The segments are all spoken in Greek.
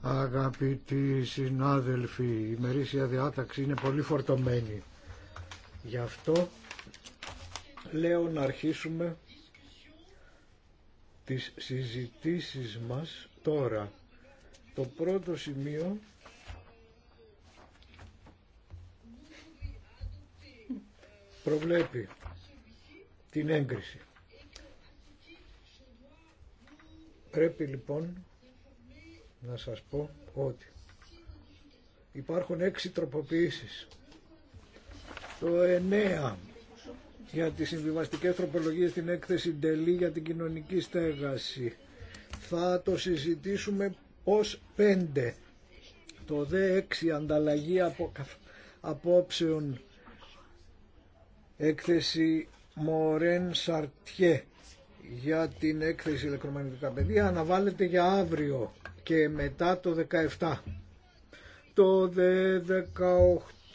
Αγαπητοί συνάδελφοι, η μερίσια διάταξη είναι πολύ φορτωμένη. Γι' αυτό λέω να αρχίσουμε τις συζητήσεις μας τώρα. Το πρώτο σημείο προβλέπει την έγκριση. Πρέπει λοιπόν να σας πω ότι υπάρχουν έξι τροποποιήσεις. Το εννέα για τις συμβιβαστικές τροπολογίες στην έκθεση Ντελή για την κοινωνική στέγαση. Θα το συζητήσουμε ως πέντε. Το δε έξι, ανταλλαγή από, απόψεων έκθεση Μορέν Σαρτιέ για την έκθεση ηλεκτρομαγνητικά παιδεία αναβάλλεται για αύριο και μετά το 17. Το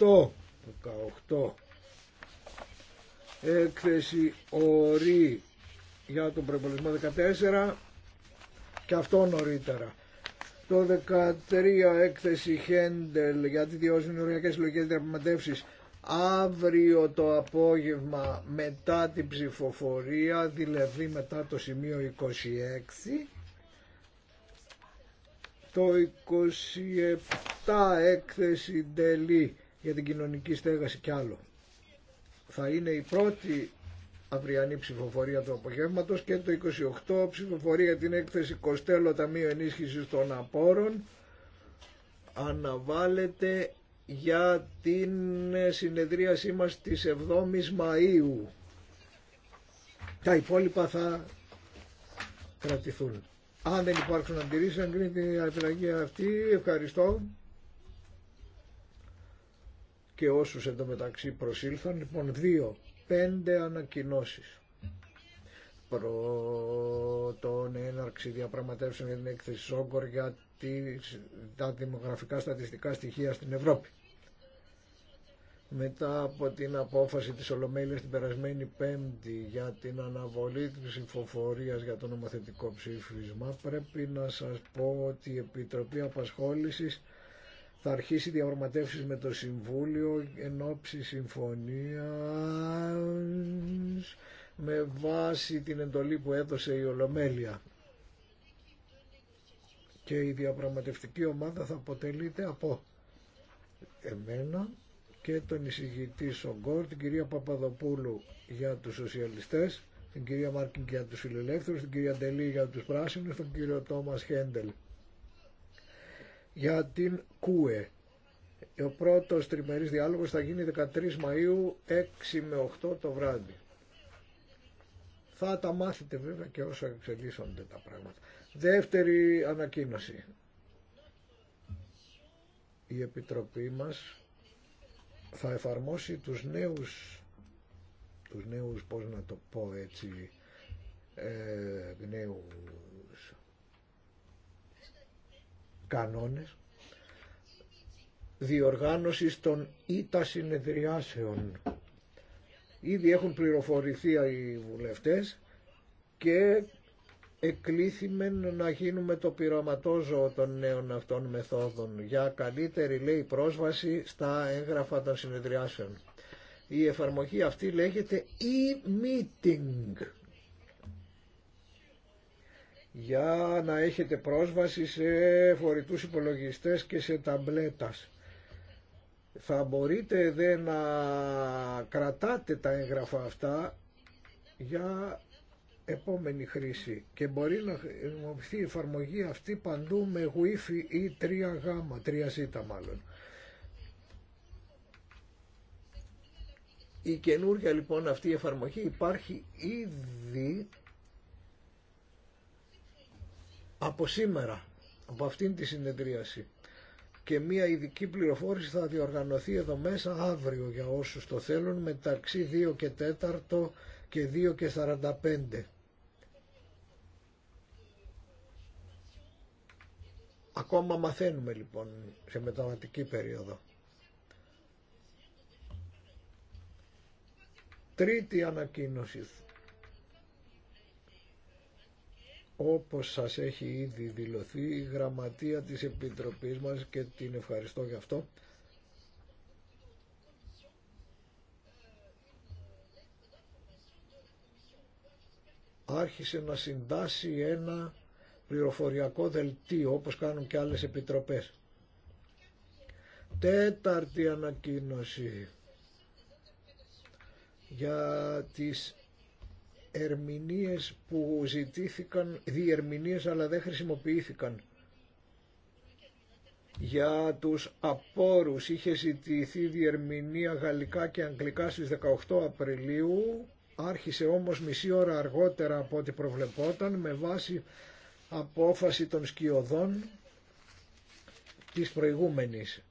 18. 18. Έκθεση ορί για τον προπολογισμό 14 και αυτό νωρίτερα. Το 13 έκθεση Χέντελ για τη διώσυνοριακές συλλογικές διαπραγματεύσεις αύριο το απόγευμα μετά την ψηφοφορία, δηλαδή μετά το σημείο 26 το 27 έκθεση τελή για την κοινωνική στέγαση κι άλλο. Θα είναι η πρώτη αυριανή ψηφοφορία του απογεύματο και το 28 ψηφοφορία για την έκθεση Κοστέλο Ταμείο Ενίσχυσης των Απόρων αναβάλλεται για την συνεδρίασή μας της 7ης Μαΐου. Τα υπόλοιπα θα κρατηθούν. Αν δεν υπάρξουν αν εγκρίνεται η απειλαγή αυτή. Ευχαριστώ. Και όσους μεταξύ προσήλθαν, λοιπόν, δύο, πέντε ανακοινώσεις. Πρώτον, έναρξη διαπραγματεύσεων για την έκθεση Σόγκορ για τα δημογραφικά στατιστικά στοιχεία στην Ευρώπη μετά από την απόφαση της Ολομέλειας την περασμένη Πέμπτη για την αναβολή της ψηφοφορία για το νομοθετικό ψήφισμα πρέπει να σας πω ότι η Επιτροπή Απασχόλησης θα αρχίσει διαπραγματεύσεις με το Συμβούλιο εν ώψη συμφωνίας με βάση την εντολή που έδωσε η Ολομέλεια. Και η διαπραγματευτική ομάδα θα αποτελείται από εμένα, και τον εισηγητή Σογκόρ, την κυρία Παπαδοπούλου για τους σοσιαλιστές, την κυρία Μάρκιν για τους φιλελεύθερους, την κυρία Ντελή για τους πράσινους, τον κύριο Τόμας Χέντελ για την ΚΟΕ. Ο πρώτος τριμερής διάλογος θα γίνει 13 Μαΐου 6 με 8 το βράδυ. Θα τα μάθετε βέβαια και όσο εξελίσσονται τα πράγματα. Δεύτερη ανακοίνωση. Η Επιτροπή μας θα εφαρμόσει τους νέους, τους νέους πώς να το πω έτσι, ε, νέους κανόνες διοργάνωσης των ήττα συνεδριάσεων. Ήδη έχουν πληροφορηθεί οι βουλευτές και εκλήθημεν να γίνουμε το πειραματόζωο των νέων αυτών μεθόδων για καλύτερη λέει πρόσβαση στα έγγραφα των συνεδριάσεων. Η εφαρμογή αυτή λέγεται e-meeting για να έχετε πρόσβαση σε φορητούς υπολογιστές και σε ταμπλέτας. Θα μπορείτε δε να κρατάτε τα έγγραφα αυτά για επόμενη χρήση και μπορεί να χρησιμοποιηθεί η εφαρμογή αυτή παντού με Wi-Fi ή 3G, 3Z μάλλον. Η καινούργια λοιπόν αυτή η εφαρμογή υπάρχει ήδη από σήμερα, από αυτήν τη συνεδρίαση και μια ειδική πληροφόρηση θα διοργανωθεί εδώ μέσα αύριο για όσους το θέλουν μεταξύ 2 και 4 και 2 και 45. Ακόμα μαθαίνουμε λοιπόν σε μεταβατική περίοδο. Τρίτη ανακοίνωση. Όπως σας έχει ήδη δηλωθεί η γραμματεία της Επιτροπής μας και την ευχαριστώ γι' αυτό. Άρχισε να συντάσει ένα πληροφοριακό δελτίο όπως κάνουν και άλλες επιτροπές. Τέταρτη ανακοίνωση για τις ερμηνείες που ζητήθηκαν, διερμηνείες αλλά δεν χρησιμοποιήθηκαν. Για τους απόρους είχε ζητηθεί διερμηνία γαλλικά και αγγλικά στις 18 Απριλίου, άρχισε όμως μισή ώρα αργότερα από ό,τι προβλεπόταν με βάση απόφαση των σκιωδών της προηγούμενης.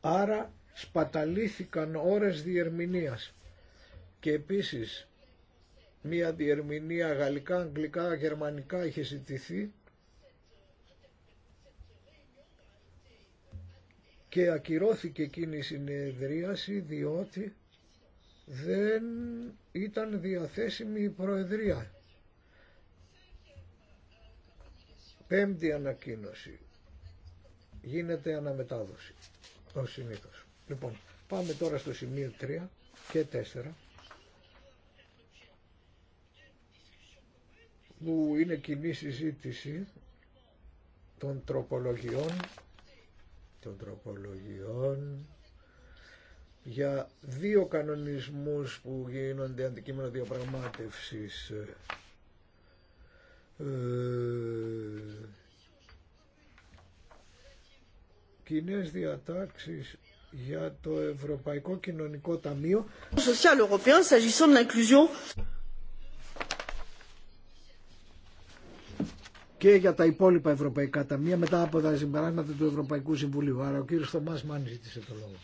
Άρα σπαταλήθηκαν ώρες διερμηνίας και επίσης μία διερμηνία γαλλικά, αγγλικά, γερμανικά είχε ζητηθεί και ακυρώθηκε εκείνη η συνεδρίαση διότι δεν ήταν διαθέσιμη η Προεδρία. Πέμπτη ανακοίνωση. Γίνεται αναμετάδοση. Ο Λοιπόν, πάμε τώρα στο σημείο 3 και 4 που είναι κοινή συζήτηση των τροπολογιών των τροπολογιών για δύο κανονισμούς που γίνονται αντικείμενο διαπραγμάτευσης. Ε, κοινέ διατάξεις για το Ευρωπαϊκό Κοινωνικό Ταμείο και για τα υπόλοιπα ευρωπαϊκά ταμεία μετά από τα συμπεράσματα του Ευρωπαϊκού Συμβουλίου. Άρα ο κύριος Θωμάς Μάνης ζήτησε το λόγο.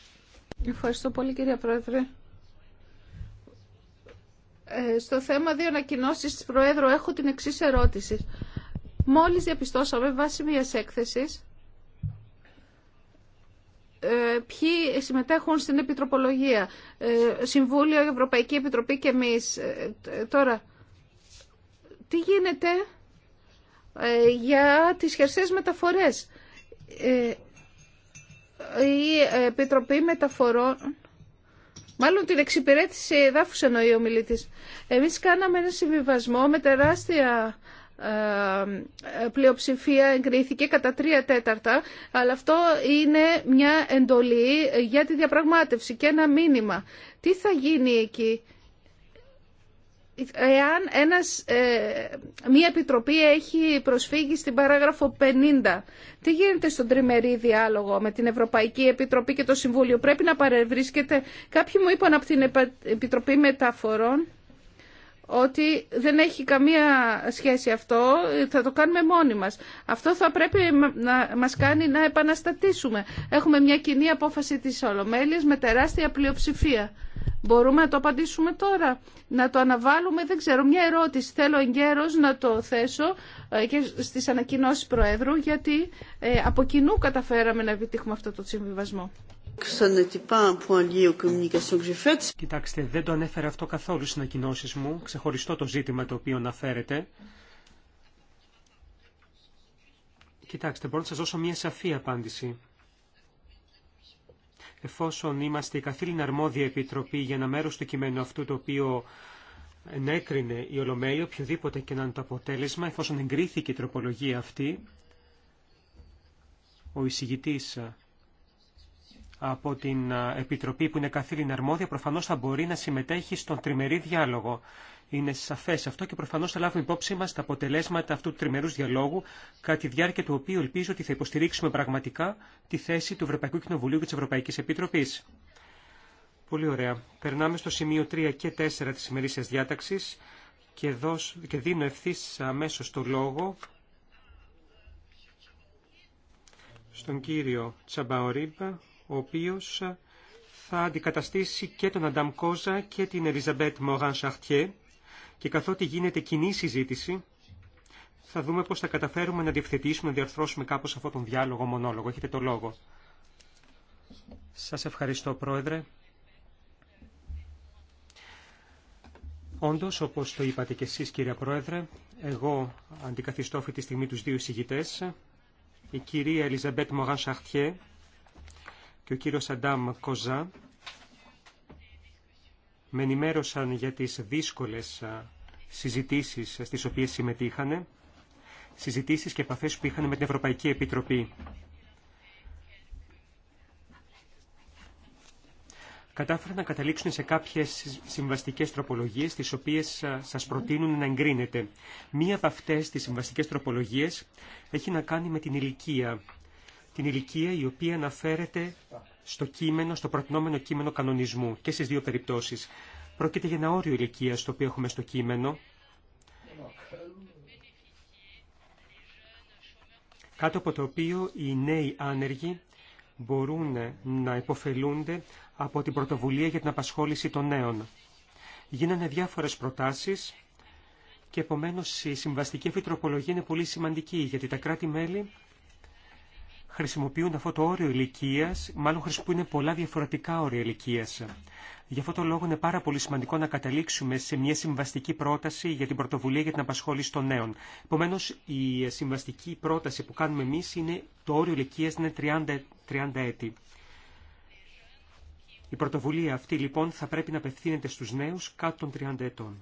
Ευχαριστώ πολύ κυρία Πρόεδρε. Ε, στο θέμα δύο ανακοινώσει της Προέδρου έχω την εξής ερώτηση. Μόλις διαπιστώσαμε βάσει μιας έκθεσης ε, ποιοι συμμετέχουν στην Επιτροπολογία. Ε, Συμβούλιο, Ευρωπαϊκή Επιτροπή και εμείς. Ε, τώρα, τι γίνεται για τις χερσές μεταφορές η Επιτροπή Μεταφορών Μάλλον την εξυπηρέτηση εδάφους εννοεί ο μιλήτης. Εμείς κάναμε ένα συμβιβασμό με τεράστια ε, πλειοψηφία εγκρίθηκε κατά τρία τέταρτα, αλλά αυτό είναι μια εντολή για τη διαπραγμάτευση και ένα μήνυμα. Τι θα γίνει εκεί εάν ένας, ε, μία επιτροπή έχει προσφύγει στην παράγραφο 50, τι γίνεται στον τριμερή διάλογο με την Ευρωπαϊκή Επιτροπή και το Συμβούλιο. Πρέπει να παρευρίσκεται. Κάποιοι μου είπαν από την Επιτροπή Μεταφορών ότι δεν έχει καμία σχέση αυτό, θα το κάνουμε μόνοι μας. Αυτό θα πρέπει να μας κάνει να επαναστατήσουμε. Έχουμε μια κοινή απόφαση της Ολομέλειας με τεράστια πλειοψηφία. Μπορούμε να το απαντήσουμε τώρα, να το αναβάλουμε, δεν ξέρω, μια ερώτηση θέλω εγκαίρως να το θέσω ε, και στις ανακοινώσεις Προέδρου, γιατί ε, από κοινού καταφέραμε να επιτύχουμε αυτό το συμβιβασμό. Κοιτάξτε, δεν το ανέφερα αυτό καθόλου στις ανακοινώσεις μου, ξεχωριστό το ζήτημα το οποίο αναφέρεται. Κοιτάξτε, μπορώ να σας δώσω μια σαφή απάντηση εφόσον είμαστε η καθήλυνα αρμόδια επιτροπή για ένα μέρος του κειμένου αυτού το οποίο ενέκρινε η Ολομέλη, οποιοδήποτε και να είναι το αποτέλεσμα, εφόσον εγκρίθηκε η τροπολογία αυτή, ο εισηγητής από την Επιτροπή που είναι καθήλυνα αρμόδια προφανώς θα μπορεί να συμμετέχει στον τριμερή διάλογο. Είναι σαφές αυτό και προφανώς θα λάβουμε υπόψη μας τα αποτελέσματα αυτού του τριμερούς διαλόγου, κατά τη διάρκεια του οποίου ελπίζω ότι θα υποστηρίξουμε πραγματικά τη θέση του Ευρωπαϊκού Κοινοβουλίου και της Ευρωπαϊκής Επιτροπής. Πολύ ωραία. Περνάμε στο σημείο 3 και 4 της ημερήσιας διάταξης και, δώσ, και δίνω ευθύ αμέσω το λόγο στον κύριο Τσαμπαορίμπα, ο οποίος ε, θα αντικαταστήσει και τον Αντάμ Κόζα και την Ελιζαμπέτ Μογάν Σαρτιέ και καθότι γίνεται κοινή συζήτηση θα δούμε πώς θα καταφέρουμε να διευθετήσουμε, να διαρθρώσουμε κάπως αυτόν τον διάλογο μονόλογο. Έχετε το λόγο. Σας ευχαριστώ Πρόεδρε. Όντως, όπως το είπατε και εσείς κύριε Πρόεδρε, εγώ αντικαθιστώ αυτή τη στιγμή τους δύο εισηγητές, η κυρία Ελιζαμπέτ Μογάν Σαχτιέ, και ο κύριος Αντάμ Κοζά με ενημέρωσαν για τις δύσκολες συζητήσεις στις οποίες συμμετείχανε, συζητήσεις και επαφές που είχαν με την Ευρωπαϊκή Επιτροπή. κατάφεραν να καταλήξουν σε κάποιες συμβαστικές τροπολογίες, τις οποίες σας προτείνουν να εγκρίνετε. Μία από αυτές τις συμβαστικές τροπολογίες έχει να κάνει με την ηλικία την ηλικία η οποία αναφέρεται στο κείμενο, στο προτινόμενο κείμενο κανονισμού και στις δύο περιπτώσεις. Πρόκειται για ένα όριο ηλικία το οποίο έχουμε στο κείμενο, κάτω από το οποίο οι νέοι άνεργοι μπορούν να υποφελούνται από την πρωτοβουλία για την απασχόληση των νέων. Γίνανε διάφορες προτάσεις και επομένως η συμβαστική φυτροπολογία είναι πολύ σημαντική γιατί τα κράτη-μέλη χρησιμοποιούν αυτό το όριο ηλικία, μάλλον χρησιμοποιούν πολλά διαφορετικά όρια ηλικία. Γι' αυτό το λόγο είναι πάρα πολύ σημαντικό να καταλήξουμε σε μια συμβαστική πρόταση για την πρωτοβουλία για την απασχόληση των νέων. Επομένω, η συμβαστική πρόταση που κάνουμε εμεί είναι το όριο ηλικία είναι 30, 30 ε- έτη. Η πρωτοβουλία αυτή λοιπόν θα πρέπει να απευθύνεται στους νέους κάτω των 30 ετών.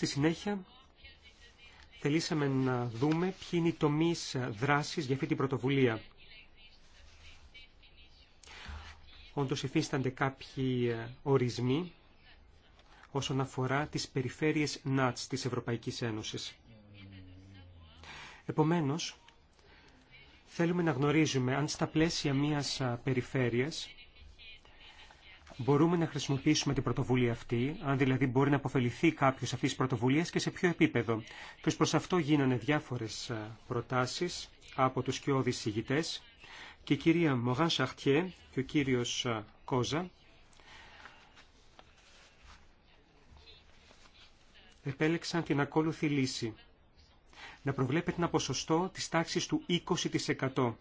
Στη συνέχεια, θελήσαμε να δούμε ποιοι είναι οι τομείς δράσης για αυτή την πρωτοβουλία. Όντως υφίστανται κάποιοι ε, ορισμοί όσον αφορά τις περιφέρειες ΝΑΤΣ της Ευρωπαϊκής Ένωσης. Επομένως, θέλουμε να γνωρίζουμε αν στα πλαίσια μιας ε, περιφέρειας μπορούμε να χρησιμοποιήσουμε την πρωτοβουλία αυτή, αν δηλαδή μπορεί να αποφεληθεί κάποιο αυτή τη πρωτοβουλία και σε ποιο επίπεδο. Και προ αυτό γίνανε διάφορε προτάσει από του κοιόδη ηγητέ και η κυρία Μογάν Σαχτιέ και ο κύριο ε, Κόζα επέλεξαν την ακόλουθη λύση. Να προβλέπεται ένα ποσοστό της τάξης του 20%.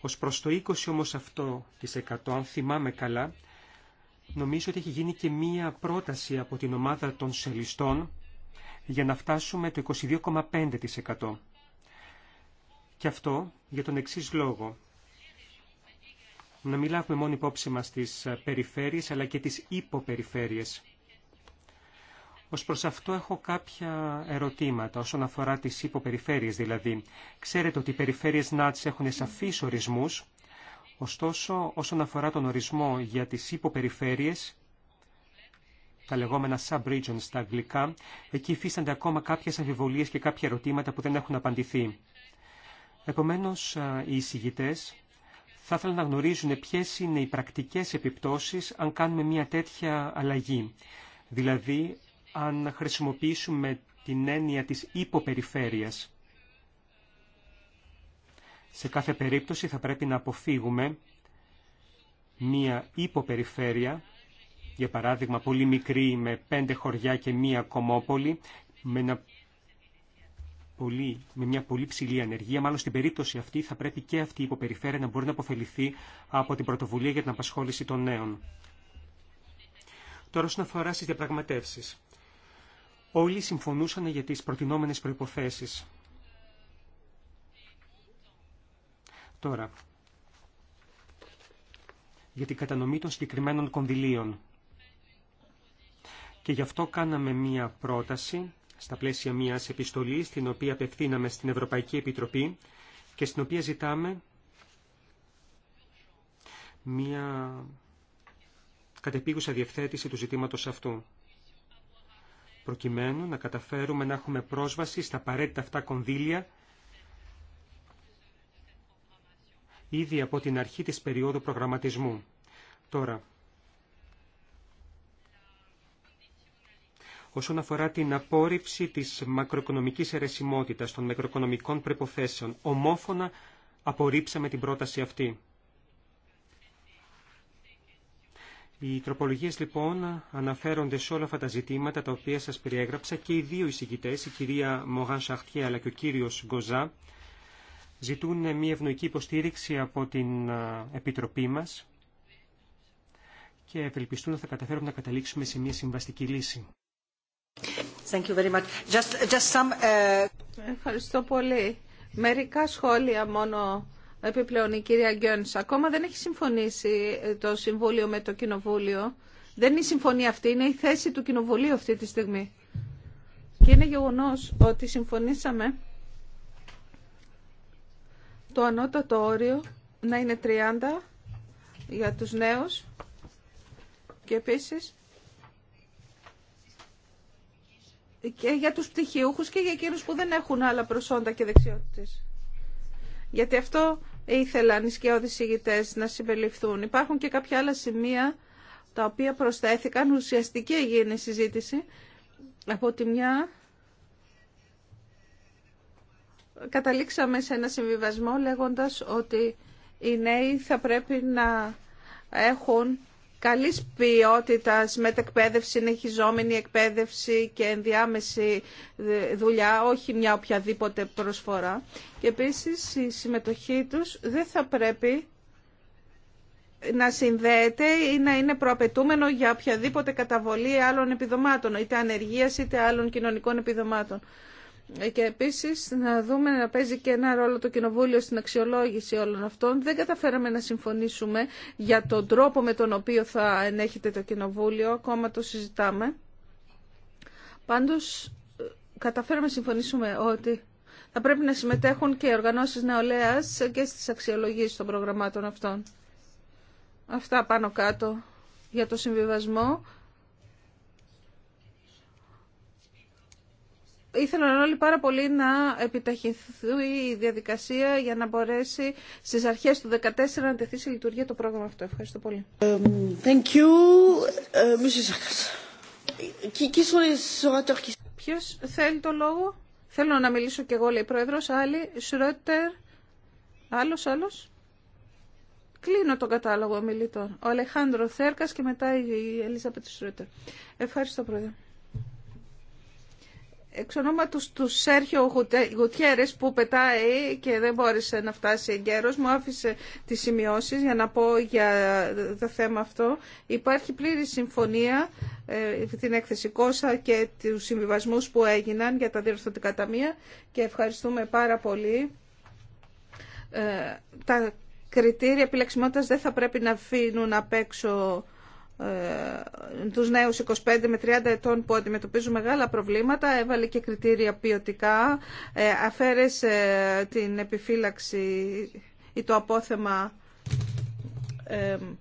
Ως προς το 20% όμως αυτό, αν θυμάμαι καλά, νομίζω ότι έχει γίνει και μία πρόταση από την ομάδα των σελιστών για να φτάσουμε το 22,5%. Και αυτό για τον εξής λόγο. Να μην λάβουμε μόνο υπόψη μας τις περιφέρειες αλλά και τις υποπεριφέρειες. Ως προς αυτό έχω κάποια ερωτήματα όσον αφορά τις υποπεριφέρειες δηλαδή. Ξέρετε ότι οι περιφέρειες ΝΑΤΣ έχουν σαφείς ορισμούς Ωστόσο, όσον αφορά τον ορισμό για τις υποπεριφέρειες, τα λεγόμενα sub-regions στα αγγλικά, εκεί υφίστανται ακόμα κάποιες αμφιβολίες και κάποια ερωτήματα που δεν έχουν απαντηθεί. Επομένως, οι εισηγητές θα ήθελαν να γνωρίζουν ποιες είναι οι πρακτικές επιπτώσεις αν κάνουμε μια τέτοια αλλαγή. Δηλαδή, αν χρησιμοποιήσουμε την έννοια της υποπεριφέρειας. Σε κάθε περίπτωση θα πρέπει να αποφύγουμε μία υποπεριφέρεια, για παράδειγμα πολύ μικρή με πέντε χωριά και μία κομμόπολη, με, με μια πολύ ψηλή ανεργία. Μάλλον στην περίπτωση αυτή θα πρέπει και αυτή η υποπεριφέρεια να μπορεί να αποφεληθεί από την πρωτοβουλία για την απασχόληση των νέων. Τώρα όσον αφορά στις διαπραγματεύσεις. Όλοι συμφωνούσαν για τις προτινόμενες προϋποθέσεις. Τώρα, για την κατανομή των συγκεκριμένων κονδυλίων. Και γι' αυτό κάναμε μία πρόταση στα πλαίσια μιας επιστολής, την οποία απευθύναμε στην Ευρωπαϊκή Επιτροπή και στην οποία ζητάμε μία κατεπίγουσα διευθέτηση του ζητήματος αυτού προκειμένου να καταφέρουμε να έχουμε πρόσβαση στα απαραίτητα αυτά κονδύλια ήδη από την αρχή της περίοδου προγραμματισμού. Τώρα, όσον αφορά την απόρριψη της μακροοικονομικής αιρεσιμότητας των μακροοικονομικών προϋποθέσεων, ομόφωνα απορρίψαμε την πρόταση αυτή. Οι τροπολογίες λοιπόν αναφέρονται σε όλα αυτά τα ζητήματα τα οποία σας περιέγραψα και οι δύο εισηγητές, η κυρία Μογάν Σαχτιέ αλλά και ο κύριος Γκοζά, ζητούν μια ευνοϊκή υποστήριξη από την ε, Επιτροπή μας και ευελπιστούν ότι θα καταφέρουμε να καταλήξουμε σε μια συμβαστική λύση. Thank you very much. Just, just some, ε, Ευχαριστώ πολύ. Μερικά σχόλια μόνο επιπλέον η κυρία Γκιόνς. Ακόμα δεν έχει συμφωνήσει ε, το Συμβούλιο με το Κοινοβούλιο. Δεν είναι η συμφωνία αυτή, είναι η θέση του Κοινοβουλίου αυτή τη στιγμή. Και είναι γεγονός ότι συμφωνήσαμε το ανώτατο όριο να είναι 30 για τους νέους και επίσης και για τους πτυχιούχους και για εκείνους που δεν έχουν άλλα προσόντα και δεξιότητες. Γιατί αυτό ήθελαν οι σκιώδεις ηγητές να συμπεριληφθούν. Υπάρχουν και κάποια άλλα σημεία τα οποία προσθέθηκαν, ουσιαστική έγινε η συζήτηση. Από τη μια καταλήξαμε σε ένα συμβιβασμό λέγοντας ότι οι νέοι θα πρέπει να έχουν καλής ποιότητας μετεκπαίδευση, συνεχιζόμενη εκπαίδευση και ενδιάμεση δουλειά, όχι μια οποιαδήποτε προσφορά. Και επίσης η συμμετοχή τους δεν θα πρέπει να συνδέεται ή να είναι προαπαιτούμενο για οποιαδήποτε καταβολή άλλων επιδομάτων, είτε ανεργίας είτε άλλων κοινωνικών επιδομάτων και επίσης να δούμε να παίζει και ένα ρόλο το Κοινοβούλιο στην αξιολόγηση όλων αυτών. Δεν καταφέραμε να συμφωνήσουμε για τον τρόπο με τον οποίο θα ενέχεται το Κοινοβούλιο, ακόμα το συζητάμε. Πάντως καταφέραμε να συμφωνήσουμε ότι θα πρέπει να συμμετέχουν και οι οργανώσεις νεολαίας και στι αξιολογήσει των προγραμμάτων αυτών. Αυτά πάνω κάτω για το συμβιβασμό. Ήθελαν όλοι πάρα πολύ να επιταχυνθεί η διαδικασία για να μπορέσει στις αρχές του 2014 να τεθεί σε λειτουργία το πρόγραμμα αυτό. Ευχαριστώ πολύ. Um, thank uh, Ποιος θέλει το λόγο? Θέλω να μιλήσω κι εγώ, λέει η πρόεδρος. Άλλη, Σρότερ, άλλος, άλλος. Κλείνω τον κατάλογο ομιλητών. Ο Αλεχάνδρο Θέρκας και μετά η Ελίζα Σρότερ. Ευχαριστώ, πρόεδρε. Εξ ονόματος του Σέρχιο Γουτιέρες που πετάει και δεν μπόρεσε να φτάσει εγκαίρος, μου άφησε τις σημειώσεις για να πω για το θέμα αυτό. Υπάρχει πλήρη συμφωνία ε, την έκθεση Κόσα και τους συμβιβασμούς που έγιναν για τα διορθωτικά ταμεία και ευχαριστούμε πάρα πολύ. Ε, τα κριτήρια επιλεξιμότητας δεν θα πρέπει να αφήνουν απ' έξω ε, τους νέους 25 με 30 ετών που αντιμετωπίζουν μεγάλα προβλήματα, έβαλε και κριτήρια ποιοτικά, ε, αφαίρεσε ε, την επιφύλαξη ή το απόθεμα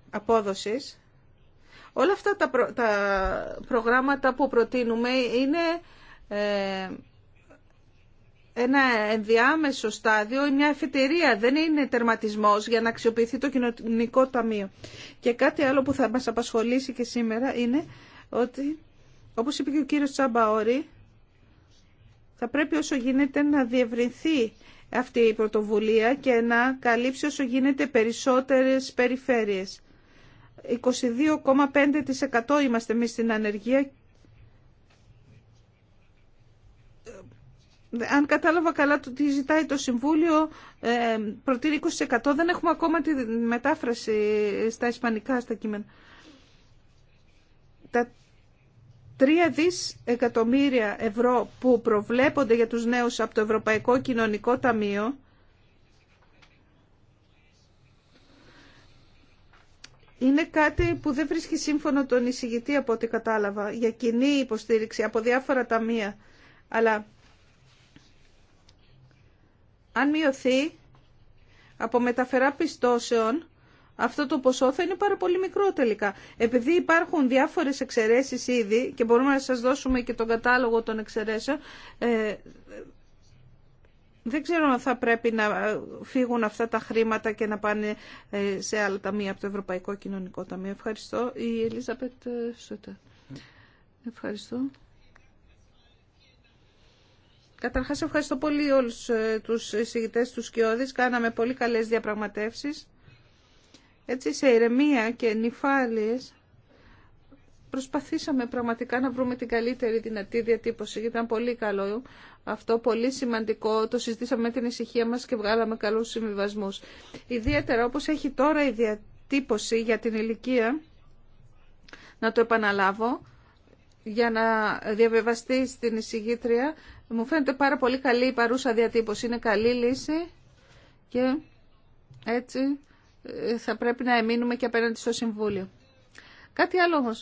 απόδοσης. Όλα αυτά τα, τα προγράμματα που προτείνουμε είναι ένα ενδιάμεσο στάδιο ή μια εφετερία. Δεν είναι τερματισμός για να αξιοποιηθεί το κοινωνικό ταμείο. Και κάτι άλλο που θα μας απασχολήσει και σήμερα είναι ότι, όπως είπε και ο κύριος Τσαμπαόρη, θα πρέπει όσο γίνεται να διευρυνθεί αυτή η πρωτοβουλία και να καλύψει όσο γίνεται περισσότερες περιφέρειες. 22,5% είμαστε εμείς στην ανεργία αν κατάλαβα καλά το τι ζητάει το Συμβούλιο, ε, προτείνει 20%. Δεν έχουμε ακόμα τη μετάφραση στα ισπανικά, στα κείμενα. Τα 3 δις εκατομμύρια ευρώ που προβλέπονται για τους νέους από το Ευρωπαϊκό Κοινωνικό Ταμείο, Είναι κάτι που δεν βρίσκει σύμφωνο τον εισηγητή από ό,τι κατάλαβα για κοινή υποστήριξη από διάφορα ταμεία. Αλλά αν μειωθεί από μεταφερά πιστώσεων, αυτό το ποσό θα είναι πάρα πολύ μικρό τελικά. Επειδή υπάρχουν διάφορες εξαιρέσεις ήδη και μπορούμε να σας δώσουμε και τον κατάλογο των εξαιρέσεων, ε, δεν ξέρω αν θα πρέπει να φύγουν αυτά τα χρήματα και να πάνε ε, σε άλλα ταμεία από το Ευρωπαϊκό Κοινωνικό Ταμείο. Ευχαριστώ. Η Ελίζαπετ ε, Ευχαριστώ. Καταρχά ευχαριστώ πολύ όλους ε, τους εισηγητές του Σκιώδης. Κάναμε πολύ καλές διαπραγματεύσεις. Έτσι σε ηρεμία και νυφάλιε, προσπαθήσαμε πραγματικά να βρούμε την καλύτερη δυνατή διατύπωση. Ήταν πολύ καλό αυτό, πολύ σημαντικό. Το συζητήσαμε με την ησυχία μας και βγάλαμε καλού συμβιβασμού. Ιδιαίτερα όπω έχει τώρα η διατύπωση για την ηλικία, να το επαναλάβω, για να διαβεβαστεί στην εισηγήτρια μου φαίνεται πάρα πολύ καλή η παρούσα διατύπωση. Είναι καλή λύση και έτσι ε, θα πρέπει να εμείνουμε και απέναντι στο Συμβούλιο. Κάτι άλλο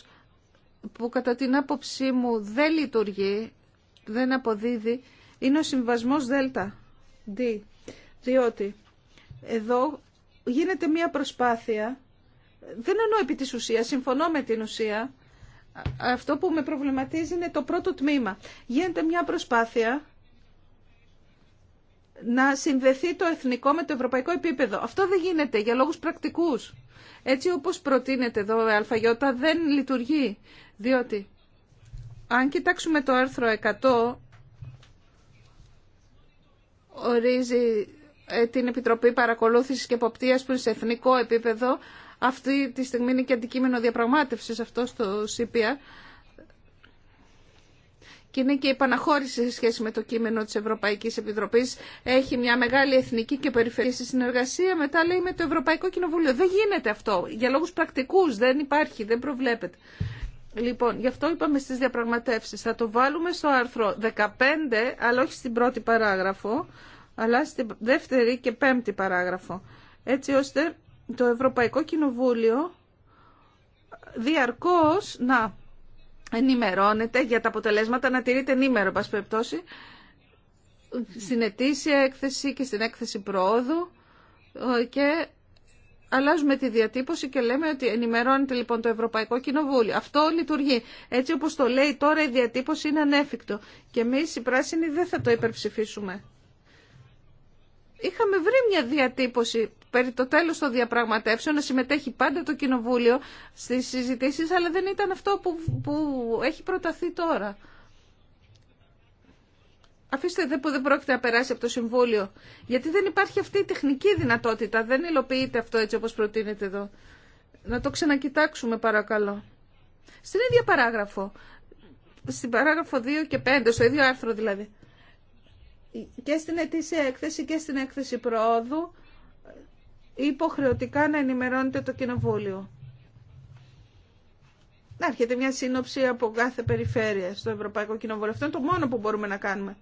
που κατά την άποψή μου δεν λειτουργεί, δεν αποδίδει, είναι ο συμβασμός ΔΕΛΤΑ, D, διότι εδώ γίνεται μία προσπάθεια, δεν εννοώ επί της ουσίας, συμφωνώ με την ουσία, αυτό που με προβληματίζει είναι το πρώτο τμήμα. Γίνεται μια προσπάθεια να συνδεθεί το εθνικό με το ευρωπαϊκό επίπεδο. Αυτό δεν γίνεται για λόγους πρακτικούς. Έτσι όπως προτείνεται εδώ ΑΙ δεν λειτουργεί. Διότι αν κοιτάξουμε το άρθρο 100 ορίζει ε, την Επιτροπή Παρακολούθησης και Εποπτείας που είναι σε εθνικό επίπεδο αυτή τη στιγμή είναι και αντικείμενο διαπραγμάτευση αυτό στο ΣΥΠΙΑ και είναι και η επαναχώρηση σε σχέση με το κείμενο τη Ευρωπαϊκή Επιτροπή Έχει μια μεγάλη εθνική και περιφερειακή συνεργασία, μετά λέει με το Ευρωπαϊκό Κοινοβούλιο. Δεν γίνεται αυτό, για λόγου πρακτικού. δεν υπάρχει, δεν προβλέπεται. Λοιπόν, γι' αυτό είπαμε στι διαπραγματεύσει. θα το βάλουμε στο άρθρο 15, αλλά όχι στην πρώτη παράγραφο, αλλά στη δεύτερη και πέμπτη παράγραφο, έτσι ώστε το Ευρωπαϊκό Κοινοβούλιο διαρκώς να ενημερώνεται για τα αποτελέσματα, να τηρείται ενήμερο, πας περιπτώσει, στην ετήσια έκθεση και στην έκθεση προόδου ε, και αλλάζουμε τη διατύπωση και λέμε ότι ενημερώνεται λοιπόν το Ευρωπαϊκό Κοινοβούλιο. Αυτό λειτουργεί. Έτσι όπως το λέει τώρα η διατύπωση είναι ανέφικτο και εμείς οι πράσινοι δεν θα το υπερψηφίσουμε. Είχαμε βρει μια διατύπωση περί το τέλο των διαπραγματεύσεων να συμμετέχει πάντα το Κοινοβούλιο στι συζητήσει, αλλά δεν ήταν αυτό που, που έχει προταθεί τώρα. Αφήστε δε που δεν πρόκειται να περάσει από το Συμβούλιο. Γιατί δεν υπάρχει αυτή η τεχνική δυνατότητα. Δεν υλοποιείται αυτό έτσι όπως προτείνεται εδώ. Να το ξανακοιτάξουμε παρακαλώ. Στην ίδια παράγραφο. Στην παράγραφο 2 και 5, στο ίδιο άρθρο δηλαδή. Και στην ετήσια έκθεση και στην έκθεση προόδου υποχρεωτικά να ενημερώνεται το Κοινοβούλιο. Να έρχεται μια σύνοψη από κάθε περιφέρεια στο Ευρωπαϊκό Κοινοβούλιο. Αυτό είναι το μόνο που μπορούμε να κάνουμε.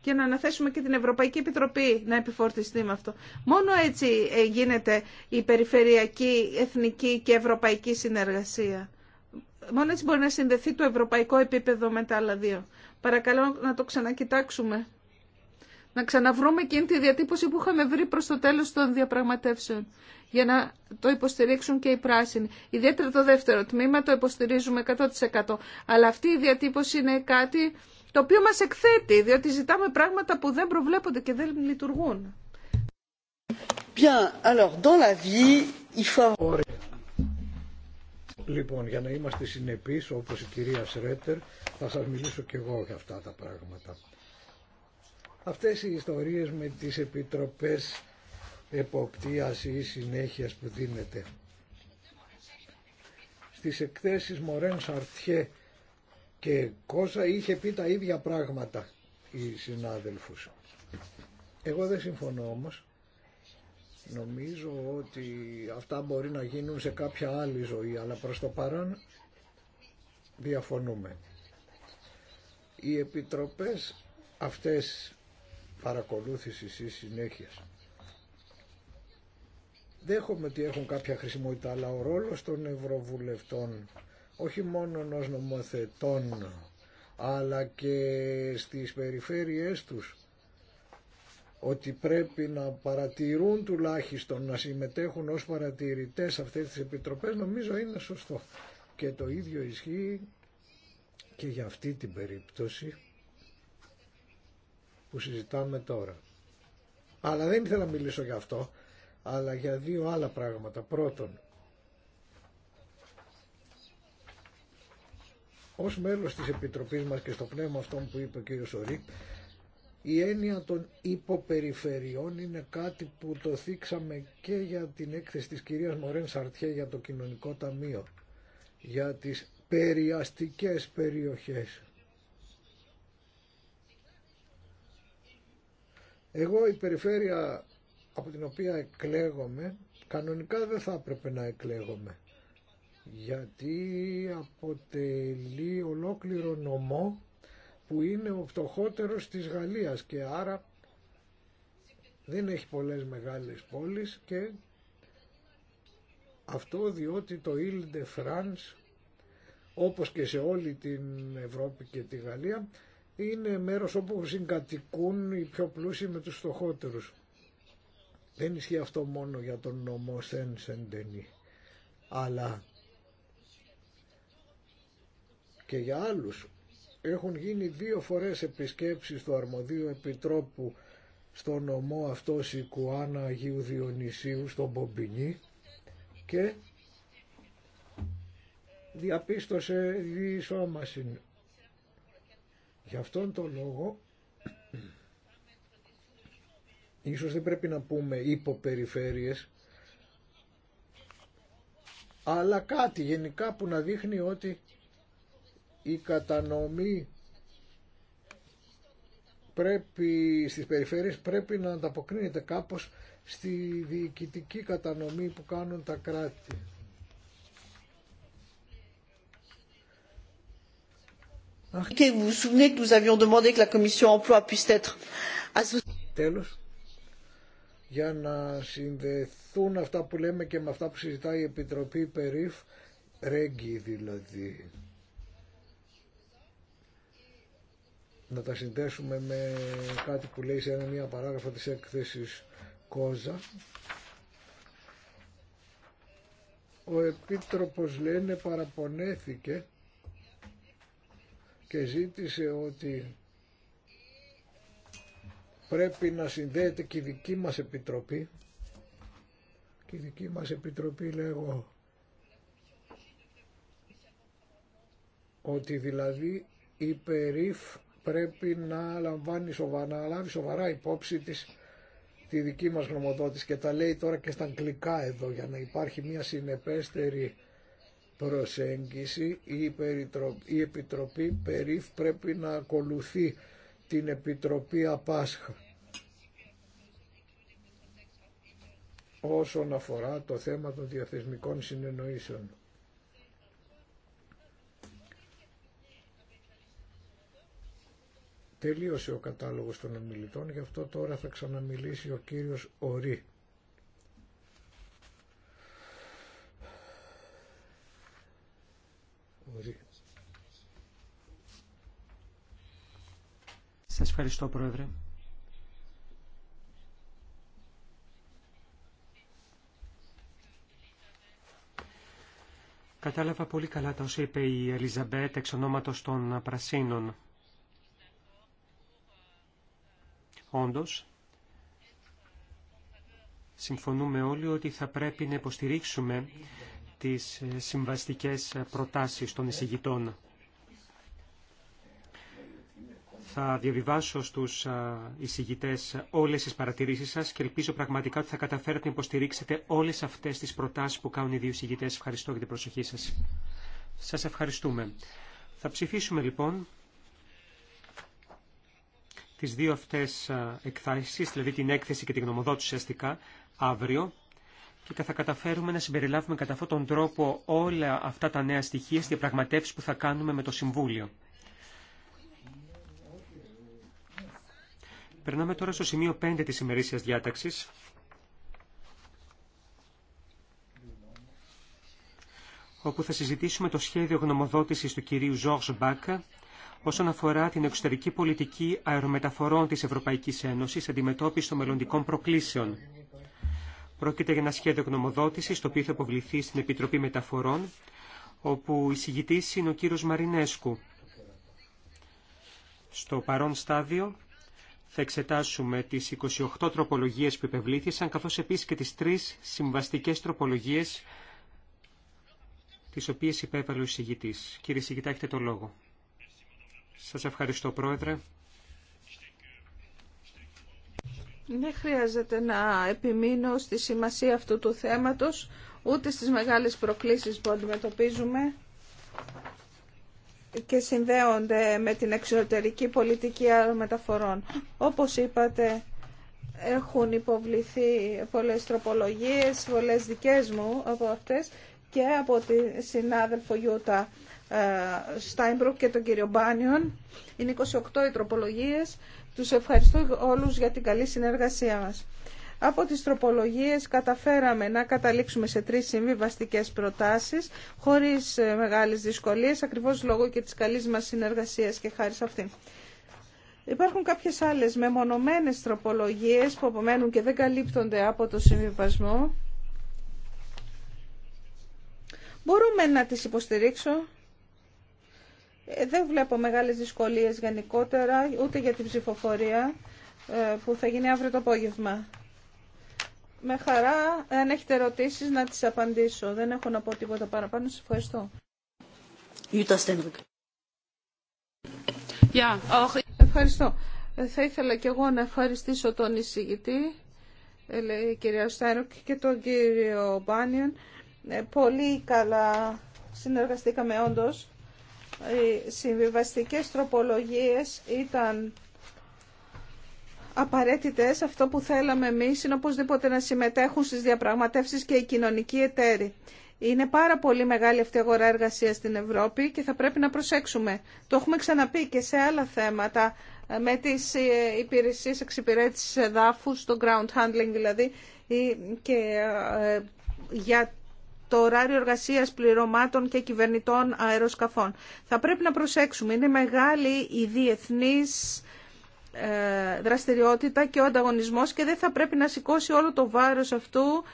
Και να αναθέσουμε και την Ευρωπαϊκή Επιτροπή να επιφορτιστεί με αυτό. Μόνο έτσι ε, γίνεται η περιφερειακή, εθνική και ευρωπαϊκή συνεργασία. Μόνο έτσι μπορεί να συνδεθεί το ευρωπαϊκό επίπεδο με τα άλλα δύο. Παρακαλώ να το ξανακοιτάξουμε να ξαναβρούμε εκείνη τη διατύπωση που είχαμε βρει προς το τέλος των διαπραγματεύσεων για να το υποστηρίξουν και οι πράσινοι. Ιδιαίτερα το δεύτερο τμήμα το υποστηρίζουμε 100%. Αλλά αυτή η διατύπωση είναι κάτι το οποίο μας εκθέτει, διότι ζητάμε πράγματα που δεν προβλέπονται και δεν λειτουργούν. Bien, alors dans la vie, il faut... Λοιπόν, για να είμαστε συνεπείς, όπως η κυρία Σρέτερ, θα σας μιλήσω και εγώ για αυτά τα πράγματα. Αυτές οι ιστορίες με τις επιτροπές εποπτείας ή συνέχειας που δίνεται. Στις εκθέσεις Μορέν Σαρτιέ και Κόσα είχε πει τα ίδια πράγματα οι συνάδελφους. Εγώ δεν συμφωνώ όμως. Νομίζω ότι αυτά μπορεί να γίνουν σε κάποια άλλη ζωή, αλλά προς το παρόν διαφωνούμε. Οι επιτροπές αυτές Παρακολούθηση ή συνέχεια. Δέχομαι ότι έχουν κάποια χρησιμότητα, αλλά ο ρόλος των ευρωβουλευτών, όχι μόνο ω νομοθετών, αλλά και στις περιφέρειές τους, ότι πρέπει να παρατηρούν τουλάχιστον, να συμμετέχουν ως παρατηρητές σε αυτές τις επιτροπές, νομίζω είναι σωστό. Και το ίδιο ισχύει και για αυτή την περίπτωση που συζητάμε τώρα. Αλλά δεν ήθελα να μιλήσω για αυτό, αλλά για δύο άλλα πράγματα. Πρώτον, ως μέλος της Επιτροπής μας και στο πνεύμα αυτό που είπε ο κύριος Σωρί η έννοια των υποπεριφερειών είναι κάτι που το θίξαμε και για την έκθεση της κυρίας Μωρέν Σαρτιέ για το Κοινωνικό Ταμείο, για τις περιαστικές περιοχές. Εγώ η περιφέρεια από την οποία εκλέγομαι, κανονικά δεν θα έπρεπε να εκλέγομαι. Γιατί αποτελεί ολόκληρο νομό που είναι ο φτωχότερος της Γαλλίας και άρα δεν έχει πολλές μεγάλες πόλεις και αυτό διότι το Ile de France όπως και σε όλη την Ευρώπη και τη Γαλλία είναι μέρος όπου συγκατοικούν οι πιο πλούσιοι με τους φτωχότερους. Δεν ισχύει αυτό μόνο για τον νομό Σεν Σεντενή, αλλά και για άλλους. Έχουν γίνει δύο φορές επισκέψεις του Αρμοδίου Επιτρόπου στο νομό αυτό Κουάνα Αγίου Διονυσίου στον Πομπινί και διαπίστωσε διεισόμασιν Γι' αυτόν τον λόγο ίσως δεν πρέπει να πούμε υποπεριφέρειες αλλά κάτι γενικά που να δείχνει ότι η κατανομή πρέπει, στις περιφέρειες πρέπει να ανταποκρίνεται κάπως στη διοικητική κατανομή που κάνουν τα κράτη. Vous souvenez que nous avions demandé que la commission emploi Τέλος, για να συνδεθούν αυτά που λέμε και με αυτά που συζητάει η Επιτροπή Περίφ, Ρέγγι δηλαδή. Να τα συνδέσουμε με κάτι που λέει σε ένα μία παράγραφο της έκθεσης Κόζα. Ο Επίτροπος λένε παραπονέθηκε και ζήτησε ότι πρέπει να συνδέεται και η δική μας επιτροπή και η δική μας επιτροπή λέγω ότι δηλαδή η περίφ πρέπει να λαμβάνει σοβαρά, να λάβει σοβαρά υπόψη της τη δική μας γνωμοδότηση και τα λέει τώρα και στα αγγλικά εδώ για να υπάρχει μια συνεπέστερη προσέγγιση η η Επιτροπή Περίφ πρέπει να ακολουθεί την Επιτροπή Απάσχα όσον αφορά το θέμα των διαθεσμικών συνεννοήσεων. Τελείωσε ο κατάλογος των ομιλητών, γι' αυτό τώρα θα ξαναμιλήσει ο κύριος Ορή. Σα ευχαριστώ Πρόεδρε. Κατάλαβα πολύ καλά τα όσα είπε η Ελιζαμπέτ εξ ονόματος των Πρασίνων. Όντω. συμφωνούμε όλοι ότι θα πρέπει να υποστηρίξουμε τις ε, συμβαστικές ε, προτάσεις των εισηγητών. Θα διαβιβάσω στους ε, εισηγητές όλες τις παρατηρήσεις σας και ελπίζω πραγματικά ότι θα καταφέρετε να υποστηρίξετε όλες αυτές τις προτάσεις που κάνουν οι δύο εισηγητές. Ευχαριστώ για την προσοχή σας. Σας ευχαριστούμε. Θα ψηφίσουμε λοιπόν τις δύο αυτές εκθάσεις, δηλαδή την έκθεση και την γνωμοδότηση αστικά, αύριο και θα καταφέρουμε να συμπεριλάβουμε κατά αυτόν τον τρόπο όλα αυτά τα νέα στοιχεία στη διαπραγματεύσεις που θα κάνουμε με το Συμβούλιο. Περνάμε τώρα στο σημείο 5 της ημερήσιας διάταξης. όπου θα συζητήσουμε το σχέδιο γνωμοδότησης του κυρίου Ζόρς Μπάκα όσον αφορά την εξωτερική πολιτική αερομεταφορών της Ευρωπαϊκής Ένωσης αντιμετώπιση των μελλοντικών προκλήσεων. Πρόκειται για ένα σχέδιο γνωμοδότηση, το οποίο θα υποβληθεί στην Επιτροπή Μεταφορών, όπου η συγητή είναι ο κύριο Μαρινέσκου. Στο παρόν στάδιο θα εξετάσουμε τις 28 τροπολογίες που υπευλήθησαν, καθώς επίσης και τις τρει συμβαστικές τροπολογίες, τις οποίες υπέβαλε ο εισηγητής. Κύριε εισηγητά, έχετε το λόγο. Σας ευχαριστώ, Πρόεδρε. Δεν χρειάζεται να επιμείνω στη σημασία αυτού του θέματος, ούτε στις μεγάλες προκλήσεις που αντιμετωπίζουμε και συνδέονται με την εξωτερική πολιτική άλλων μεταφορών. Όπως είπατε, έχουν υποβληθεί πολλές τροπολογίες, πολλές δικές μου από αυτές και από τη συνάδελφο Γιούτα Στάιμπρουκ ε, και τον κύριο Μπάνιον. Είναι 28 οι τροπολογίες τους ευχαριστώ όλους για την καλή συνεργασία μας. Από τις τροπολογίες καταφέραμε να καταλήξουμε σε τρεις συμβιβαστικές προτάσεις χωρίς ε, μεγάλες δυσκολίες, ακριβώς λόγω και της καλής μας συνεργασίας και χάρη σε αυτήν. Υπάρχουν κάποιες άλλες μεμονωμένες τροπολογίες που απομένουν και δεν καλύπτονται από το συμβιβασμό. Μπορούμε να τις υποστηρίξω ε, δεν βλέπω μεγάλες δυσκολίες γενικότερα, ούτε για την ψηφοφορία ε, που θα γίνει αύριο το απόγευμα. Με χαρά, αν έχετε ερωτήσεις, να τις απαντήσω. Δεν έχω να πω τίποτα παραπάνω. Σας ευχαριστώ. Ευχαριστώ. Ε, θα ήθελα και εγώ να ευχαριστήσω τον εισηγητή, λέει η κυρία Στένρουκ, και τον κύριο Μπάνιον. Πολύ καλά συνεργαστήκαμε όντως οι συμβιβαστικές τροπολογίες ήταν απαραίτητες. Αυτό που θέλαμε εμείς είναι οπωσδήποτε να συμμετέχουν στις διαπραγματεύσεις και οι κοινωνικοί εταίροι. Είναι πάρα πολύ μεγάλη αυτή η αγορά εργασία στην Ευρώπη και θα πρέπει να προσέξουμε. Το έχουμε ξαναπεί και σε άλλα θέματα ε, με τις ε, υπηρεσίες εξυπηρέτησης εδάφους, το ground handling δηλαδή, και ε, για το ωράριο εργασία πληρωμάτων και κυβερνητών αεροσκαφών. Θα πρέπει να προσέξουμε. Είναι μεγάλη η διεθνής ε, δραστηριότητα και ο ανταγωνισμός και δεν θα πρέπει να σηκώσει όλο το βάρο αυτού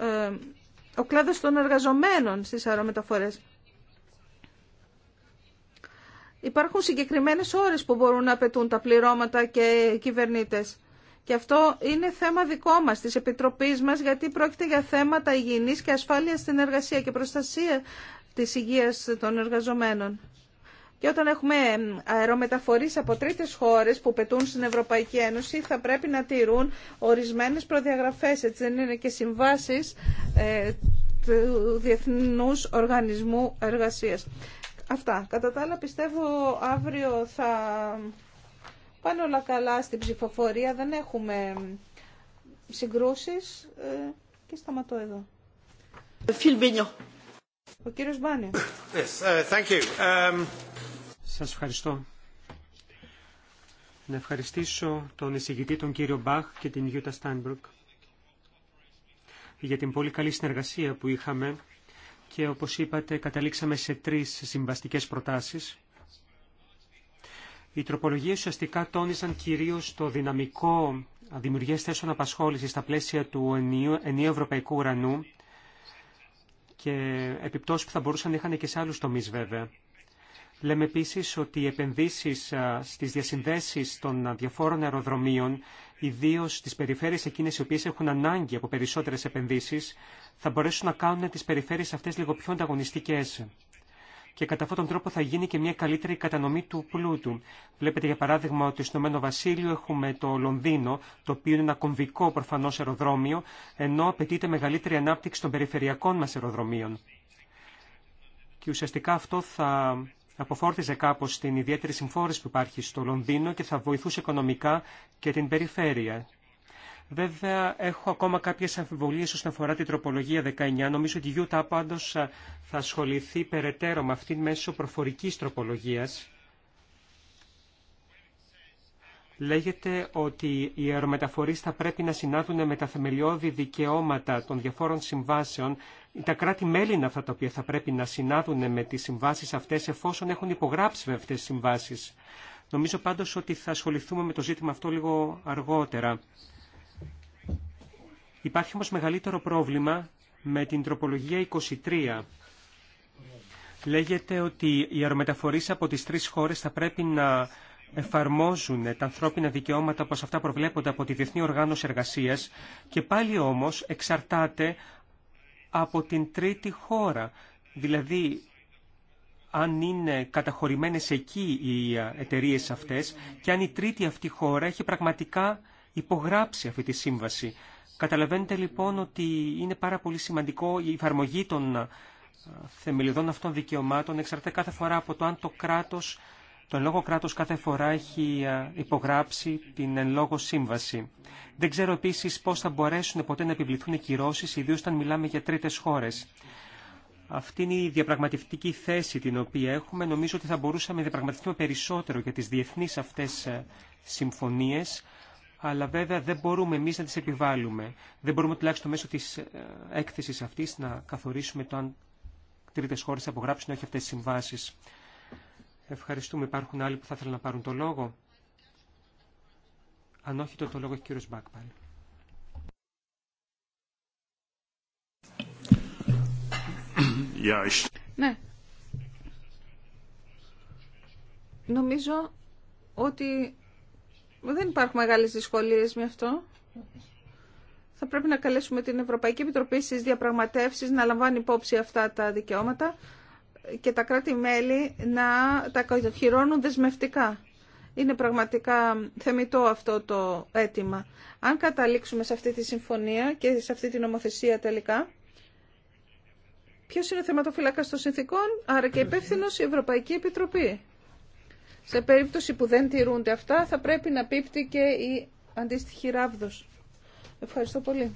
ε, ο κλάδο των εργαζομένων στι αερομεταφορέ. Υπάρχουν συγκεκριμένες ώρες που μπορούν να απαιτούν τα πληρώματα και οι κυβερνήτες. Και αυτό είναι θέμα δικό μας, της Επιτροπής μας, γιατί πρόκειται για θέματα υγιεινής και ασφάλεια στην εργασία και προστασία της υγείας των εργαζομένων. Και όταν έχουμε αερομεταφορείς από τρίτες χώρες που πετούν στην Ευρωπαϊκή Ένωση θα πρέπει να τηρούν ορισμένες προδιαγραφές, έτσι δεν είναι και συμβάσεις ε, του Διεθνούς Οργανισμού Εργασίας. Αυτά. Κατά τα άλλα πιστεύω αύριο θα Πάνε όλα καλά στην ψηφοφορία, δεν έχουμε συγκρούσεις ε, και σταματώ εδώ. Ο κύριος Μπάνιο. Yes, uh, thank you. Um... Σας ευχαριστώ. Να ευχαριστήσω τον εισηγητή τον κύριο Μπαχ και την Γιούτα Στάνμπρουκ για την πολύ καλή συνεργασία που είχαμε και όπως είπατε καταλήξαμε σε τρεις συμβαστικές προτάσεις οι τροπολογίε ουσιαστικά τόνισαν κυρίω το δυναμικό δημιουργία θέσεων απασχόληση στα πλαίσια του ενίου ευρωπαϊκού ουρανού και επιπτώσει που θα μπορούσαν να είχαν και σε άλλου τομεί, βέβαια. Λέμε επίση ότι οι επενδύσει στι διασυνδέσεις των διαφόρων αεροδρομίων, ιδίω στι περιφέρειες εκείνες οι οποίε έχουν ανάγκη από περισσότερε επενδύσει, θα μπορέσουν να κάνουν τι περιφέρειες αυτέ λίγο πιο ανταγωνιστικέ και κατά αυτόν τον τρόπο θα γίνει και μια καλύτερη κατανομή του πλούτου. Βλέπετε για παράδειγμα ότι στο Μένο Βασίλειο έχουμε το Λονδίνο, το οποίο είναι ένα κομβικό προφανώς αεροδρόμιο, ενώ απαιτείται μεγαλύτερη ανάπτυξη των περιφερειακών μας αεροδρομίων. Και ουσιαστικά αυτό θα αποφόρτιζε κάπως την ιδιαίτερη συμφόρηση που υπάρχει στο Λονδίνο και θα βοηθούσε οικονομικά και την περιφέρεια Βέβαια, έχω ακόμα κάποιε αμφιβολίε όσον αφορά την τροπολογία 19. Νομίζω ότι η Γιούτα πάντω θα ασχοληθεί περαιτέρω με αυτήν μέσω προφορική τροπολογία. Λέγεται ότι οι αερομεταφορεί θα πρέπει να συνάδουν με τα θεμελιώδη δικαιώματα των διαφόρων συμβάσεων. Τα κράτη-μέλη είναι αυτά τα οποία θα πρέπει να συνάδουν με τι συμβάσει αυτέ, εφόσον έχουν υπογράψει με αυτέ τι συμβάσει. Νομίζω πάντω ότι θα ασχοληθούμε με το ζήτημα αυτό λίγο αργότερα. Υπάρχει όμως μεγαλύτερο πρόβλημα με την τροπολογία 23. Λέγεται ότι οι αερομεταφορείς από τις τρεις χώρες θα πρέπει να εφαρμόζουν τα ανθρώπινα δικαιώματα όπως αυτά προβλέπονται από τη Διεθνή Οργάνωση Εργασίας και πάλι όμως εξαρτάται από την τρίτη χώρα. Δηλαδή, αν είναι καταχωρημένες εκεί οι εταιρείε αυτές και αν η τρίτη αυτή χώρα έχει πραγματικά υπογράψει αυτή τη σύμβαση. Καταλαβαίνετε λοιπόν ότι είναι πάρα πολύ σημαντικό η εφαρμογή των ε, θεμελιωδών αυτών δικαιωμάτων εξαρτάται κάθε φορά από το αν το κράτος, το εν λόγω κράτος κάθε φορά έχει ε, υπογράψει την εν λόγω σύμβαση. Δεν ξέρω επίσης πώς θα μπορέσουν ποτέ να επιβληθούν κυρώσεις, ιδίως όταν μιλάμε για τρίτες χώρες. Αυτή είναι η διαπραγματευτική θέση την οποία έχουμε. Νομίζω ότι θα μπορούσαμε να διαπραγματευτούμε περισσότερο για τις διεθνείς αυτές ε, συμφωνίες αλλά βέβαια δεν μπορούμε εμείς να τις επιβάλλουμε. Δεν μπορούμε τουλάχιστον μέσω της ε, έκθεσης αυτής να καθορίσουμε το αν τρίτες χώρες θα απογράψουν όχι αυτές τις συμβάσεις. Ευχαριστούμε. Υπάρχουν άλλοι που θα ήθελαν να πάρουν το λόγο. Αν όχι, το, το λόγο έχει ο κύριος Μπακ Ναι. Νομίζω ότι δεν υπάρχουν μεγάλε δυσκολίε με αυτό. Θα πρέπει να καλέσουμε την Ευρωπαϊκή Επιτροπή στις διαπραγματεύσεις να λαμβάνει υπόψη αυτά τα δικαιώματα και τα κράτη-μέλη να τα κατοχυρώνουν δεσμευτικά. Είναι πραγματικά θεμητό αυτό το αίτημα. Αν καταλήξουμε σε αυτή τη συμφωνία και σε αυτή την νομοθεσία τελικά, ποιος είναι ο θεματοφυλάκας των συνθήκων, άρα και υπεύθυνο η Ευρωπαϊκή Επιτροπή. Σε περίπτωση που δεν τηρούνται αυτά θα πρέπει να πείπτει και η αντίστοιχη ράβδος. Ευχαριστώ πολύ.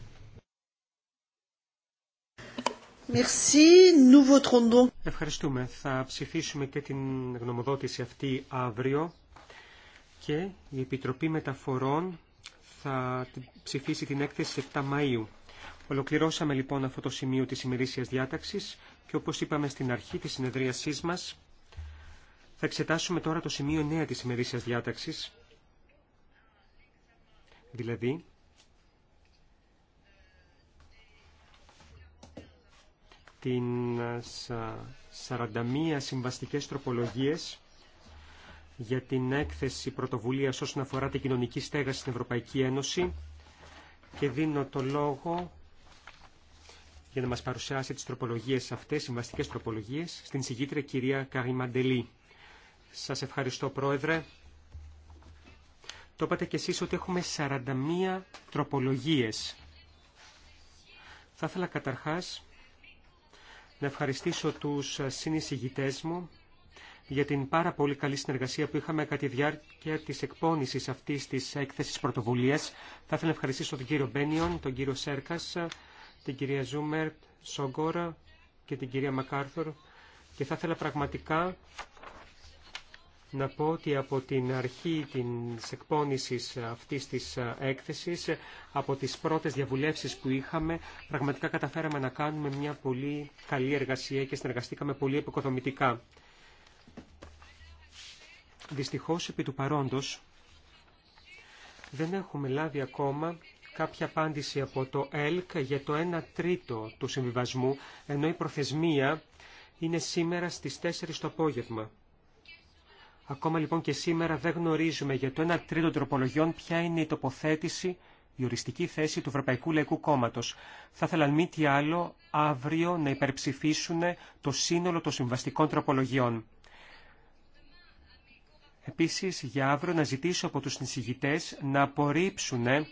Ευχαριστούμε. Θα ψηφίσουμε και την γνωμοδότηση αυτή αύριο και η Επιτροπή Μεταφορών θα ψηφίσει την έκθεση 7 Μαΐου. Ολοκληρώσαμε λοιπόν αυτό το σημείο της ημερήσιας διάταξης και όπως είπαμε στην αρχή της συνεδρίασής μας θα εξετάσουμε τώρα το σημείο 9 της ημερήσιας διάταξης, δηλαδή την 41 συμβαστικές τροπολογίες για την έκθεση πρωτοβουλίας όσον αφορά την κοινωνική στέγαση στην Ευρωπαϊκή Ένωση και δίνω το λόγο για να μας παρουσιάσει τις τροπολογίες αυτές, συμβαστικές τροπολογίες, στην συγγήτρια κυρία Καριμαντελή. Σας ευχαριστώ Πρόεδρε. Το είπατε και εσείς ότι έχουμε 41 τροπολογίες. Θα ήθελα καταρχάς να ευχαριστήσω τους συνεισηγητές μου για την πάρα πολύ καλή συνεργασία που είχαμε κατά τη διάρκεια της εκπόνησης αυτής της έκθεσης πρωτοβουλίας. Θα ήθελα να ευχαριστήσω τον κύριο Μπένιον, τον κύριο Σέρκας, την κυρία Ζούμερ, Σόγκορα και την κυρία Μακάρθορ και θα ήθελα πραγματικά να πω ότι από την αρχή της εκπόνησης αυτής της έκθεσης, από τις πρώτες διαβουλεύσεις που είχαμε, πραγματικά καταφέραμε να κάνουμε μια πολύ καλή εργασία και συνεργαστήκαμε πολύ επικοδομητικά. Δυστυχώς, επί του παρόντος, δεν έχουμε λάβει ακόμα κάποια απάντηση από το ΕΛΚ για το 1 τρίτο του συμβιβασμού, ενώ η προθεσμία είναι σήμερα στις 4 το απόγευμα. Ακόμα λοιπόν και σήμερα δεν γνωρίζουμε για το 1 τρίτο τροπολογιών ποια είναι η τοποθέτηση, η οριστική θέση του Ευρωπαϊκού Λαϊκού Κόμματο. Θα ήθελαν μη τι άλλο αύριο να υπερψηφίσουν το σύνολο των συμβαστικών τροπολογιών. Επίσης, για αύριο να ζητήσω από τους νησηγητές να απορρίψουν ε,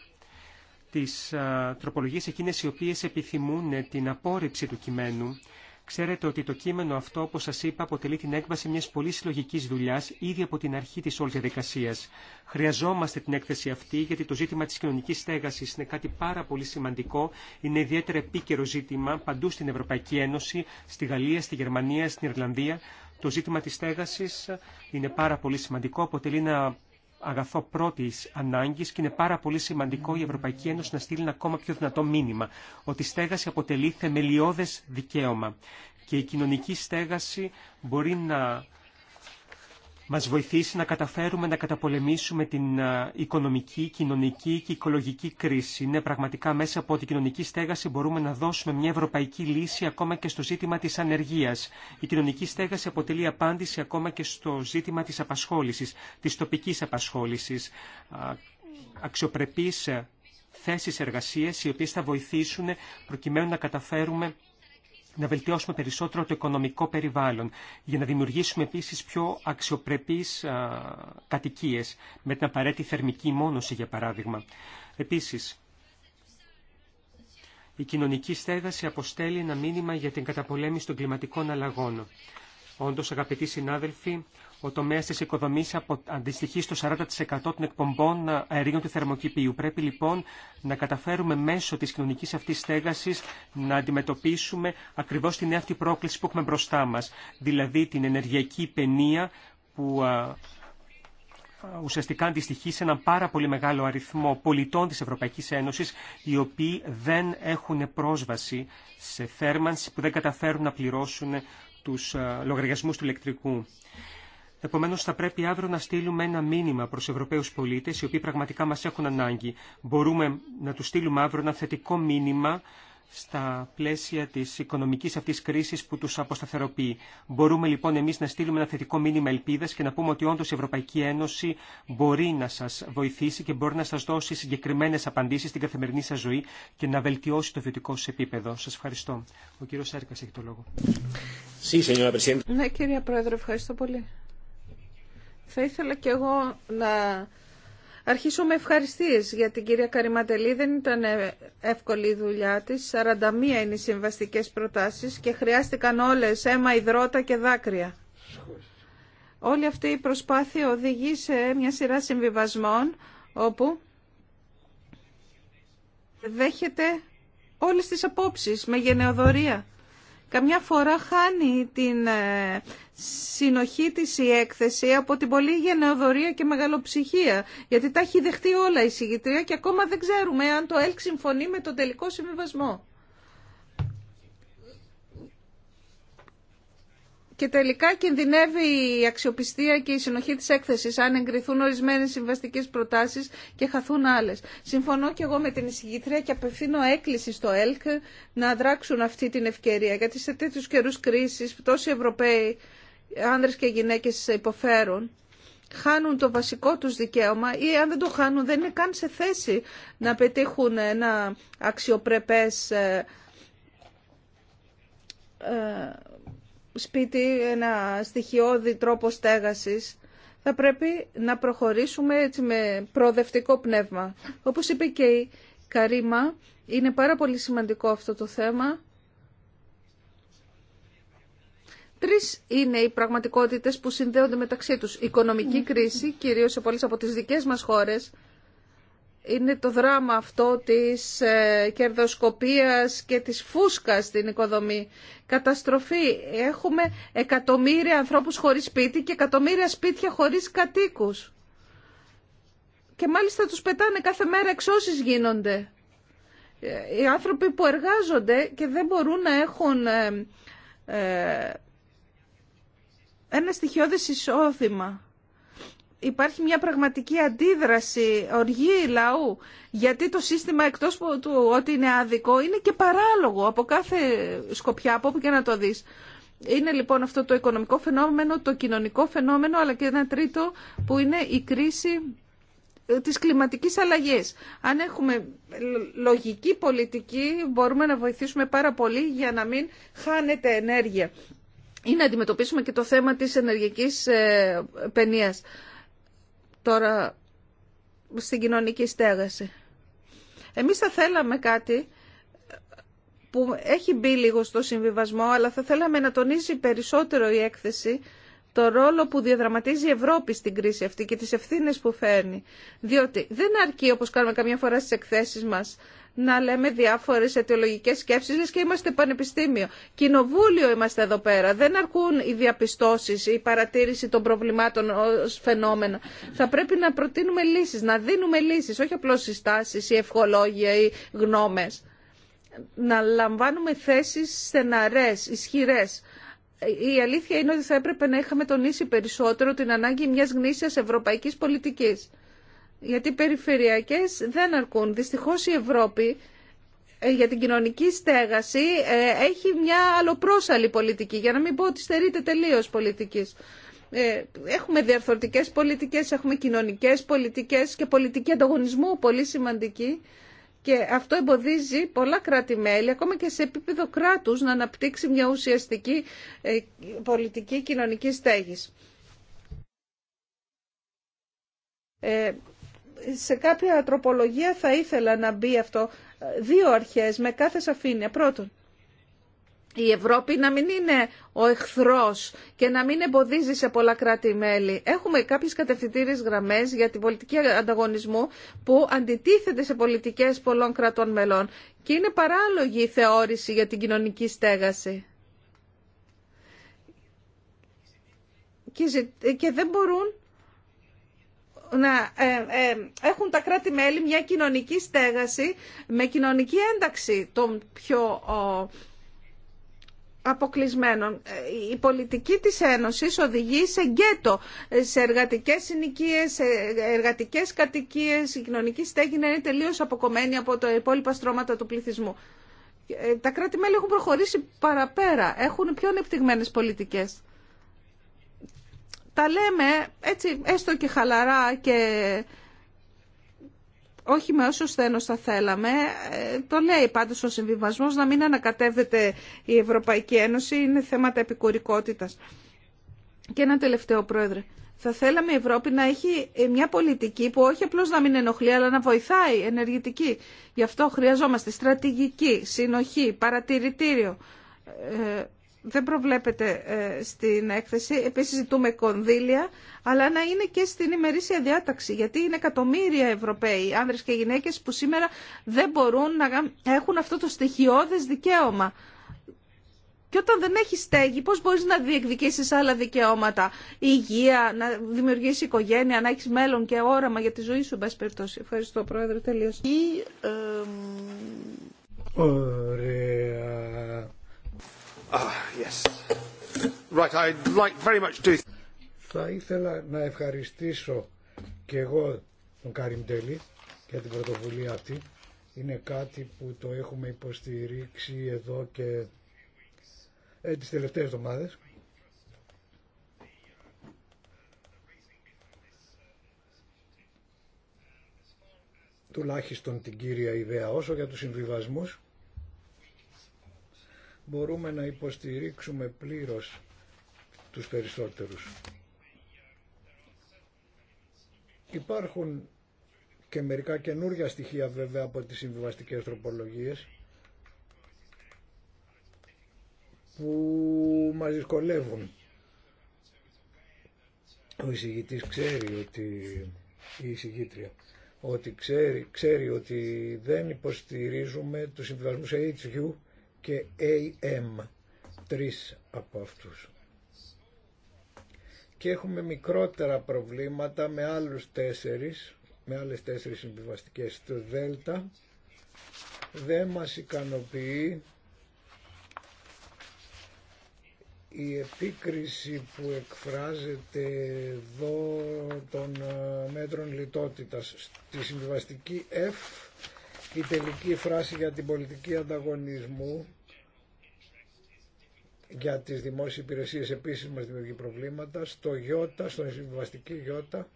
τις τροπολογίε τροπολογίες εκείνες οι οποίες επιθυμούν την απόρριψη του κειμένου. Ξέρετε ότι το κείμενο αυτό, όπω σα είπα, αποτελεί την έκβαση μια πολύ συλλογική δουλειά ήδη από την αρχή τη όλη διαδικασία. Χρειαζόμαστε την έκθεση αυτή, γιατί το ζήτημα τη κοινωνική στέγαση είναι κάτι πάρα πολύ σημαντικό. Είναι ιδιαίτερα επίκαιρο ζήτημα παντού στην Ευρωπαϊκή Ένωση, στη Γαλλία, στη Γερμανία, στην Ιρλανδία. Το ζήτημα τη στέγαση είναι πάρα πολύ σημαντικό, αποτελεί ένα αγαθό πρώτη ανάγκη και είναι πάρα πολύ σημαντικό η Ευρωπαϊκή Ένωση να στείλει ένα ακόμα πιο δυνατό μήνυμα ότι η στέγαση αποτελεί θεμελιώδε δικαίωμα και η κοινωνική στέγαση μπορεί να μας βοηθήσει να καταφέρουμε να καταπολεμήσουμε την οικονομική, κοινωνική και οικολογική κρίση. Είναι πραγματικά μέσα από την κοινωνική στέγαση μπορούμε να δώσουμε μια ευρωπαϊκή λύση ακόμα και στο ζήτημα της ανεργίας. Η κοινωνική στέγαση αποτελεί απάντηση ακόμα και στο ζήτημα της απασχόλησης, της τοπικής απασχόλησης. Αξιοπρεπείς ε, θέσεις εργασίας οι οποίες θα βοηθήσουν προκειμένου να καταφέρουμε να βελτιώσουμε περισσότερο το οικονομικό περιβάλλον, για να δημιουργήσουμε επίσης πιο αξιοπρεπείς κατοικίε κατοικίες, με την απαραίτητη θερμική μόνωση, για παράδειγμα. Επίσης, η κοινωνική στέγαση αποστέλει ένα μήνυμα για την καταπολέμηση των κλιματικών αλλαγών. Όντως, αγαπητοί συνάδελφοι, ο τομέας της οικοδομής αντιστοιχεί στο 40% των εκπομπών ε, αερίων του θερμοκηπίου. Πρέπει λοιπόν να καταφέρουμε μέσω της κοινωνικής αυτής στέγασης να αντιμετωπίσουμε ακριβώς την αυτή πρόκληση που έχουμε μπροστά μας, δηλαδή την ενεργειακή παινία που ε, ουσιαστικά αντιστοιχεί σε έναν πάρα πολύ μεγάλο αριθμό πολιτών της Ευρωπαϊκής Ένωσης οι οποίοι δεν έχουν πρόσβαση σε θέρμανση που δεν καταφέρουν να πληρώσουν τους ε, λογαριασμούς του ηλεκτρικού. Επομένω, θα πρέπει αύριο να στείλουμε ένα μήνυμα προ Ευρωπαίου πολίτε, οι οποίοι πραγματικά μα έχουν ανάγκη. Μπορούμε να του στείλουμε αύριο ένα θετικό μήνυμα στα πλαίσια τη οικονομική αυτή κρίση που του αποσταθεροποιεί. Μπορούμε λοιπόν εμεί να στείλουμε ένα θετικό μήνυμα ελπίδα και να πούμε ότι όντω η Ευρωπαϊκή Ένωση μπορεί να σα βοηθήσει και μπορεί να σα δώσει συγκεκριμένε απαντήσει στην καθημερινή σα ζωή και να βελτιώσει το βιωτικό σα επίπεδο. Σα ευχαριστώ. Ο κύριο Σέρκα έχει το λόγο. Ναι, κυρία Πρόεδρε, ευχαριστώ πολύ. Θα ήθελα και εγώ να αρχίσω με ευχαριστίες για την κυρία Καρυματελή. Δεν ήταν εύκολη η δουλειά της. 41 είναι οι συμβαστικές προτάσεις και χρειάστηκαν όλες αίμα, υδρότα και δάκρυα. Όλη αυτή η προσπάθεια οδηγεί σε μια σειρά συμβιβασμών όπου δέχεται όλες τις απόψεις με γενεοδορία Καμιά φορά χάνει την ε, συνοχή της η έκθεση από την πολύ γενναιοδορία και μεγαλοψυχία, γιατί τα έχει δεχτεί όλα η συγκητρία και ακόμα δεν ξέρουμε αν το ΕΛΚ συμφωνεί με τον τελικό συμβιβασμό. και τελικά κινδυνεύει η αξιοπιστία και η συνοχή της έκθεσης αν εγκριθούν ορισμένες συμβαστικές προτάσεις και χαθούν άλλες. Συμφωνώ και εγώ με την εισηγήτρια και απευθύνω έκκληση στο ΕΛΚ να δράξουν αυτή την ευκαιρία γιατί σε τέτοιους καιρούς κρίσης τόσοι Ευρωπαίοι άνδρες και γυναίκες υποφέρουν χάνουν το βασικό τους δικαίωμα ή αν δεν το χάνουν δεν είναι καν σε θέση να πετύχουν ένα αξιοπρεπές ε, ε, σπίτι ένα στοιχειώδη τρόπο στέγασης, θα πρέπει να προχωρήσουμε με προοδευτικό πνεύμα. Όπως είπε και η Καρίμα, είναι πάρα πολύ σημαντικό αυτό το θέμα. Τρεις είναι οι πραγματικότητες που συνδέονται μεταξύ τους. Η οικονομική κρίση, κυρίως σε πολλές από τις δικές μας χώρες, είναι το δράμα αυτό της ε, κερδοσκοπίας και της φούσκας στην οικοδομή. Καταστροφή. Έχουμε εκατομμύρια ανθρώπους χωρίς σπίτι και εκατομμύρια σπίτια χωρίς κατοίκους. Και μάλιστα τους πετάνε κάθε μέρα εξώσεις γίνονται. Ε, οι άνθρωποι που εργάζονται και δεν μπορούν να έχουν ε, ένα στοιχειώδες εισόδημα υπάρχει μια πραγματική αντίδραση, οργή λαού, γιατί το σύστημα εκτός του ότι είναι άδικο είναι και παράλογο από κάθε σκοπιά, από όπου και να το δεις. Είναι λοιπόν αυτό το οικονομικό φαινόμενο, το κοινωνικό φαινόμενο, αλλά και ένα τρίτο που είναι η κρίση ε, της κλιματικής αλλαγής. Αν έχουμε λογική πολιτική μπορούμε να βοηθήσουμε πάρα πολύ για να μην χάνεται ενέργεια ή να αντιμετωπίσουμε και το θέμα της ενεργειακής ε, παινίας τώρα στην κοινωνική στέγαση. Εμείς θα θέλαμε κάτι που έχει μπει λίγο στο συμβιβασμό, αλλά θα θέλαμε να τονίζει περισσότερο η έκθεση το ρόλο που διαδραματίζει η Ευρώπη στην κρίση αυτή και τις ευθύνες που φέρνει. Διότι δεν αρκεί, όπως κάνουμε καμιά φορά στις εκθέσεις μας, να λέμε διάφορες αιτιολογικές σκέψεις, λες και είμαστε πανεπιστήμιο. Κοινοβούλιο είμαστε εδώ πέρα. Δεν αρκούν οι διαπιστώσεις, η παρατήρηση των προβλημάτων ω φαινόμενα. Θα πρέπει να προτείνουμε λύσεις, να δίνουμε λύσεις, όχι απλώς συστάσεις ή ευχολόγια ή γνώμες. Να λαμβάνουμε θέσεις στεναρές, ισχυρές. Η αλήθεια είναι ότι θα έπρεπε να λαμβανουμε θεσεις στεναρε ισχυρε η τονίσει περισσότερο την ανάγκη μιας γνήσιας ευρωπαϊκής πολιτικής γιατί οι περιφερειακές δεν αρκούν. Δυστυχώς η Ευρώπη ε, για την κοινωνική στέγαση ε, έχει μια αλλοπρόσαλη πολιτική, για να μην πω ότι στερείται τελείως πολιτικής. Ε, έχουμε διαρθρωτικές πολιτικές, έχουμε κοινωνικές πολιτικές και πολιτική ανταγωνισμού πολύ σημαντική και αυτό εμποδίζει πολλά κράτη-μέλη, ακόμα και σε επίπεδο κράτους, να αναπτύξει μια ουσιαστική πολιτική κοινωνική στέγης σε κάποια τροπολογία θα ήθελα να μπει αυτό. Ε, δύο αρχές με κάθε σαφήνεια. Πρώτον, η Ευρώπη να μην είναι ο εχθρός και να μην εμποδίζει σε πολλά κράτη-μέλη. Έχουμε κάποιες κατευθυντήριες γραμμές για την πολιτική ανταγωνισμού που αντιτίθεται σε πολιτικές πολλών κρατών μελών και είναι παράλογη η θεώρηση για την κοινωνική στέγαση. Και δεν μπορούν να ε, ε, έχουν τα κράτη-μέλη μια κοινωνική στέγαση με κοινωνική ένταξη των πιο αποκλεισμένων. Ε, η πολιτική της Ένωσης οδηγεί σε γκέτο, σε εργατικές συνοικίες, σε εργατικές κατοικίες. Η κοινωνική στέγη είναι τελείως αποκομμένη από τα υπόλοιπα στρώματα του πληθυσμού. Τα κράτη-μέλη έχουν προχωρήσει παραπέρα, έχουν πιο ανεπτυγμένες πολιτικές τα λέμε έτσι έστω και χαλαρά και όχι με όσο σθένος θα θέλαμε, ε, το λέει πάντως ο συμβιβασμός να μην ανακατεύεται η Ευρωπαϊκή Ένωση, είναι θέματα επικουρικότητας. Και ένα τελευταίο, Πρόεδρε. Θα θέλαμε η Ευρώπη να έχει μια πολιτική που όχι απλώς να μην ενοχλεί, αλλά να βοηθάει ενεργητική. Γι' αυτό χρειαζόμαστε στρατηγική, συνοχή, παρατηρητήριο, ε, δεν προβλέπεται ε, στην έκθεση. Επίσης ζητούμε κονδύλια, αλλά να είναι και στην ημερήσια διάταξη, γιατί είναι εκατομμύρια Ευρωπαίοι, άνδρες και γυναίκες, που σήμερα δεν μπορούν να έχουν αυτό το στοιχειώδες δικαίωμα. Και όταν δεν έχει στέγη, πώς μπορείς να διεκδικήσεις άλλα δικαιώματα, υγεία, να δημιουργήσεις οικογένεια, να έχεις μέλλον και όραμα για τη ζωή σου, εν περιπτώσει. Ευχαριστώ, Πρόεδρε, τελείως. Ah, Θα ήθελα να ευχαριστήσω και εγώ τον Τέλη για την πρωτοβουλία αυτή. Είναι κάτι που το έχουμε υποστηρίξει εδώ και ε, τις τελευταίες εβδομάδες. τουλάχιστον την κύρια ιδέα όσο για τους συμβιβασμούς μπορούμε να υποστηρίξουμε πλήρως τους περισσότερους. Υπάρχουν και μερικά καινούργια στοιχεία βέβαια από τις συμβιβαστικές τροπολογίες που μας δυσκολεύουν. Ο εισηγητής ξέρει ότι η εισηγήτρια ότι ξέρει, ξέρει ότι δεν υποστηρίζουμε τους συμβιβασμούς HU και AM, τρεις από αυτούς. Και έχουμε μικρότερα προβλήματα με άλλους τέσσερις, με άλλες τέσσερις συμβιβαστικές του Δέλτα. Δεν μας ικανοποιεί η επίκριση που εκφράζεται εδώ των ε, μέτρων λιτότητας στη συμβιβαστική F η τελική φράση για την πολιτική ανταγωνισμού για τις δημόσιες υπηρεσίες επίσης μας δημιουργεί προβλήματα. Στο Ι, στον συμβιβαστική Γιώτα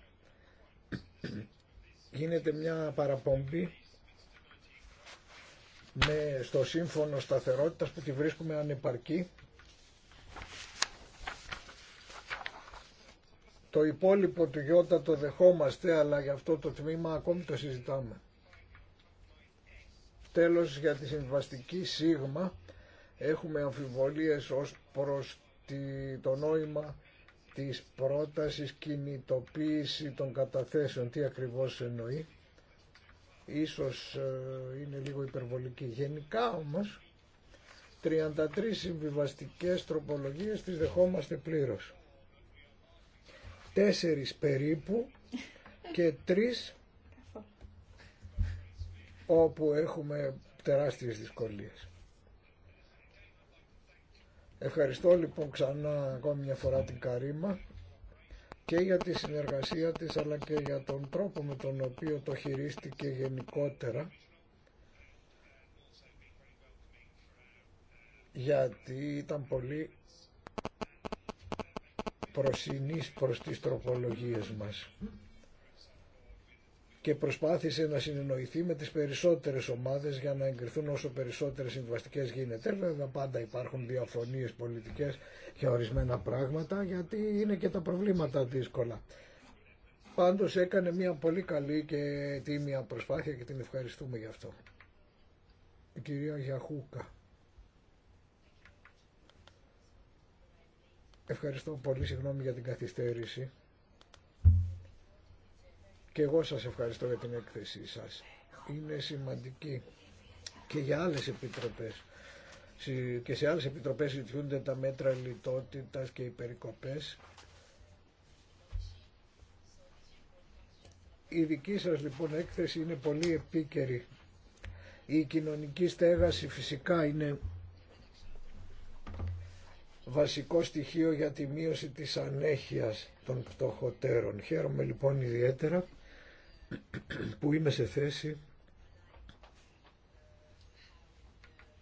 γίνεται μια παραπομπή με, στο σύμφωνο σταθερότητας που τη βρίσκουμε ανεπαρκή. Το υπόλοιπο του Γιώτα το δεχόμαστε αλλά για αυτό το τμήμα ακόμη το συζητάμε. Τέλος για τη συμβαστική σίγμα έχουμε αμφιβολίες ως προς τη, το νόημα της πρότασης κινητοποίηση των καταθέσεων. Τι ακριβώς εννοεί. Ίσως ε, είναι λίγο υπερβολική. Γενικά όμως 33 συμβιβαστικές τροπολογίες τις δεχόμαστε πλήρως. Τέσσερις περίπου και τρεις όπου έχουμε τεράστιες δυσκολίες. Ευχαριστώ λοιπόν ξανά ακόμη μια φορά την Καρίμα και για τη συνεργασία της αλλά και για τον τρόπο με τον οποίο το χειρίστηκε γενικότερα γιατί ήταν πολύ προσινής προς τις τροπολογίες μας και προσπάθησε να συνεννοηθεί με τις περισσότερες ομάδες για να εγκριθούν όσο περισσότερες συμβαστικές γίνεται. Βέβαια πάντα υπάρχουν διαφωνίες πολιτικές για ορισμένα πράγματα γιατί είναι και τα προβλήματα δύσκολα. Πάντως έκανε μια πολύ καλή και τίμια προσπάθεια και την ευχαριστούμε γι' αυτό. Η κυρία Γιαχούκα. Ευχαριστώ πολύ, συγγνώμη για την καθυστέρηση. Και εγώ σας ευχαριστώ για την έκθεσή σας. Είναι σημαντική και για άλλες επιτροπές. Και σε άλλες επιτροπές ζητούνται τα μέτρα λιτότητας και οι περικοπές. Η δική σας λοιπόν έκθεση είναι πολύ επίκαιρη. Η κοινωνική στέγαση φυσικά είναι βασικό στοιχείο για τη μείωση της ανέχειας των πτωχοτέρων. Χαίρομαι λοιπόν ιδιαίτερα που είμαι σε θέση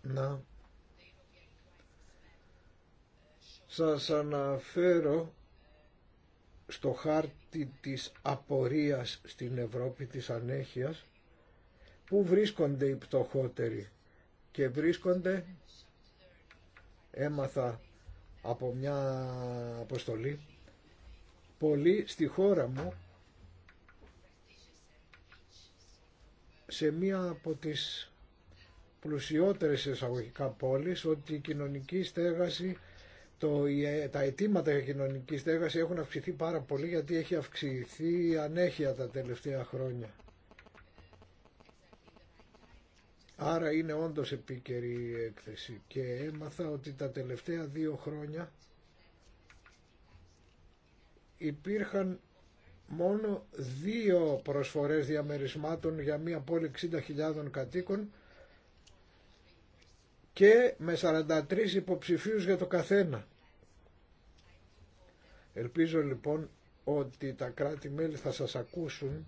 να σας αναφέρω στο χάρτη της απορίας στην Ευρώπη της Ανέχειας που βρίσκονται οι πτωχότεροι και βρίσκονται έμαθα από μια αποστολή πολλοί στη χώρα μου σε μία από τις πλουσιότερες εισαγωγικά πόλεις ότι η κοινωνική στέγαση, το, τα αιτήματα για κοινωνική στέγαση έχουν αυξηθεί πάρα πολύ γιατί έχει αυξηθεί ανέχεια τα τελευταία χρόνια. Άρα είναι όντως επίκαιρη η έκθεση και έμαθα ότι τα τελευταία δύο χρόνια υπήρχαν μόνο δύο προσφορές διαμερισμάτων για μία πόλη 60.000 κατοίκων και με 43 υποψηφίους για το καθένα. Ελπίζω λοιπόν ότι τα κράτη-μέλη θα σας ακούσουν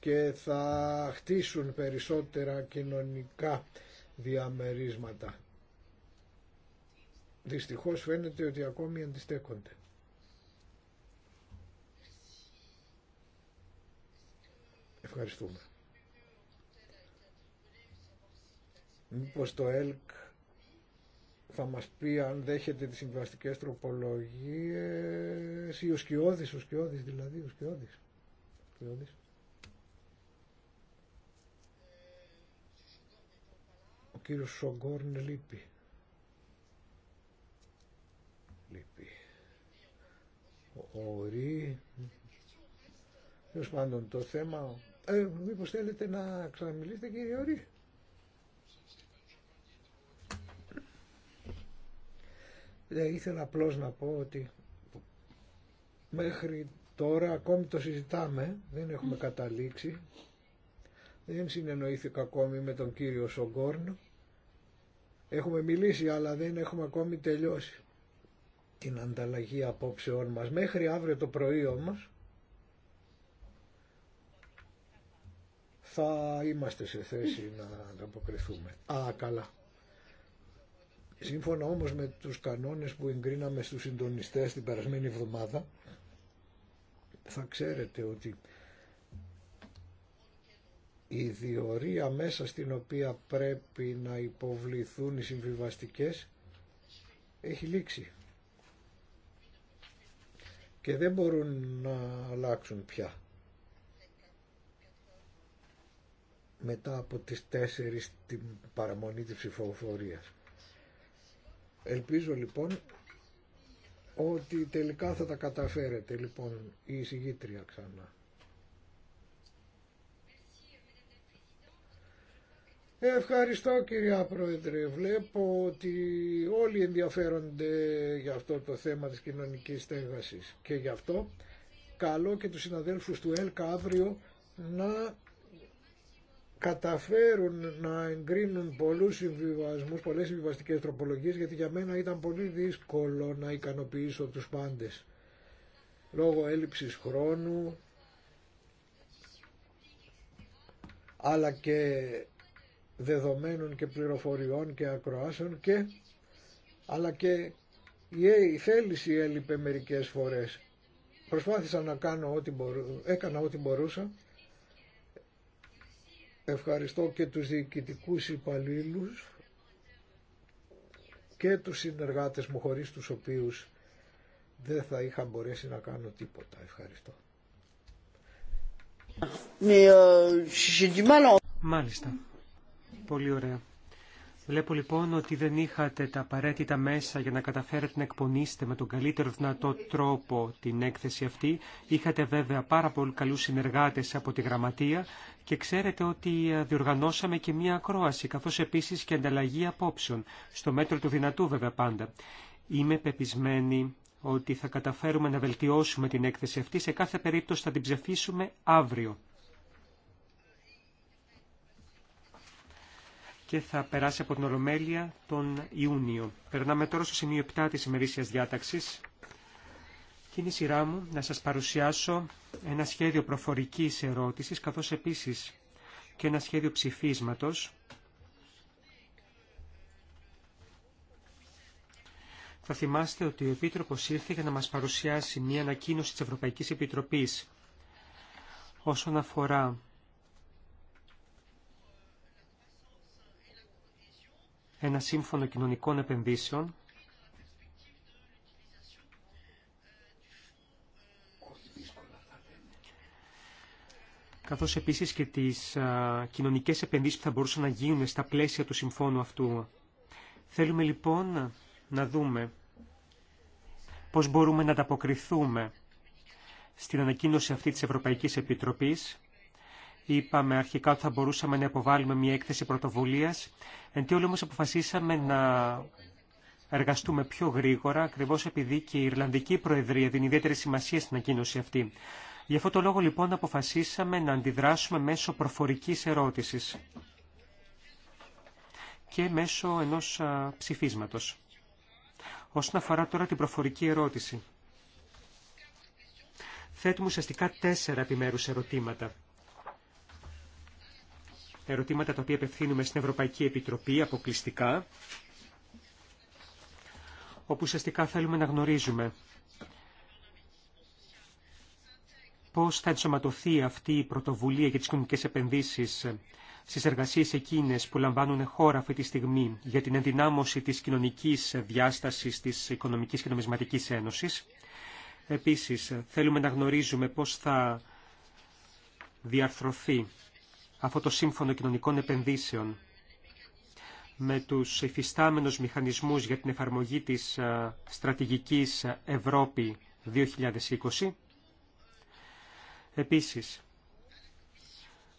και θα χτίσουν περισσότερα κοινωνικά διαμερίσματα. Δυστυχώς φαίνεται ότι ακόμη αντιστέκονται. Ευχαριστούμε. Μήπως το ΕΛΚ θα μας πει αν δέχεται τις συμβαστικές τροπολογίες ή ο Σκιώδης, ο Σκιώδης δηλαδή, ο Σκιώδης. Ο Σκιώδης. Ο κύριος Σογκόρν λείπει. Λείπει. Ο Ρή. Τέλο πάντων το θέμα ε, μήπως θέλετε να ξαναμιλήσετε κύριε Ωρή. Δεν ήθελα απλώς να πω ότι μέχρι τώρα ακόμη το συζητάμε, δεν έχουμε καταλήξει. Δεν συνεννοήθηκα ακόμη με τον κύριο Σογκόρν. Έχουμε μιλήσει αλλά δεν έχουμε ακόμη τελειώσει την ανταλλαγή απόψεών μας. Μέχρι αύριο το πρωί όμως θα είμαστε σε θέση να ανταποκριθούμε. Α, καλά. Σύμφωνα όμως με τους κανόνες που εγκρίναμε στους συντονιστές την περασμένη εβδομάδα, θα ξέρετε ότι η διορία μέσα στην οποία πρέπει να υποβληθούν οι συμβιβαστικές έχει λήξει και δεν μπορούν να αλλάξουν πια. μετά από τις τέσσερις την παραμονή της ψηφοφορίας. Ελπίζω λοιπόν ότι τελικά θα τα καταφέρετε λοιπόν η εισηγήτρια ξανά. Ευχαριστώ κυρία Πρόεδρε. Βλέπω ότι όλοι ενδιαφέρονται για αυτό το θέμα της κοινωνικής στέγασης και γι' αυτό καλώ και τους συναδέλφους του ΕΛΚΑ αύριο να καταφέρουν να εγκρίνουν πολλούς συμβιβασμούς, πολλές συμβιβαστικές τροπολογίες γιατί για μένα ήταν πολύ δύσκολο να ικανοποιήσω τους πάντες λόγω έλλειψης χρόνου αλλά και δεδομένων και πληροφοριών και ακροάσεων και αλλά και η θέληση έλειπε μερικές φορές. Προσπάθησα να κάνω ό,τι έκανα ό,τι μπορούσα Ευχαριστώ και τους διοικητικούς υπαλλήλου και τους συνεργάτες μου χωρίς τους οποίους δεν θα είχα μπορέσει να κάνω τίποτα. Ευχαριστώ. Euh, Μάλιστα. Πολύ ωραία. Βλέπω λοιπόν ότι δεν είχατε τα απαραίτητα μέσα για να καταφέρετε να εκπονήσετε με τον καλύτερο δυνατό τρόπο την έκθεση αυτή. Είχατε βέβαια πάρα πολύ καλούς συνεργάτες από τη Γραμματεία και ξέρετε ότι ε, διοργανώσαμε και μία ακρόαση, καθώς επίσης και ανταλλαγή απόψεων, στο μέτρο του δυνατού βέβαια πάντα. Είμαι πεπισμένη ότι θα καταφέρουμε να βελτιώσουμε την έκθεση αυτή. Σε κάθε περίπτωση θα την ψεφίσουμε αύριο. και θα περάσει από την Ολομέλεια τον Ιούνιο. Περνάμε τώρα στο σημείο 7 της ημερήσιας διάταξης. Και είναι η σειρά μου να σας παρουσιάσω ένα σχέδιο προφορικής ερώτησης, καθώς επίσης και ένα σχέδιο ψηφίσματος. Θα θυμάστε ότι ο Επίτροπος ήρθε για να μας παρουσιάσει μια ανακοίνωση της Ευρωπαϊκής Επιτροπής όσον αφορά ένα σύμφωνο κοινωνικών επενδύσεων καθώς επίσης και τις κοινωνικές επενδύσεις που θα μπορούσαν να γίνουν στα πλαίσια του συμφώνου αυτού. Θέλουμε λοιπόν να δούμε πώς μπορούμε να ανταποκριθούμε στην ανακοίνωση αυτή της Ευρωπαϊκής Επιτροπής Είπαμε αρχικά ότι θα μπορούσαμε να υποβάλουμε μια έκθεση πρωτοβουλία, Εν τέλει όμω αποφασίσαμε να εργαστούμε πιο γρήγορα, ακριβώ επειδή και η Ιρλανδική Προεδρία δίνει ιδιαίτερη σημασία στην ανακοίνωση αυτή. Γι' αυτό το λόγο λοιπόν αποφασίσαμε να αντιδράσουμε μέσω προφορικής ερώτησης και μέσω ενός ψηφίσματο. Όσον αφορά τώρα την προφορική ερώτηση, θέτουμε ουσιαστικά τέσσερα επιμέρους ερωτήματα ερωτήματα τα οποία απευθύνουμε στην Ευρωπαϊκή Επιτροπή αποκλειστικά, όπου ουσιαστικά θέλουμε να γνωρίζουμε πώς θα ενσωματωθεί αυτή η πρωτοβουλία για τις κοινωνικές επενδύσεις στις εργασίες εκείνες που λαμβάνουν χώρα αυτή τη στιγμή για την ενδυνάμωση της κοινωνικής διάστασης της Οικονομικής και Νομισματικής Ένωσης. Επίσης, θέλουμε να γνωρίζουμε πώς θα διαρθρωθεί αυτό το σύμφωνο κοινωνικών επενδύσεων με τους υφιστάμενους μηχανισμούς για την εφαρμογή της ε, στρατηγικής ε, Ευρώπη 2020. Επίσης,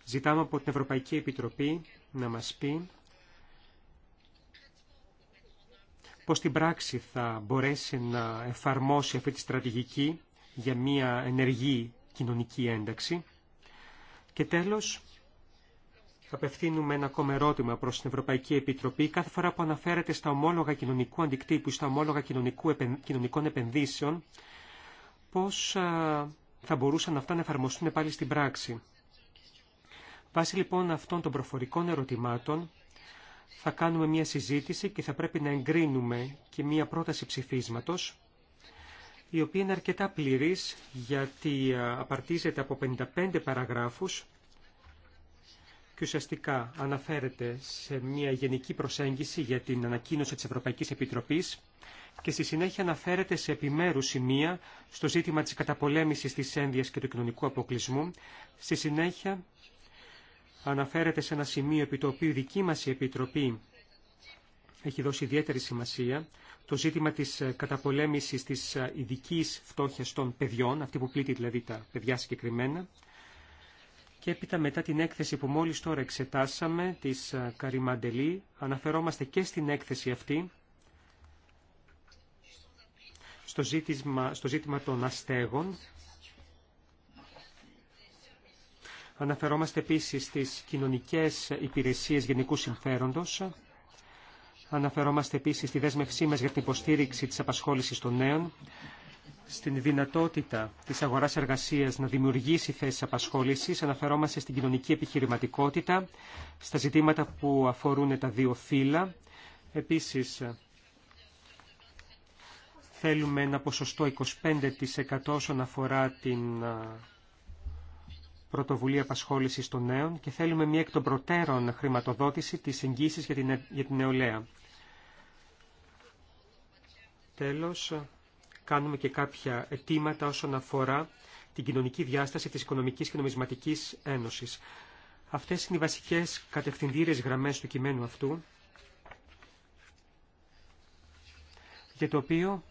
ζητάμε από την Ευρωπαϊκή Επιτροπή να μας πει πώς την πράξη θα μπορέσει να εφαρμόσει αυτή τη στρατηγική για μια ενεργή κοινωνική ένταξη. Και τέλος, Απευθύνουμε ένα ακόμα ερώτημα προς την Ευρωπαϊκή Επιτροπή. Κάθε φορά που αναφέρεται στα ομόλογα κοινωνικού αντικτύπου, στα ομόλογα κοινωνικών επενδύσεων, πώς θα μπορούσαν αυτά να εφαρμοστούν πάλι στην πράξη. Βάσει λοιπόν αυτών των προφορικών ερωτημάτων, θα κάνουμε μια συζήτηση και θα πρέπει να εγκρίνουμε και μια πρόταση ψηφίσματος, η οποία είναι αρκετά πλήρης γιατί απαρτίζεται από 55 παραγράφους και ουσιαστικά αναφέρεται σε μια γενική προσέγγιση για την ανακοίνωση της Ευρωπαϊκής Επιτροπής και στη συνέχεια αναφέρεται σε επιμέρους σημεία στο ζήτημα της καταπολέμησης της ένδυας και του κοινωνικού αποκλεισμού. Στη συνέχεια αναφέρεται σε ένα σημείο επί το οποίο η δική μας Επιτροπή έχει δώσει ιδιαίτερη σημασία, το ζήτημα της καταπολέμησης της ειδική φτώχειας των παιδιών, αυτή που πλήττει δηλαδή τα παιδιά συγκεκριμένα και έπειτα μετά την έκθεση που μόλις τώρα εξετάσαμε, της ε, Καριμαντελή, αναφερόμαστε και στην έκθεση αυτή, στο ζήτημα, στο ζήτημα των αστέγων. Αναφερόμαστε επίσης στις κοινωνικές υπηρεσίες γενικού συμφέροντος. Αναφερόμαστε επίσης στη δέσμευσή μας για την υποστήριξη της απασχόλησης των νέων στην δυνατότητα της αγοράς εργασίας να δημιουργήσει θέσεις απασχόλησης. Αναφερόμαστε στην κοινωνική επιχειρηματικότητα, στα ζητήματα που αφορούν τα δύο φύλλα. Επίσης, θέλουμε ένα ποσοστό 25% όσον αφορά την πρωτοβουλία απασχόλησης των νέων και θέλουμε μια εκ των προτέρων χρηματοδότηση της εγγύησης για την ε, νεολαία. Τέλος, κάνουμε και κάποια αιτήματα όσον αφορά την κοινωνική διάσταση της Οικονομικής και Νομισματικής Ένωσης. Αυτές είναι οι βασικές κατευθυντήρες γραμμές του κειμένου αυτού, για το οποίο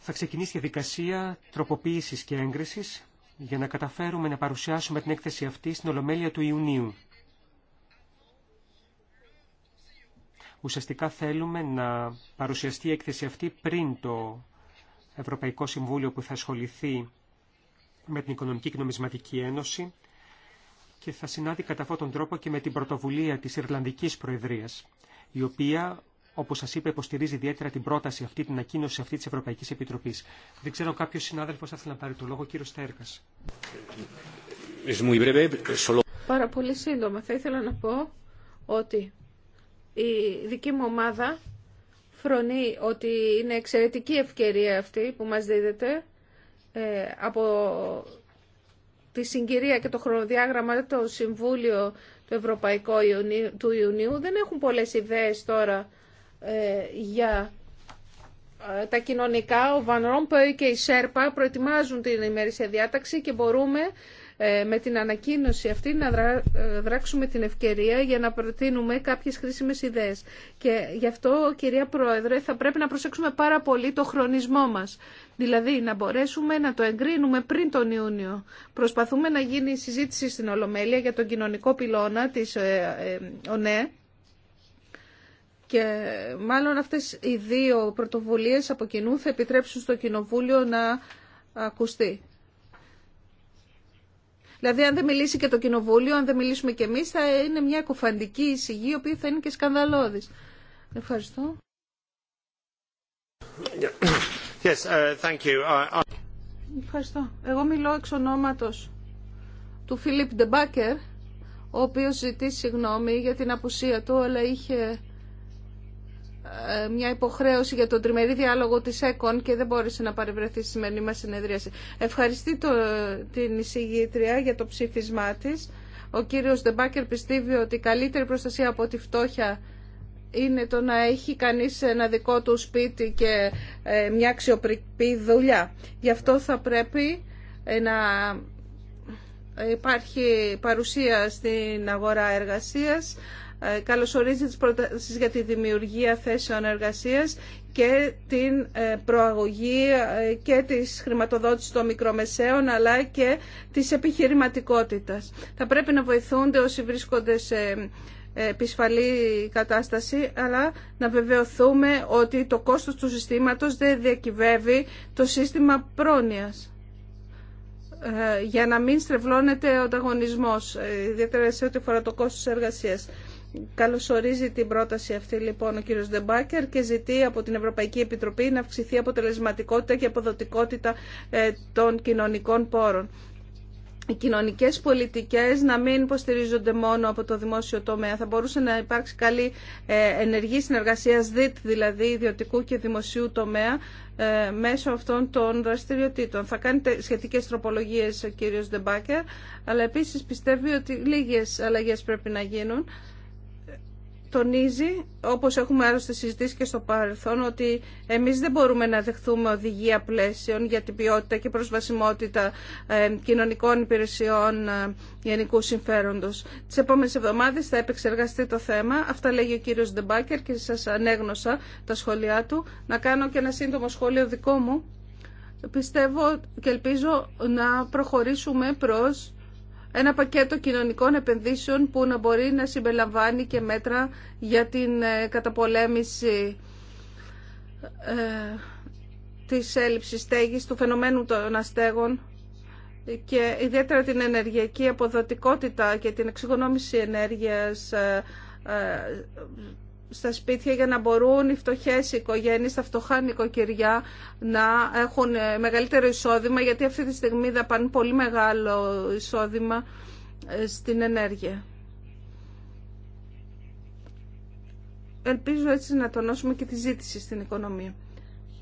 θα ξεκινήσει η διαδικασία τροποποίησης και έγκρισης για να καταφέρουμε να παρουσιάσουμε την έκθεση αυτή στην Ολομέλεια του Ιουνίου. Ουσιαστικά θέλουμε να παρουσιαστεί η έκθεση αυτή πριν το Ευρωπαϊκό Συμβούλιο που θα ασχοληθεί με την Οικονομική και Νομισματική Ένωση και θα συνάδει κατά αυτόν τον τρόπο και με την πρωτοβουλία της Ιρλανδικής Προεδρίας, η οποία, όπως σας είπα, υποστηρίζει ιδιαίτερα την πρόταση αυτή, την ακοίνωση αυτή της Ευρωπαϊκής Επιτροπής. Δεν ξέρω κάποιος συνάδελφος θα ήθελε να πάρει το λόγο, κύριο Στέρκας. Πάρα πολύ σύντομα. Θα ήθελα να πω ότι η δική μου ομάδα φρονεί ότι είναι εξαιρετική ευκαιρία αυτή που μας δίδεται ε, από τη συγκυρία και το χρονοδιάγραμμα το Συμβούλιο του Ευρωπαϊκού του Ιουνίου δεν έχουν πολλές ιδέες τώρα ε, για ε, τα κοινωνικά. Ο Βαν και η Σέρπα προετοιμάζουν την ημερήσια διάταξη και μπορούμε ε, με την ανακοίνωση αυτή να ε, δράξουμε την ευκαιρία για να προτείνουμε κάποιες χρήσιμες ιδέες. Και γι' αυτό, κυρία Πρόεδρε, θα πρέπει να προσέξουμε πάρα πολύ το χρονισμό μας. Δηλαδή, να μπορέσουμε να το εγκρίνουμε πριν τον Ιούνιο. Προσπαθούμε να γίνει συζήτηση στην Ολομέλεια για τον κοινωνικό πυλώνα της ε, ΟΝΕ και μάλλον αυτές οι δύο πρωτοβουλίες από κοινού θα επιτρέψουν στο Κοινοβούλιο να ακουστεί. Δηλαδή, αν δεν μιλήσει και το Κοινοβούλιο, αν δεν μιλήσουμε και εμεί, θα είναι μια κουφαντική εισηγή, η οποία θα είναι και σκανδαλώδη. Ευχαριστώ. Uh, uh, uh, Ευχαριστώ. Εγώ μιλώ εξ ονόματος του Φίλιπ Ντεμπάκερ, ο οποίος ζητεί συγγνώμη για την απουσία του, αλλά είχε ε, μια υποχρέωση για τον τριμερή διάλογο της ΕΚΟΝ και δεν μπόρεσε να παρευρεθεί στη σημερινή μα συνεδρίαση. Ευχαριστεί το, την εισηγήτρια για το ψήφισμά τη. Ο κύριος Ντεμπάκερ πιστεύει ότι η καλύτερη προστασία από τη φτώχεια είναι το να έχει κανεί ένα δικό του σπίτι και ε, μια αξιοπρεπή δουλειά. Γι' αυτό θα πρέπει ε, να υπάρχει παρουσία στην αγορά εργασίας ε, καλωσορίζει τις προτάσεις για τη δημιουργία θέσεων εργασίας και την ε, προαγωγή ε, και της χρηματοδότησης των μικρομεσαίων αλλά και της επιχειρηματικότητας. Θα πρέπει να βοηθούνται όσοι βρίσκονται σε επισφαλή κατάσταση, αλλά να βεβαιωθούμε ότι το κόστος του συστήματος δεν διακυβεύει το σύστημα πρόνοιας για να μην στρεβλώνεται ο ανταγωνισμός, ιδιαίτερα σε ό,τι αφορά το κόστος εργασίας. Καλωσορίζει την πρόταση αυτή λοιπόν ο κύριος Δεμπάκερ και ζητεί από την Ευρωπαϊκή Επιτροπή να αυξηθεί αποτελεσματικότητα και αποδοτικότητα ε, των κοινωνικών πόρων. Οι κοινωνικές πολιτικές να μην υποστηρίζονται μόνο από το δημόσιο τομέα. Θα μπορούσε να υπάρξει καλή ε, ενεργή συνεργασία ΣΔΙΤ, δηλαδή ιδιωτικού και δημοσίου τομέα, ε, μέσω αυτών των δραστηριοτήτων. Θα κάνετε σχετικές τροπολογίες ο κύριος Ντεμπάκερ, αλλά επίσης πιστεύει ότι λίγε αλλαγέ πρέπει να γίνουν τονίζει, όπως έχουμε άλλωστε συζητήσει και στο παρελθόν, ότι εμείς δεν μπορούμε να δεχθούμε οδηγία πλαίσιων για την ποιότητα και προσβασιμότητα ε, κοινωνικών υπηρεσιών ε, γενικού συμφέροντος. Τις επόμενες εβδομάδες θα επεξεργαστεί το θέμα. Αυτά λέγει ο κύριος Ντεμπάκερ και σας ανέγνωσα τα σχόλιά του. Να κάνω και ένα σύντομο σχόλιο δικό μου. Πιστεύω και ελπίζω να προχωρήσουμε προς ένα πακέτο κοινωνικών επενδύσεων που να μπορεί να συμπεριλαμβάνει και μέτρα για την ε, καταπολέμηση ε, της έλλειψης στέγης, του φαινομένου των αστέγων και ιδιαίτερα την ενεργειακή αποδοτικότητα και την εξοικονόμηση ενέργειας ε, στα σπίτια για να μπορούν οι φτωχές οικογένειες, τα φτωχά νοικοκυριά να έχουν ε, μεγαλύτερο εισόδημα γιατί αυτή τη στιγμή δαπανούν πολύ μεγάλο εισόδημα ε, στην ενέργεια. Ελπίζω έτσι να τονώσουμε και τη ζήτηση στην οικονομία.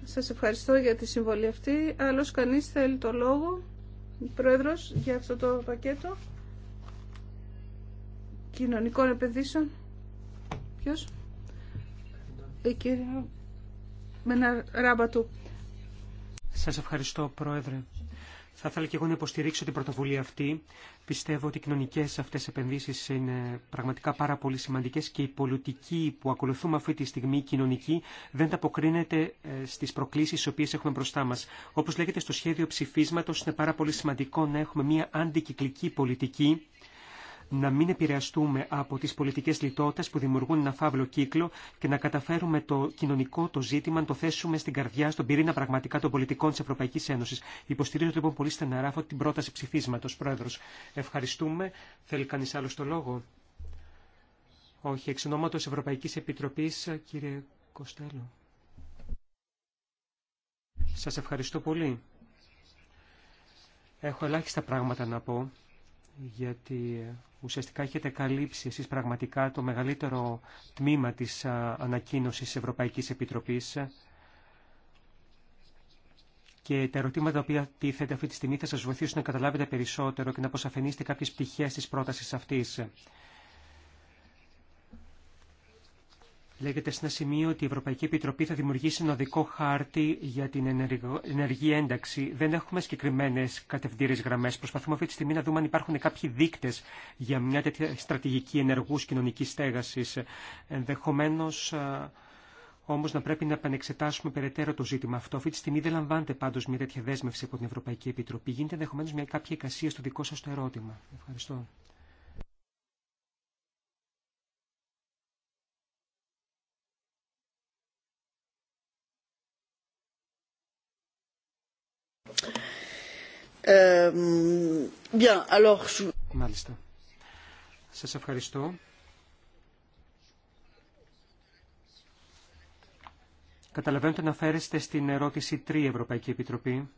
Σας ευχαριστώ για τη συμβολή αυτή. Άλλος κανείς θέλει το λόγο, Πρόεδρος, για αυτό το πακέτο κοινωνικών επενδύσεων. Ποιος? ένα ράμπα του. Σας ευχαριστώ, Πρόεδρε. Θα ήθελα και εγώ να υποστηρίξω την πρωτοβουλία αυτή. Πιστεύω ότι οι κοινωνικέ αυτέ επενδύσει είναι πραγματικά πάρα πολύ σημαντικέ και η πολιτική που ακολουθούμε αυτή τη στιγμή, η κοινωνική, δεν αποκρίνεται ε, στι προκλήσει τι οποίε έχουμε μπροστά μα. Όπω λέγεται στο σχέδιο ψηφίσματο, είναι πάρα πολύ σημαντικό να έχουμε μια αντικυκλική πολιτική να μην επηρεαστούμε από τις πολιτικές λιτότητες που δημιουργούν ένα φαύλο κύκλο και να καταφέρουμε το κοινωνικό το ζήτημα να το θέσουμε στην καρδιά, στον πυρήνα πραγματικά των πολιτικών της Ευρωπαϊκής Ένωσης. Υποστηρίζω λοιπόν πολύ στεναρά αυτή την πρόταση ψηφίσματος, Πρόεδρος. Ευχαριστούμε. Θέλει κανείς άλλο το λόγο. Όχι, εξ ονόματος Ευρωπαϊκής Επιτροπής, κύριε Κοστέλο. Σας ευχαριστώ πολύ. Έχω ελάχιστα πράγματα να πω, γιατί Ουσιαστικά έχετε καλύψει εσείς πραγματικά το μεγαλύτερο τμήμα της ανακοίνωσης Ευρωπαϊκής Επιτροπής και τα ερωτήματα τα οποία τίθεται αυτή τη στιγμή θα σας βοηθήσουν να καταλάβετε περισσότερο και να αποσαφενίσετε κάποιες πτυχές της πρότασης αυτής. Λέγεται σε ένα σημείο ότι η Ευρωπαϊκή Επιτροπή θα δημιουργήσει ένα δικό χάρτη για την ενεργή ένταξη. Δεν έχουμε συγκεκριμένε κατευθύνε γραμμέ. Προσπαθούμε αυτή τη στιγμή να δούμε αν υπάρχουν κάποιοι δείκτε για μια τέτοια στρατηγική ενεργού κοινωνική στέγαση. Ενδεχομένω όμω να πρέπει να επανεξετάσουμε περαιτέρω το ζήτημα αυτό. Αυτή τη στιγμή δεν λαμβάνεται πάντω μια τέτοια δέσμευση από την Ευρωπαϊκή Επιτροπή. Γίνεται ενδεχομένω μια κάποια εικασία στο δικό σα το ερώτημα. Ευχαριστώ. Euh, ευχαριστώ. Καταλαβαίνω ότι αναφέρεστε στην ερώτηση 3 Ευρωπαϊκή Επιτροπή.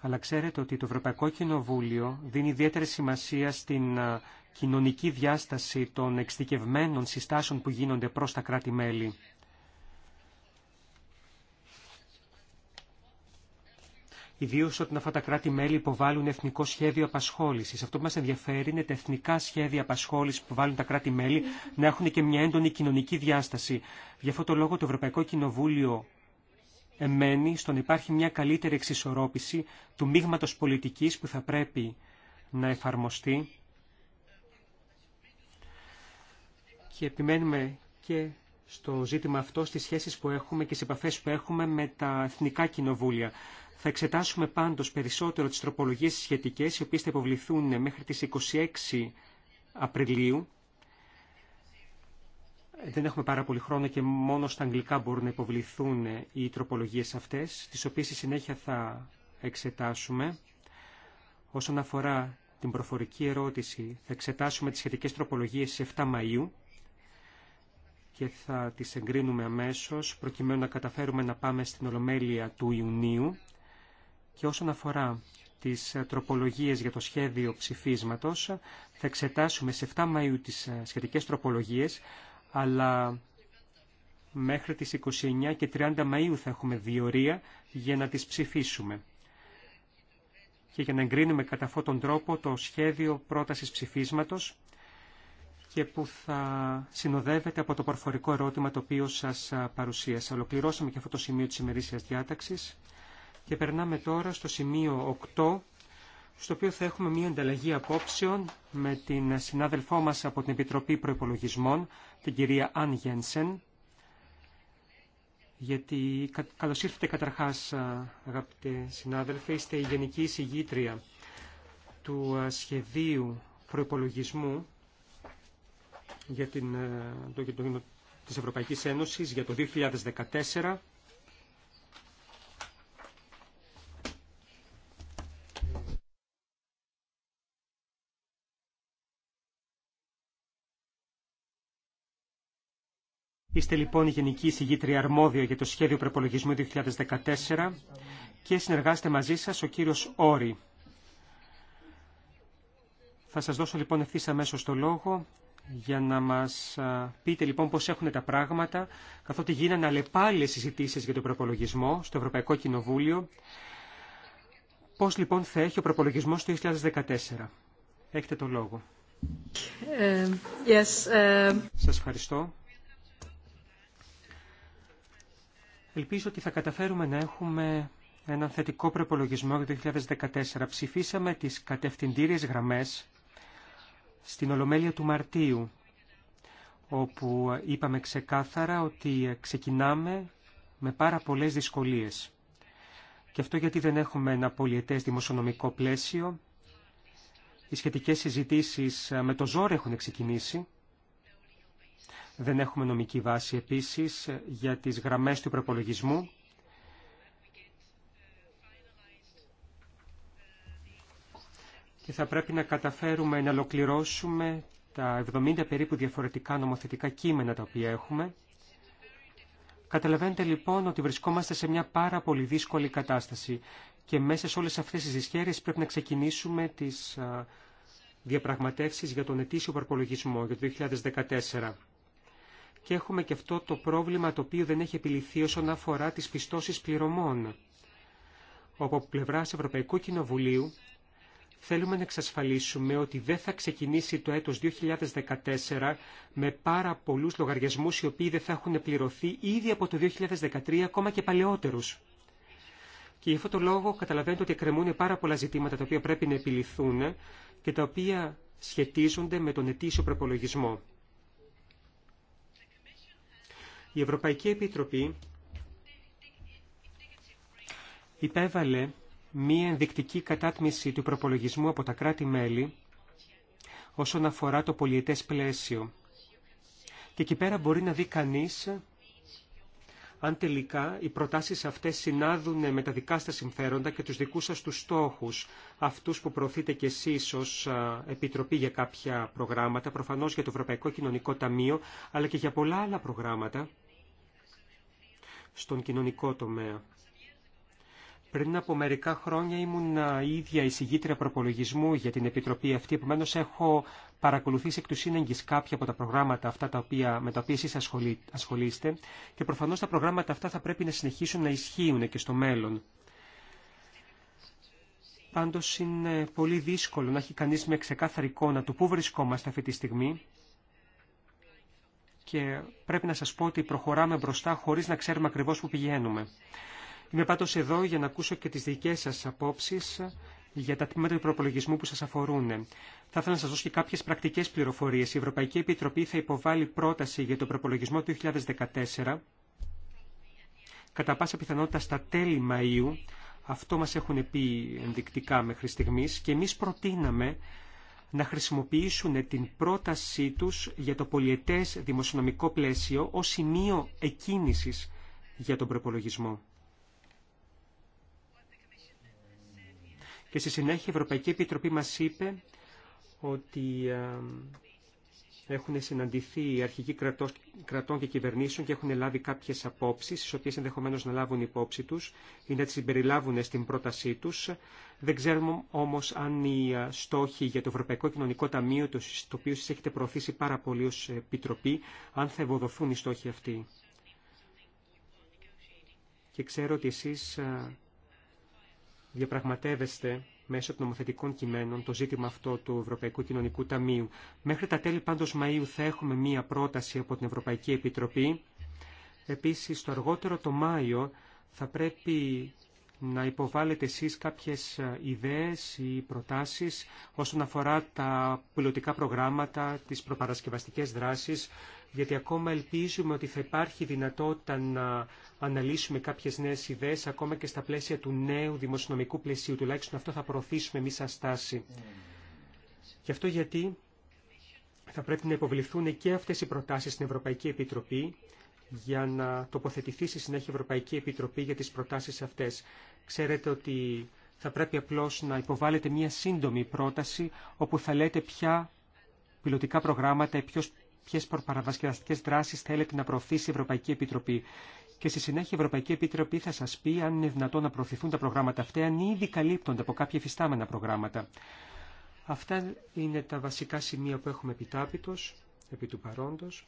Αλλά ξέρετε ότι το Ευρωπαϊκό Κοινοβούλιο δίνει ιδιαίτερη σημασία στην κοινωνική διάσταση των εξειδικευμένων συστάσεων που γίνονται προς τα κράτη-μέλη. ιδίω όταν αυτά τα κράτη-μέλη υποβάλλουν εθνικό σχέδιο απασχόληση. Αυτό που μα ενδιαφέρει είναι τα εθνικά σχέδια απασχόληση που υποβάλλουν τα κράτη-μέλη να έχουν και μια έντονη κοινωνική διάσταση. Γι' αυτό το λόγο το Ευρωπαϊκό Κοινοβούλιο εμένει να υπάρχει μια καλύτερη εξισορρόπηση του μείγματο πολιτική που θα πρέπει να εφαρμοστεί. Και επιμένουμε και στο ζήτημα αυτό, στις σχέσεις που έχουμε και στις επαφές που έχουμε με τα εθνικά κοινοβούλια. Θα εξετάσουμε πάντως περισσότερο τις τροπολογίες σχετικές, οι οποίες θα υποβληθούν μέχρι τις 26 Απριλίου. Δεν έχουμε πάρα πολύ χρόνο και μόνο στα αγγλικά μπορούν να υποβληθούν οι τροπολογίες αυτές, τις οποίες στη συνέχεια θα εξετάσουμε. Όσον αφορά την προφορική ερώτηση, θα εξετάσουμε τις σχετικές τροπολογίες στις 7 Μαΐου και θα τις εγκρίνουμε αμέσως, προκειμένου να καταφέρουμε να πάμε στην Ολομέλεια του Ιουνίου. Και όσον αφορά τις ε, τροπολογίες για το σχέδιο ψηφίσματος, θα εξετάσουμε σε 7 Μαΐου τις ε, σχετικές τροπολογίες, αλλά μέχρι τις 29 και 30 Μαΐου θα έχουμε διορία για να τις ψηφίσουμε και για να εγκρίνουμε κατά αυτόν τον τρόπο το σχέδιο πρότασης ψηφίσματος και που θα συνοδεύεται από το προφορικό ερώτημα το οποίο σας ε, παρουσίασα. Ολοκληρώσαμε και αυτό το σημείο της ημερήσιας διάταξης. Και περνάμε τώρα στο σημείο 8, στο οποίο θα έχουμε μια ανταλλαγή απόψεων με την συνάδελφό μας από την Επιτροπή Προϋπολογισμών, την κυρία Αν Γένσεν, γιατί καλώ ήρθατε καταρχάς αγαπητέ συνάδελφοι, είστε η Γενική Συγγήτρια του Σχεδίου Προϋπολογισμού για την, το, το, της Ευρωπαϊκής Ένωσης για το 2014 Είστε λοιπόν η Γενική Εισηγήτρια Αρμόδια για το Σχέδιο Προπολογισμού 2014 και συνεργάστε μαζί σας ο κύριος Όρη. Θα σας δώσω λοιπόν ευθύ αμέσω το λόγο για να μας πείτε λοιπόν πώς έχουν τα πράγματα, καθότι γίνανε αλλεπάλληλες συζητήσεις για τον προπολογισμό στο Ευρωπαϊκό Κοινοβούλιο. Πώς λοιπόν θα έχει ο προπολογισμός το 2014. Έχετε το λόγο. Ε, yes, ε, Σας ευχαριστώ. Ελπίζω ότι θα καταφέρουμε να έχουμε έναν θετικό προπολογισμό για το 2014. Ψηφίσαμε τις κατευθυντήριες γραμμές στην Ολομέλεια του Μαρτίου, όπου είπαμε ξεκάθαρα ότι ξεκινάμε με πάρα πολλές δυσκολίες. Και αυτό γιατί δεν έχουμε ένα πολιετές δημοσιονομικό πλαίσιο. Οι σχετικές συζητήσεις με το ζόρ έχουν ξεκινήσει. Δεν έχουμε νομική βάση επίσης για τις γραμμές του προπολογισμού. Και θα πρέπει να καταφέρουμε να ολοκληρώσουμε τα 70 περίπου διαφορετικά νομοθετικά κείμενα τα οποία έχουμε. Καταλαβαίνετε λοιπόν ότι βρισκόμαστε σε μια πάρα πολύ δύσκολη κατάσταση και μέσα σε όλες αυτές τις δυσχέρειες πρέπει να ξεκινήσουμε τις διαπραγματεύσεις για τον ετήσιο προπολογισμό για το 2014 και έχουμε και αυτό το πρόβλημα το οποίο δεν έχει επιληθεί όσον αφορά τις πιστώσεις πληρωμών. από πλευράς Ευρωπαϊκού Κοινοβουλίου θέλουμε να εξασφαλίσουμε ότι δεν θα ξεκινήσει το έτος 2014 με πάρα πολλούς λογαριασμούς οι οποίοι δεν θα έχουν πληρωθεί ήδη από το 2013 ακόμα και παλαιότερους. Και γι' αυτό τον λόγο καταλαβαίνετε ότι εκκρεμούν πάρα πολλά ζητήματα τα οποία πρέπει να επιληθούν και τα οποία σχετίζονται με τον ετήσιο προπολογισμό. Η Ευρωπαϊκή Επιτροπή υπέβαλε μία ενδεικτική κατάτμιση του προπολογισμού από τα κράτη-μέλη όσον αφορά το πολιετές πλαίσιο. Και εκεί πέρα μπορεί να δει κανείς αν τελικά οι προτάσεις αυτές συνάδουν με τα δικά σας συμφέροντα και τους δικούς σας τους στόχους, αυτούς που προωθείτε κι εσείς ως Επιτροπή για κάποια προγράμματα, προφανώς για το Ευρωπαϊκό Κοινωνικό Ταμείο, αλλά και για πολλά άλλα προγράμματα στον κοινωνικό τομέα. Πριν από μερικά χρόνια ήμουν ίδια εισηγήτρια προπολογισμού για την Επιτροπή αυτή, επομένω έχω παρακολουθήσει εκ του σύνεγγις κάποια από τα προγράμματα αυτά τα οποία, με τα οποία εσείς ασχολείστε και προφανώς τα προγράμματα αυτά θα πρέπει να συνεχίσουν να ισχύουν και στο μέλλον. Πάντως είναι πολύ δύσκολο να έχει κανείς μια ξεκάθαρη εικόνα του πού βρισκόμαστε αυτή τη στιγμή και πρέπει να σας πω ότι προχωράμε μπροστά χωρίς να ξέρουμε ακριβώς πού πηγαίνουμε. Είμαι πάντως εδώ για να ακούσω και τις δικές σας απόψεις για τα τμήματα του προπολογισμού που σας αφορούν. Θα ήθελα να σας δώσω και κάποιες πρακτικές πληροφορίες. Η Ευρωπαϊκή Επιτροπή θα υποβάλει πρόταση για τον προπολογισμό του 2014, κατά πάσα πιθανότητα στα τέλη Μαΐου. Αυτό μας έχουν πει ενδεικτικά μέχρι στιγμής και εμείς προτείναμε να χρησιμοποιήσουν την πρότασή τους για το πολιετές δημοσιονομικό πλαίσιο ως σημείο εκκίνησης για τον προπολογισμό. Και στη συνέχεια η Ευρωπαϊκή Επιτροπή μας είπε ότι ε, έχουν συναντηθεί οι αρχηγοί κρατών και κυβερνήσεων και έχουν λάβει κάποιες απόψεις τι οποίες ενδεχομένως να λάβουν υπόψη του ή να τις συμπεριλάβουν στην πρότασή τους. Δεν ξέρουμε όμως αν οι ε, στόχοι για το Ευρωπαϊκό Κοινωνικό Ταμείο, το οποίο σας έχετε προωθήσει πάρα πολύ ως επιτροπή, αν θα ευοδοθούν οι στόχοι αυτοί. Και ξέρω ότι εσείς ε, διαπραγματεύεστε μέσω των νομοθετικών κειμένων το ζήτημα αυτό του Ευρωπαϊκού Κοινωνικού Ταμείου. Μέχρι τα τέλη πάντως Μαΐου θα έχουμε μία πρόταση από την Ευρωπαϊκή Επιτροπή. Επίσης, το αργότερο το Μάιο θα πρέπει να υποβάλλετε εσείς κάποιες ε, ιδέες ή προτάσεις όσον αφορά τα πιλωτικά προγράμματα, τις προπαρασκευαστικές δράσεις, γιατί ακόμα ελπίζουμε ότι θα υπάρχει δυνατότητα να αναλύσουμε κάποιες νέες ιδέες ακόμα και στα πλαίσια του νέου δημοσιονομικού πλαισίου, τουλάχιστον αυτό θα προωθήσουμε εμείς σαν στάση. Γι' αυτό γιατί θα πρέπει να υποβληθούν και αυτές οι προτάσεις στην Ευρωπαϊκή Επιτροπή για να τοποθετηθεί στη συνέχεια η Ευρωπαϊκή Επιτροπή για τις προτάσεις αυτές. Ξέρετε ότι θα πρέπει απλώς να υποβάλλετε μία σύντομη πρόταση όπου θα λέτε ποια πιλωτικά προγράμματα, η ποιες προπαραβασκευαστικές δράσεις θέλετε να προωθήσει η Ευρωπαϊκή Επιτροπή. Και στη συνέχεια η Ευρωπαϊκή Επιτροπή θα σας πει αν είναι δυνατόν να προωθηθούν τα προγράμματα αυτά, αν ήδη καλύπτονται από κάποια εφιστάμενα προγράμματα. Αυτά είναι τα βασικά σημεία που έχουμε επιτάπητος, επί του παρόντος.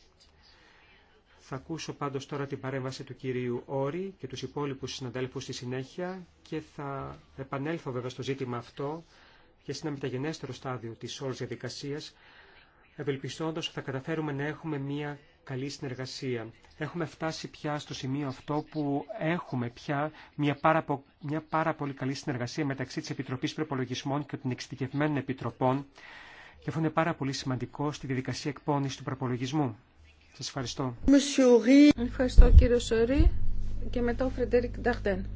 Θα ακούσω πάντως τώρα την παρέμβαση του κυρίου Όρη και τους υπόλοιπους συναντέλφους στη συνέχεια και θα επανέλθω βέβαια στο ζήτημα αυτό και σε ένα μεταγενέστερο στάδιο της όλης διαδικασίας, ευελπιστώντας ότι θα καταφέρουμε να έχουμε μια καλή συνεργασία. Έχουμε φτάσει πια στο σημείο αυτό που έχουμε πια μια πάρα, μια πάρα πολύ καλή συνεργασία μεταξύ της Επιτροπής Προπολογισμών και των Εξειδικευμένων Επιτροπών και αυτό είναι πάρα πολύ σημαντικό στη διαδικασία εκπόνηση του προπολογισμού. Σας ευχαριστώ. Ευχαριστώ κύριο Σωρή και μετά ο Φρεντέρικ Νταχτέν.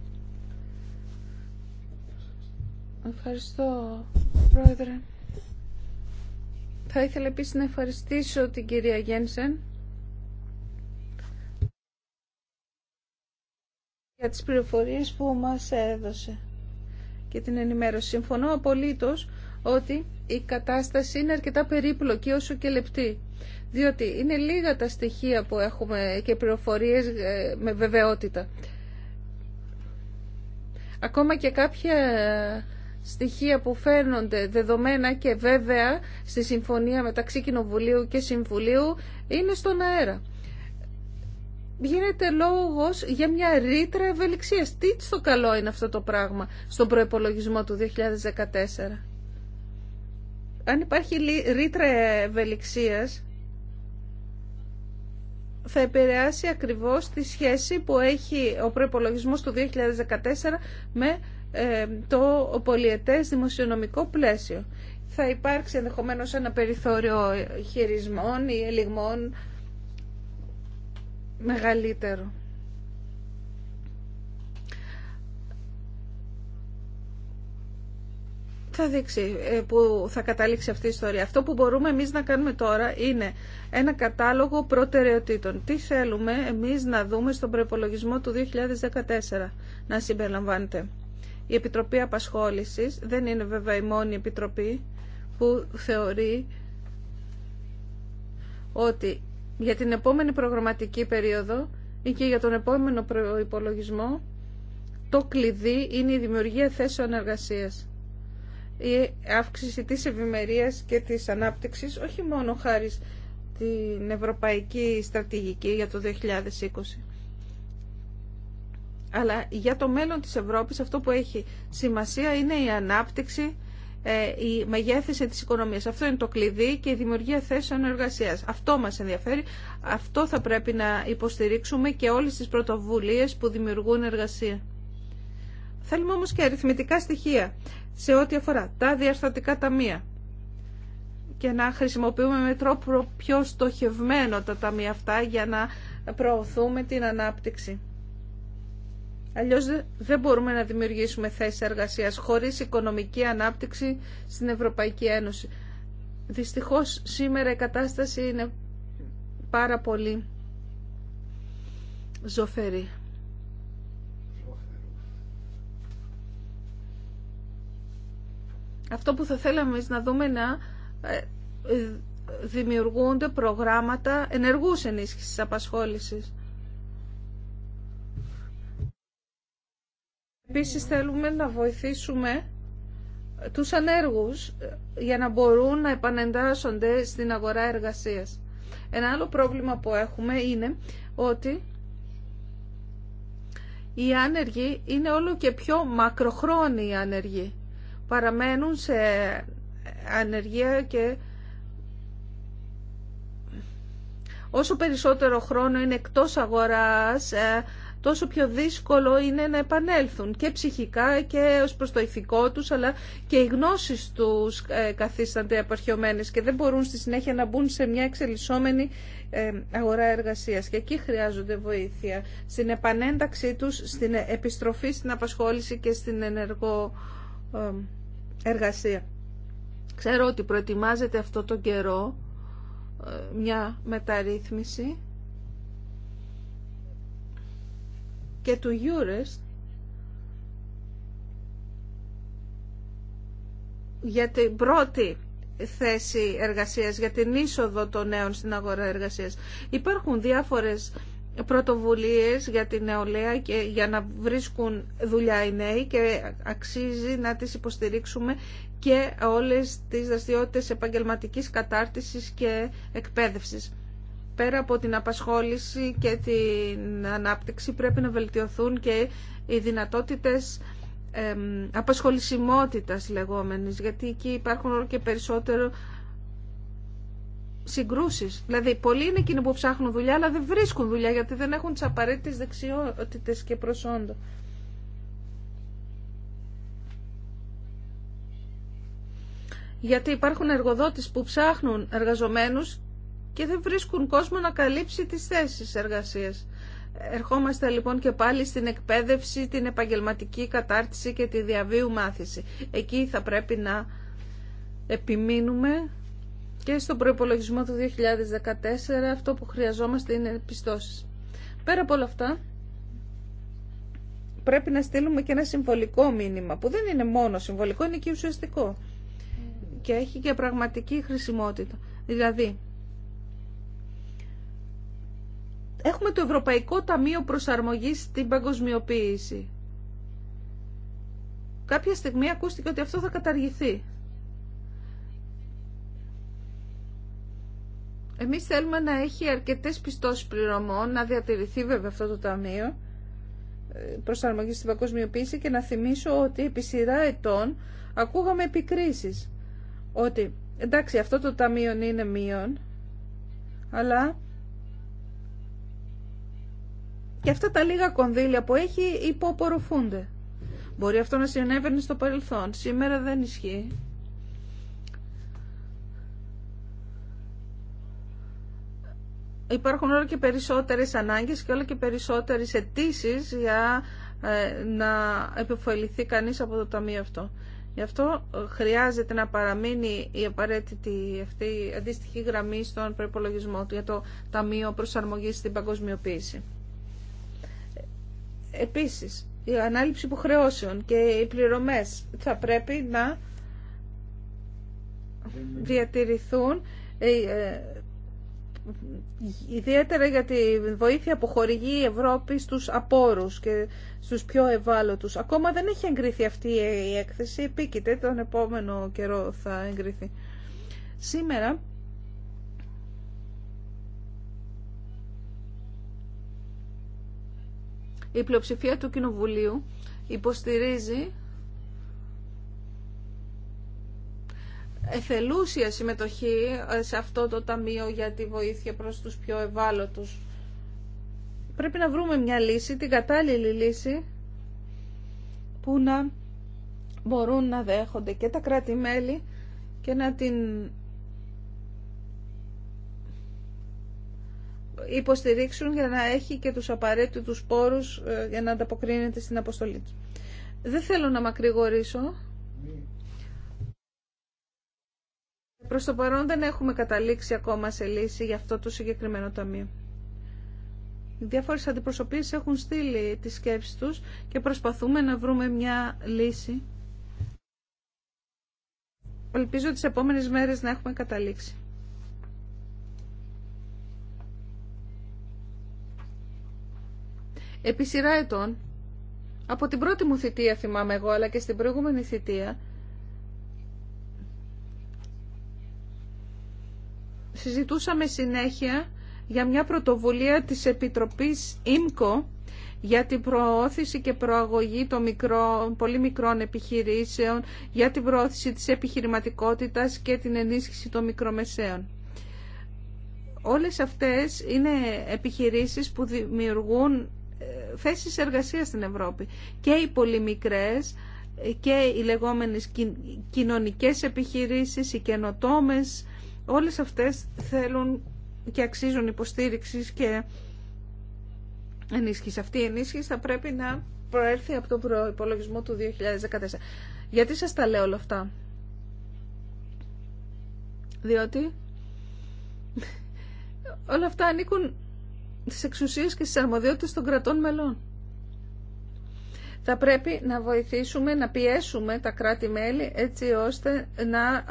Ευχαριστώ πρόεδρε. Θα ήθελα επίση να ευχαριστήσω την κυρία Γένσεν για τις πληροφορίες που μας έδωσε και την ενημέρωση. Συμφωνώ απολύτως ότι η κατάσταση είναι αρκετά περίπλοκη όσο και λεπτή. Διότι είναι λίγα τα στοιχεία που έχουμε και πληροφορίες ε, με βεβαιότητα. Ακόμα και κάποια στοιχεία που φέρνονται δεδομένα και βέβαια στη συμφωνία μεταξύ Κοινοβουλίου και Συμβουλίου είναι στον αέρα. Γίνεται λόγος για μια ρήτρα ευελιξίας. Τι στο καλό είναι αυτό το πράγμα στον προϋπολογισμό του 2014 αν υπάρχει ρήτρα ευελιξίας, θα επηρεάσει ακριβώς τη σχέση που έχει ο προϋπολογισμός του 2014 με ε, το πολιετές δημοσιονομικό πλαίσιο. Θα υπάρξει ενδεχομένως ένα περιθώριο χειρισμών ή ελιγμών μεγαλύτερο. θα δείξει ε, που θα καταλήξει αυτή η ιστορία. Αυτό που μπορούμε εμείς να κάνουμε τώρα είναι ένα κατάλογο προτεραιοτήτων. Τι θέλουμε εμείς να δούμε στον προπολογισμό του 2014 να συμπεριλαμβάνεται. Η Επιτροπή Απασχόλησης δεν είναι βέβαια η μόνη επιτροπή που θεωρεί ότι για την επόμενη προγραμματική περίοδο ή και για τον επόμενο προϋπολογισμό το κλειδί είναι η δημιουργία θέσεων εργασίας η αύξηση της ευημερία και της ανάπτυξης όχι μόνο χάρη στην Ευρωπαϊκή Στρατηγική για το 2020 αλλά για το μέλλον της Ευρώπης αυτό που έχει σημασία είναι η ανάπτυξη ε, η μεγέθυνση της οικονομίας. Αυτό είναι το κλειδί και η δημιουργία θέσεων εργασίας. Αυτό μας ενδιαφέρει. Αυτό θα πρέπει να υποστηρίξουμε και όλες τις πρωτοβουλίες που δημιουργούν εργασία. Θέλουμε όμως και αριθμητικά στοιχεία σε ό,τι αφορά τα διαστατικά ταμεία και να χρησιμοποιούμε με τρόπο πιο στοχευμένο τα ταμεία αυτά για να προωθούμε την ανάπτυξη. Αλλιώς δεν μπορούμε να δημιουργήσουμε θέσεις εργασίας χωρίς οικονομική ανάπτυξη στην Ευρωπαϊκή Ένωση. Δυστυχώς σήμερα η κατάσταση είναι πάρα πολύ ζωφερή. Αυτό που θα θέλαμε εμείς να δούμε να ε, ε, δημιουργούνται προγράμματα ενεργούς ενίσχυσης απασχόλησης. Επίσης θέλουμε να βοηθήσουμε τους ανέργους ε, για να μπορούν να επανεντάσσονται στην αγορά εργασίας. Ένα άλλο πρόβλημα που έχουμε είναι ότι οι άνεργοι είναι όλο και πιο μακροχρόνιοι άνεργοι παραμένουν σε ανεργία και όσο περισσότερο χρόνο είναι εκτός αγοράς, ε, τόσο πιο δύσκολο είναι να επανέλθουν και ψυχικά και ως προς το ηθικό τους, αλλά και οι γνώσεις τους ε, καθίστανται απαρχιωμένες και δεν μπορούν στη συνέχεια να μπουν σε μια εξελισσόμενη ε, αγορά εργασίας. Και εκεί χρειάζονται βοήθεια στην επανένταξή τους, στην επιστροφή στην απασχόληση και στην ενεργό εργασία. Ξέρω ότι προετοιμάζεται αυτό το καιρό ε, μια μεταρρύθμιση και του Eurest για την πρώτη θέση εργασίας, για την είσοδο των νέων στην αγορά εργασίας. Υπάρχουν διάφορες πρωτοβουλίες για την νεολαία και για να βρίσκουν δουλειά οι νέοι και αξίζει να τις υποστηρίξουμε και όλες τις δραστηριότητες επαγγελματικής κατάρτισης και εκπαίδευσης. Πέρα από την απασχόληση και την ανάπτυξη πρέπει να βελτιωθούν και οι δυνατότητες απασχολησιμότητας λεγόμενης γιατί εκεί υπάρχουν όλο και περισσότερο Δηλαδή, πολλοί είναι εκείνοι που ψάχνουν δουλειά, αλλά δεν βρίσκουν δουλειά γιατί δεν έχουν τι απαραίτητε δεξιότητες και προσόντα. Γιατί υπάρχουν εργοδότες που ψάχνουν εργαζομένους και δεν βρίσκουν κόσμο να καλύψει τις θέσεις εργασίας. Ερχόμαστε λοιπόν και πάλι στην εκπαίδευση, την επαγγελματική κατάρτιση και τη διαβίου μάθηση. Εκεί θα πρέπει να επιμείνουμε και στον προϋπολογισμό του 2014 αυτό που χρειαζόμαστε είναι πιστώσεις. Πέρα από όλα αυτά, πρέπει να στείλουμε και ένα συμβολικό μήνυμα, που δεν είναι μόνο συμβολικό, είναι και ουσιαστικό. Και έχει και πραγματική χρησιμότητα. Δηλαδή, έχουμε το Ευρωπαϊκό Ταμείο Προσαρμογής στην Παγκοσμιοποίηση. Κάποια στιγμή ακούστηκε ότι αυτό θα καταργηθεί. Εμείς θέλουμε να έχει αρκετές πιστώσεις πληρωμών, να διατηρηθεί βέβαια αυτό το ταμείο ε, προσαρμογή στην παγκοσμιοποίηση και να θυμίσω ότι επί σειρά ετών ακούγαμε επικρίσεις ότι εντάξει αυτό το ταμείο είναι μείον αλλά και αυτά τα λίγα κονδύλια που έχει υποπορροφούνται. Μπορεί αυτό να συνέβαινε στο παρελθόν. Σήμερα δεν ισχύει. υπάρχουν όλο και περισσότερες ανάγκες και όλο και περισσότερες αιτήσει για ε, να επιφοηληθεί κανείς από το ταμείο αυτό. Γι' αυτό χρειάζεται να παραμείνει η απαραίτητη αυτή η αντίστοιχη γραμμή στον προπολογισμό του για το Ταμείο Προσαρμογής στην Παγκοσμιοποίηση. Επίσης, η ανάληψη υποχρεώσεων και οι πληρωμές θα πρέπει να διατηρηθούν ε, ε, ιδιαίτερα για τη βοήθεια που χορηγεί η Ευρώπη στους απόρους και στους πιο ευάλωτους. Ακόμα δεν έχει εγκριθεί αυτή η έκθεση, επίκειται, τον επόμενο καιρό θα εγκριθεί. Σήμερα η πλειοψηφία του Κοινοβουλίου υποστηρίζει εθελούσια συμμετοχή ε, σε αυτό το ταμείο για τη βοήθεια προς τους πιο ευάλωτους. Πρέπει να βρούμε μια λύση, την κατάλληλη λύση, που να μπορούν να δέχονται και τα κράτη-μέλη και να την υποστηρίξουν για να έχει και τους απαραίτητους πόρους ε, για να ανταποκρίνεται στην αποστολή. Δεν θέλω να μακρηγορήσω. Προς το παρόν δεν έχουμε καταλήξει ακόμα σε λύση για αυτό το συγκεκριμένο ταμείο. Οι διάφορες έχουν στείλει τις σκέψεις τους και προσπαθούμε να βρούμε μια λύση. Ελπίζω τις επόμενες μέρες να έχουμε καταλήξει. Επί σειρά ετών, από την πρώτη μου θητεία θυμάμαι εγώ, αλλά και στην προηγούμενη θητεία, συζητούσαμε συνέχεια για μια πρωτοβουλία της Επιτροπής ΙΜΚΟ για την προώθηση και προαγωγή των μικρών, πολύ μικρών επιχειρήσεων, για την προώθηση της επιχειρηματικότητας και την ενίσχυση των μικρομεσαίων. Όλες αυτές είναι επιχειρήσεις που δημιουργούν ε, θέσεις εργασίας στην Ευρώπη. Και οι πολύ μικρές και οι λεγόμενες κοινωνικές επιχειρήσεις, οι καινοτόμες Όλες αυτές θέλουν και αξίζουν υποστήριξης και ενίσχυση. Αυτή η ενίσχυση θα πρέπει να προέρθει από τον προϋπολογισμό του 2014. Γιατί σας τα λέω όλα αυτά. Διότι όλα αυτά ανήκουν στις εξουσίες και στις αρμοδιότητες των κρατών μελών. Θα πρέπει να βοηθήσουμε, να πιέσουμε τα κράτη-μέλη έτσι ώστε να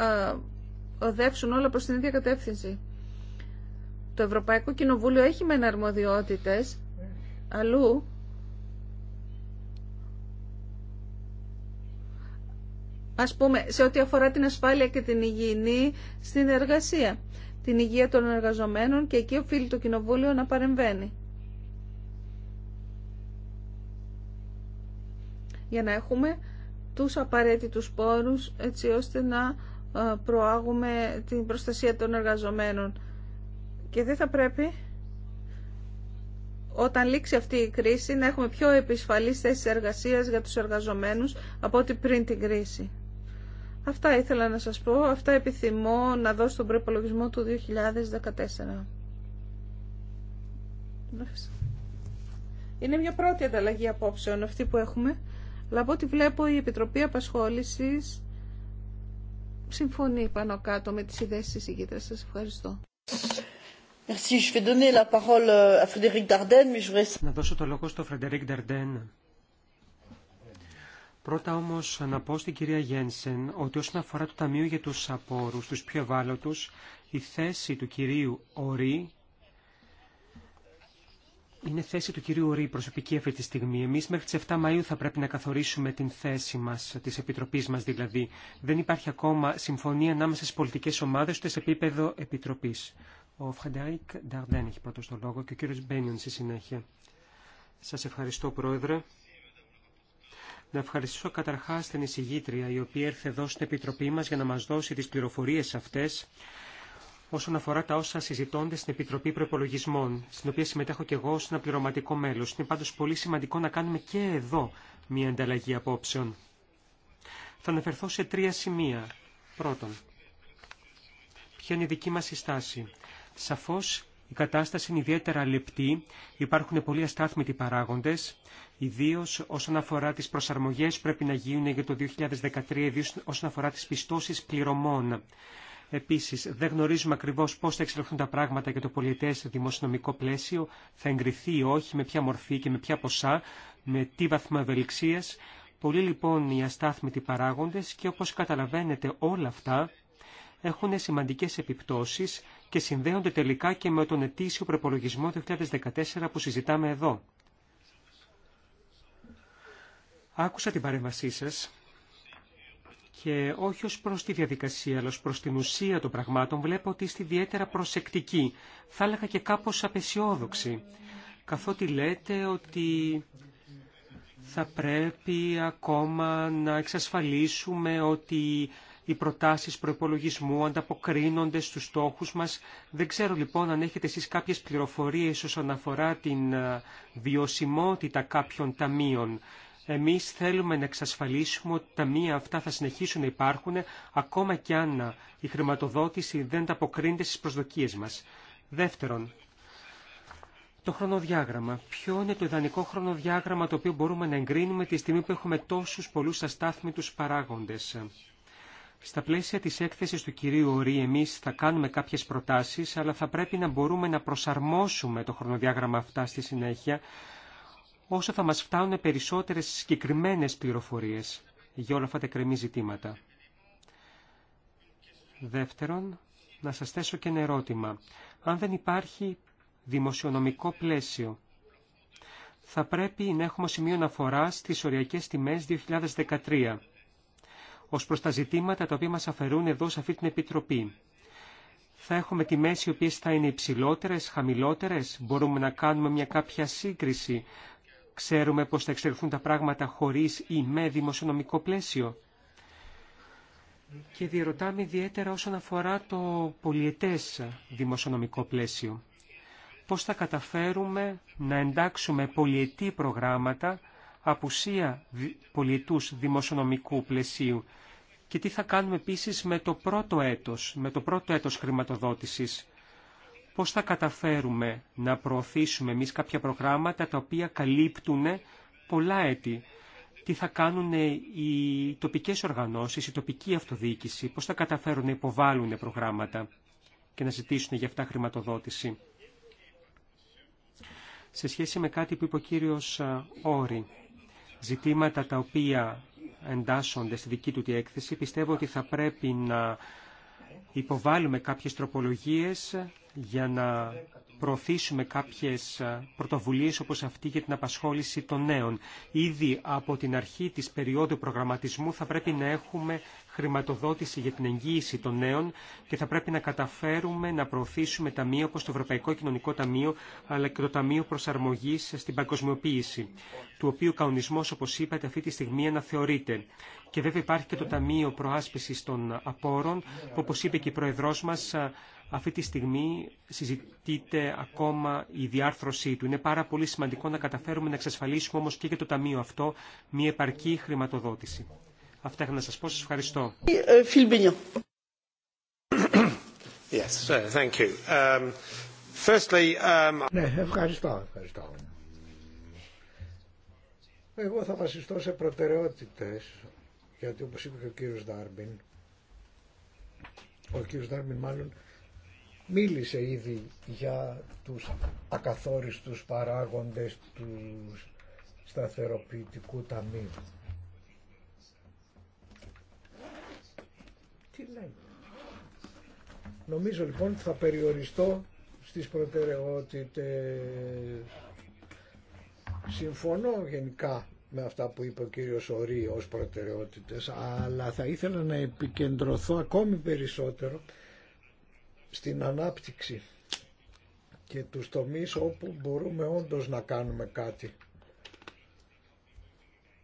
οδεύσουν όλα προς την ίδια κατεύθυνση. Το Ευρωπαϊκό Κοινοβούλιο έχει μεν αρμοδιότητες αλλού, ας πούμε, σε ό,τι αφορά την ασφάλεια και την υγιεινή στην εργασία, την υγεία των εργαζομένων και εκεί οφείλει το Κοινοβούλιο να παρεμβαίνει. Για να έχουμε τους απαραίτητους πόρους έτσι ώστε να ε, προάγουμε την προστασία των εργαζομένων. Και δεν θα πρέπει όταν λήξει αυτή η κρίση να έχουμε πιο επισφαλείς θέσεις εργασίας για τους εργαζομένους από ό,τι πριν την κρίση. Αυτά ήθελα να σας πω, αυτά επιθυμώ να δώσω στον προπολογισμό του 2014. Είναι μια πρώτη ανταλλαγή απόψεων αυτή που έχουμε, αλλά από ό,τι βλέπω η Επιτροπή Απασχόλησης συμφωνεί πάνω κάτω με τις ιδέες της ηγήτρας. Σας ευχαριστώ. Να δώσω το λόγο στο Φρεντερίκ Νταρντέν. Πρώτα όμως να πω στην κυρία Γένσεν ότι όσον αφορά το Ταμείο για τους Απόρους, τους πιο ευάλωτους, η θέση του κυρίου Ορή είναι θέση του κυρίου Ρή προσωπική αυτή τη στιγμή. Εμεί μέχρι τι 7 Μαου θα πρέπει να καθορίσουμε την θέση μα, τη Επιτροπή μα δηλαδή. Δεν υπάρχει ακόμα συμφωνία ανάμεσα στι πολιτικέ ομάδε ούτε σε επίπεδο Επιτροπή. Ο Φρεντερίκ Νταρντέν έχει πρώτο το λόγο και ο κύριο Μπένιον στη συνέχεια. Σα ευχαριστώ, Πρόεδρε. Να ευχαριστήσω καταρχά την εισηγήτρια η οποία έρθε εδώ στην Επιτροπή μα για να μα δώσει τι πληροφορίε αυτέ όσον αφορά τα όσα συζητώνται στην Επιτροπή Προπολογισμών, στην οποία συμμετέχω και εγώ ως ένα πληρωματικό μέλος. Είναι πάντως πολύ σημαντικό να κάνουμε και εδώ μια ανταλλαγή απόψεων. Θα αναφερθώ σε τρία σημεία. Πρώτον, ποια είναι η δική μας η στάση. Σαφώς η κατάσταση είναι ιδιαίτερα λεπτή, υπάρχουν πολλοί αστάθμητοι παράγοντες, ιδίω όσον αφορά τις προσαρμογές που πρέπει να γίνουν για το 2013, ιδίω όσον αφορά τις πιστώσεις πληρωμών. Επίσης, δεν γνωρίζουμε ακριβώς πώς θα εξελιχθούν τα πράγματα για το πολιετές δημοσιονομικό πλαίσιο, θα εγκριθεί ή όχι, με ποια μορφή και με ποια ποσά, με τι βαθμό ευελιξίας. Πολλοί λοιπόν οι αστάθμητοι παράγοντες και όπως καταλαβαίνετε όλα αυτά έχουν σημαντικές επιπτώσεις και συνδέονται τελικά και με τον ετήσιο προπολογισμό 2014 που συζητάμε εδώ. Άκουσα την παρέμβασή σας και όχι ως προς τη διαδικασία, αλλά ως προς την ουσία των πραγμάτων, βλέπω ότι είστε ιδιαίτερα προσεκτικοί. Θα έλεγα και κάπως απεσιόδοξοι, καθότι λέτε ότι θα πρέπει ακόμα να εξασφαλίσουμε ότι οι προτάσεις προπολογισμού ανταποκρίνονται στους στόχους μας. Δεν ξέρω λοιπόν αν έχετε εσείς κάποιες πληροφορίες όσον αφορά την ε, βιωσιμότητα κάποιων ταμείων. Εμείς θέλουμε να εξασφαλίσουμε ότι τα μία αυτά θα συνεχίσουν να υπάρχουν ακόμα και αν η χρηματοδότηση δεν τα αποκρίνεται στις προσδοκίες μας. Δεύτερον, το χρονοδιάγραμμα. Ποιο είναι το ιδανικό χρονοδιάγραμμα το οποίο μπορούμε να εγκρίνουμε τη στιγμή που έχουμε τόσους πολλούς αστάθμητους παράγοντες. Στα πλαίσια της έκθεσης του κυρίου Ορή εμείς θα κάνουμε κάποιες προτάσεις, αλλά θα πρέπει να μπορούμε να προσαρμόσουμε το χρονοδιάγραμμα αυτά στη συνέχεια, όσο θα μας φτάνουν περισσότερες συγκεκριμένες πληροφορίες για όλα αυτά τα κρεμή ζητήματα. Δεύτερον, να σας θέσω και ένα ερώτημα. Αν δεν υπάρχει δημοσιονομικό πλαίσιο, θα πρέπει να έχουμε σημείο αναφορά στις οριακές τιμές 2013, ως προς τα ζητήματα τα οποία μας αφαιρούν εδώ σε αυτή την Επιτροπή. Θα έχουμε τιμές οι οποίες θα είναι υψηλότερες, χαμηλότερες, μπορούμε να κάνουμε μια κάποια σύγκριση Ξέρουμε πώς θα εξελιχθούν τα πράγματα χωρίς ή με δημοσιονομικό πλαίσιο. Και διερωτάμε ιδιαίτερα όσον αφορά το πολιετές δημοσιονομικό πλαίσιο. Πώς θα καταφέρουμε να εντάξουμε πολιετή προγράμματα απουσία πολιετούς δημοσιονομικού πλαισίου και τι θα κάνουμε επίσης με το πρώτο έτος, με το πρώτο έτος χρηματοδότησης πώς θα καταφέρουμε να προωθήσουμε εμείς κάποια προγράμματα τα οποία καλύπτουν πολλά έτη. Τι θα κάνουν οι τοπικές οργανώσεις, η τοπική αυτοδιοίκηση, πώς θα καταφέρουν να υποβάλουν προγράμματα και να ζητήσουν για αυτά χρηματοδότηση. Σε σχέση με κάτι που είπε ο κύριος Όρη, ζητήματα τα οποία εντάσσονται στη δική του τη έκθεση, πιστεύω ότι θα πρέπει να υποβάλουμε κάποιες τροπολογίες για να προωθήσουμε κάποιες ε, πρωτοβουλίες όπως αυτή για την απασχόληση των νέων. Ήδη από την αρχή της περίοδου προγραμματισμού θα πρέπει να έχουμε χρηματοδότηση για την εγγύηση των νέων και θα πρέπει να καταφέρουμε να προωθήσουμε ταμείο όπως το Ευρωπαϊκό Κοινωνικό Ταμείο αλλά και το Ταμείο Προσαρμογής στην Παγκοσμιοποίηση, του οποίου καονισμός όπως είπατε αυτή τη στιγμή αναθεωρείται. Και βέβαια υπάρχει και το Ταμείο Προάσπισης των Απόρων που όπως είπε και η Πρόεδρός μας αυτή τη στιγμή συζητείται ακόμα η διάρθρωσή του. Είναι πάρα πολύ σημαντικό να καταφέρουμε να εξασφαλίσουμε όμως και για το Ταμείο αυτό μια επαρκή χρηματοδότηση. Αυτά είχα να σας πω. Σας ευχαριστώ. Yes, thank you. Um, firstly, um, ναι, ευχαριστώ, ευχαριστώ. Εγώ θα βασιστώ σε προτεραιότητες, γιατί όπως είπε και ο κύριος Ντάρμπιν, ο κύριος Ντάρμπιν μάλλον Μίλησε ήδη για τους ακαθόριστους παράγοντες του σταθεροποιητικού ταμείου. Τι λέει. Νομίζω λοιπόν θα περιοριστώ στις προτεραιότητες. Συμφωνώ γενικά με αυτά που είπε ο κύριος Ορή ως προτεραιότητες, αλλά θα ήθελα να επικεντρωθώ ακόμη περισσότερο στην ανάπτυξη και τους τομείς όπου μπορούμε όντως να κάνουμε κάτι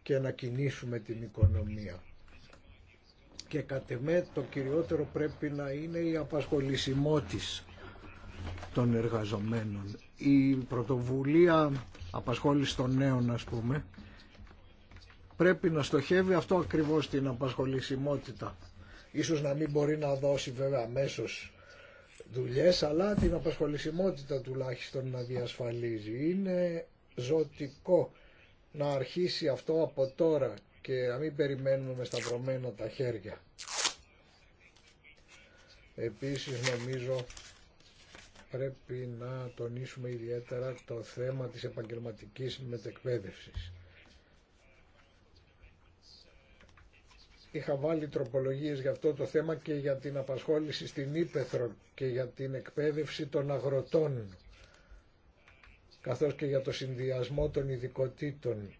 και να κινήσουμε την οικονομία. Και κατ' εμέ το κυριότερο πρέπει να είναι η απασχολησιμότης των εργαζομένων. Η πρωτοβουλία απασχόληση των νέων ας πούμε πρέπει να στοχεύει αυτό ακριβώς την απασχολησιμότητα. Ίσως να μην μπορεί να δώσει βέβαια αμέσως δουλειές αλλά την απασχολησιμότητα τουλάχιστον να διασφαλίζει. Είναι ζωτικό να αρχίσει αυτό από τώρα και να μην περιμένουμε με σταυρωμένα τα χέρια. Επίσης νομίζω πρέπει να τονίσουμε ιδιαίτερα το θέμα της επαγγελματικής μετεκπαίδευσης. είχα βάλει τροπολογίες για αυτό το θέμα και για την απασχόληση στην Ήπεθρο και για την εκπαίδευση των αγροτών καθώς και για το συνδυασμό των ειδικοτήτων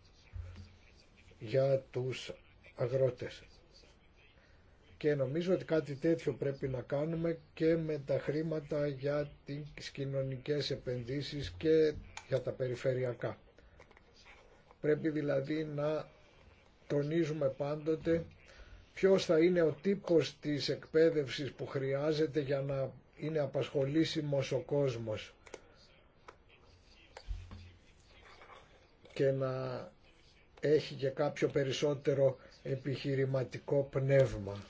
για τους αγρότες. Και νομίζω ότι κάτι τέτοιο πρέπει να κάνουμε και με τα χρήματα για τις κοινωνικές επενδύσεις και για τα περιφερειακά. Πρέπει δηλαδή να τονίζουμε πάντοτε ποιος θα είναι ο τύπος της εκπαίδευσης που χρειάζεται για να είναι απασχολήσιμος ο κόσμος και να έχει και κάποιο περισσότερο επιχειρηματικό πνεύμα.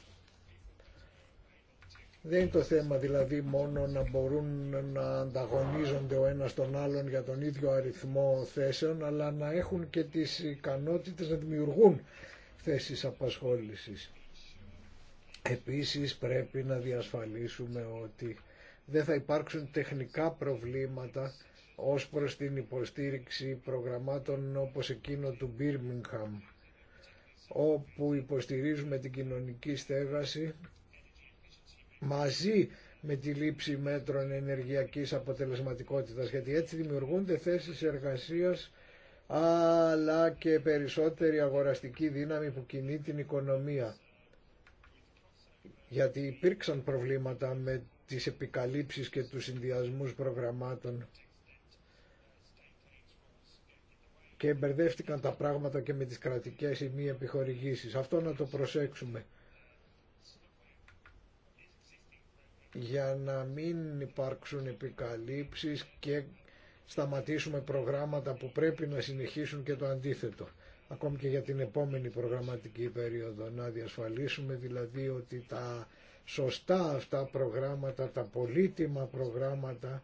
Δεν είναι το θέμα δηλαδή μόνο να μπορούν να ανταγωνίζονται ο ένας τον άλλον για τον ίδιο αριθμό θέσεων, αλλά να έχουν και τις ικανότητες να δημιουργούν θέσεις απασχόλησης. Επίσης πρέπει να διασφαλίσουμε ότι δεν θα υπάρξουν τεχνικά προβλήματα ως προς την υποστήριξη προγραμμάτων όπως εκείνο του Birmingham όπου υποστηρίζουμε την κοινωνική στέγαση μαζί με τη λήψη μέτρων ενεργειακής αποτελεσματικότητας γιατί έτσι δημιουργούνται θέσεις εργασίας αλλά και περισσότερη αγοραστική δύναμη που κινεί την οικονομία. Γιατί υπήρξαν προβλήματα με τις επικαλύψεις και τους συνδυασμού προγραμμάτων και μπερδεύτηκαν τα πράγματα και με τις κρατικές ή μη επιχορηγήσεις. Αυτό να το προσέξουμε για να μην υπάρξουν επικαλύψεις και σταματήσουμε προγράμματα που πρέπει να συνεχίσουν και το αντίθετο ακόμη και για την επόμενη προγραμματική περίοδο να διασφαλίσουμε δηλαδή ότι τα σωστά αυτά προγράμματα, τα πολύτιμα προγράμματα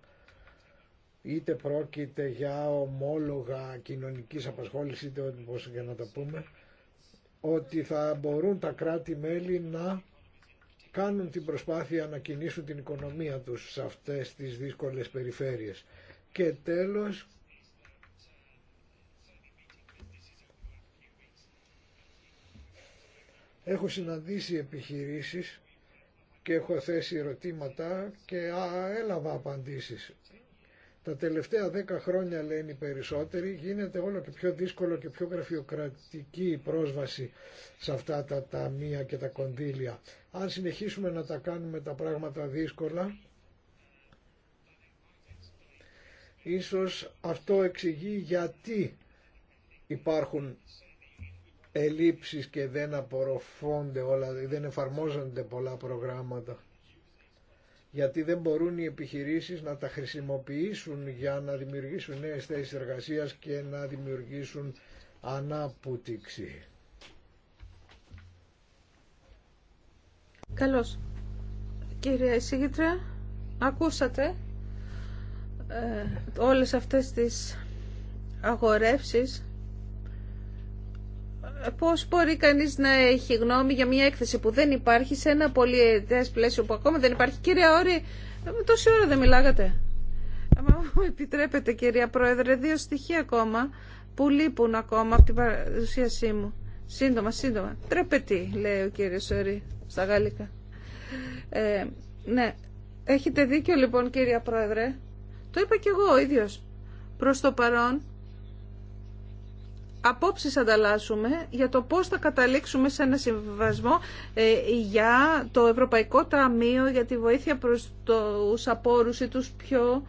είτε πρόκειται για ομόλογα κοινωνικής απασχόλησης είτε όπως για να τα πούμε ότι θα μπορούν τα κράτη-μέλη να κάνουν την προσπάθεια να κινήσουν την οικονομία τους σε αυτές τις δύσκολες περιφέρειες. Και τέλος, έχω συναντήσει επιχειρήσεις και έχω θέσει ερωτήματα και α, έλαβα απαντήσεις. Τα τελευταία δέκα χρόνια λένε οι περισσότεροι γίνεται όλο και πιο δύσκολο και πιο γραφειοκρατική η πρόσβαση σε αυτά τα ταμεία και τα κονδύλια. Αν συνεχίσουμε να τα κάνουμε τα πράγματα δύσκολα Ίσως αυτό εξηγεί γιατί υπάρχουν ελλείψεις και δεν απορροφώνται όλα, δεν εφαρμόζονται πολλά προγράμματα. Γιατί δεν μπορούν οι επιχειρήσεις να τα χρησιμοποιήσουν για να δημιουργήσουν νέες θέσεις εργασίας και να δημιουργήσουν ανάπτυξη. Καλώς. Κύριε Εισηγήτρια, ακούσατε ε, όλες αυτές τις αγορεύσεις ε, πώς μπορεί κανείς να έχει γνώμη για μια έκθεση που δεν υπάρχει σε ένα πολύ πλαίσιο που ακόμα δεν υπάρχει. κυρία Όρη, ε, τόση ώρα δεν μιλάγατε. Αμα μου επιτρέπετε κυρία Πρόεδρε, δύο στοιχεία ακόμα που λείπουν ακόμα από την παρουσίασή μου. Σύντομα, σύντομα. Τρεπετή, λέει ο κύριος Όρη στα γαλλικά. Ε, ναι, έχετε δίκιο λοιπόν κύρια Πρόεδρε. Το είπα και εγώ ο ίδιος. Προς το παρόν, απόψεις ανταλλάσσουμε για το πώς θα καταλήξουμε σε ένα συμβασμό ε, για το Ευρωπαϊκό Ταμείο, για τη βοήθεια προς τους απόρους ή τους πιο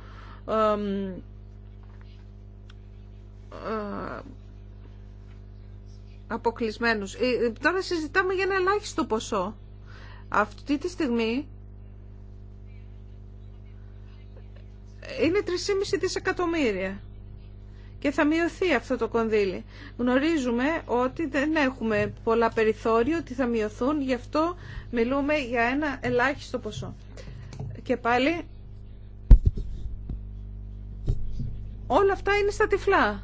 ε, αποκλεισμένους. Ε, τώρα συζητάμε για ένα ελάχιστο ποσό. Αυτή τη στιγμή είναι 3,5 δισεκατομμύρια και θα μειωθεί αυτό το κονδύλι. Γνωρίζουμε ότι δεν έχουμε πολλά περιθώρια, ότι θα μειωθούν, γι' αυτό μιλούμε για ένα ελάχιστο ποσό. Και πάλι όλα αυτά είναι στα τυφλά.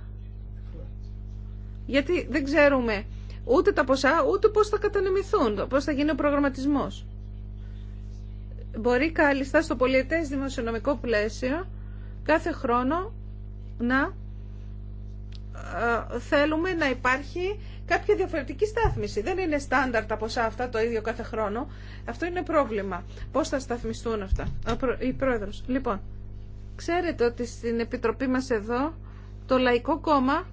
Γιατί δεν ξέρουμε ούτε τα ποσά, ούτε πώς θα κατανεμηθούν, πώς θα γίνει ο προγραμματισμός μπορεί κάλλιστα στο πολιετές δημοσιονομικό πλαίσιο κάθε χρόνο να ε, θέλουμε να υπάρχει κάποια διαφορετική στάθμιση. Δεν είναι στάνταρτα τα ποσά αυτά το ίδιο κάθε χρόνο. Αυτό είναι πρόβλημα. Πώς θα σταθμιστούν αυτά. Η πρόεδρος. Λοιπόν, ξέρετε ότι στην Επιτροπή μας εδώ το Λαϊκό Κόμμα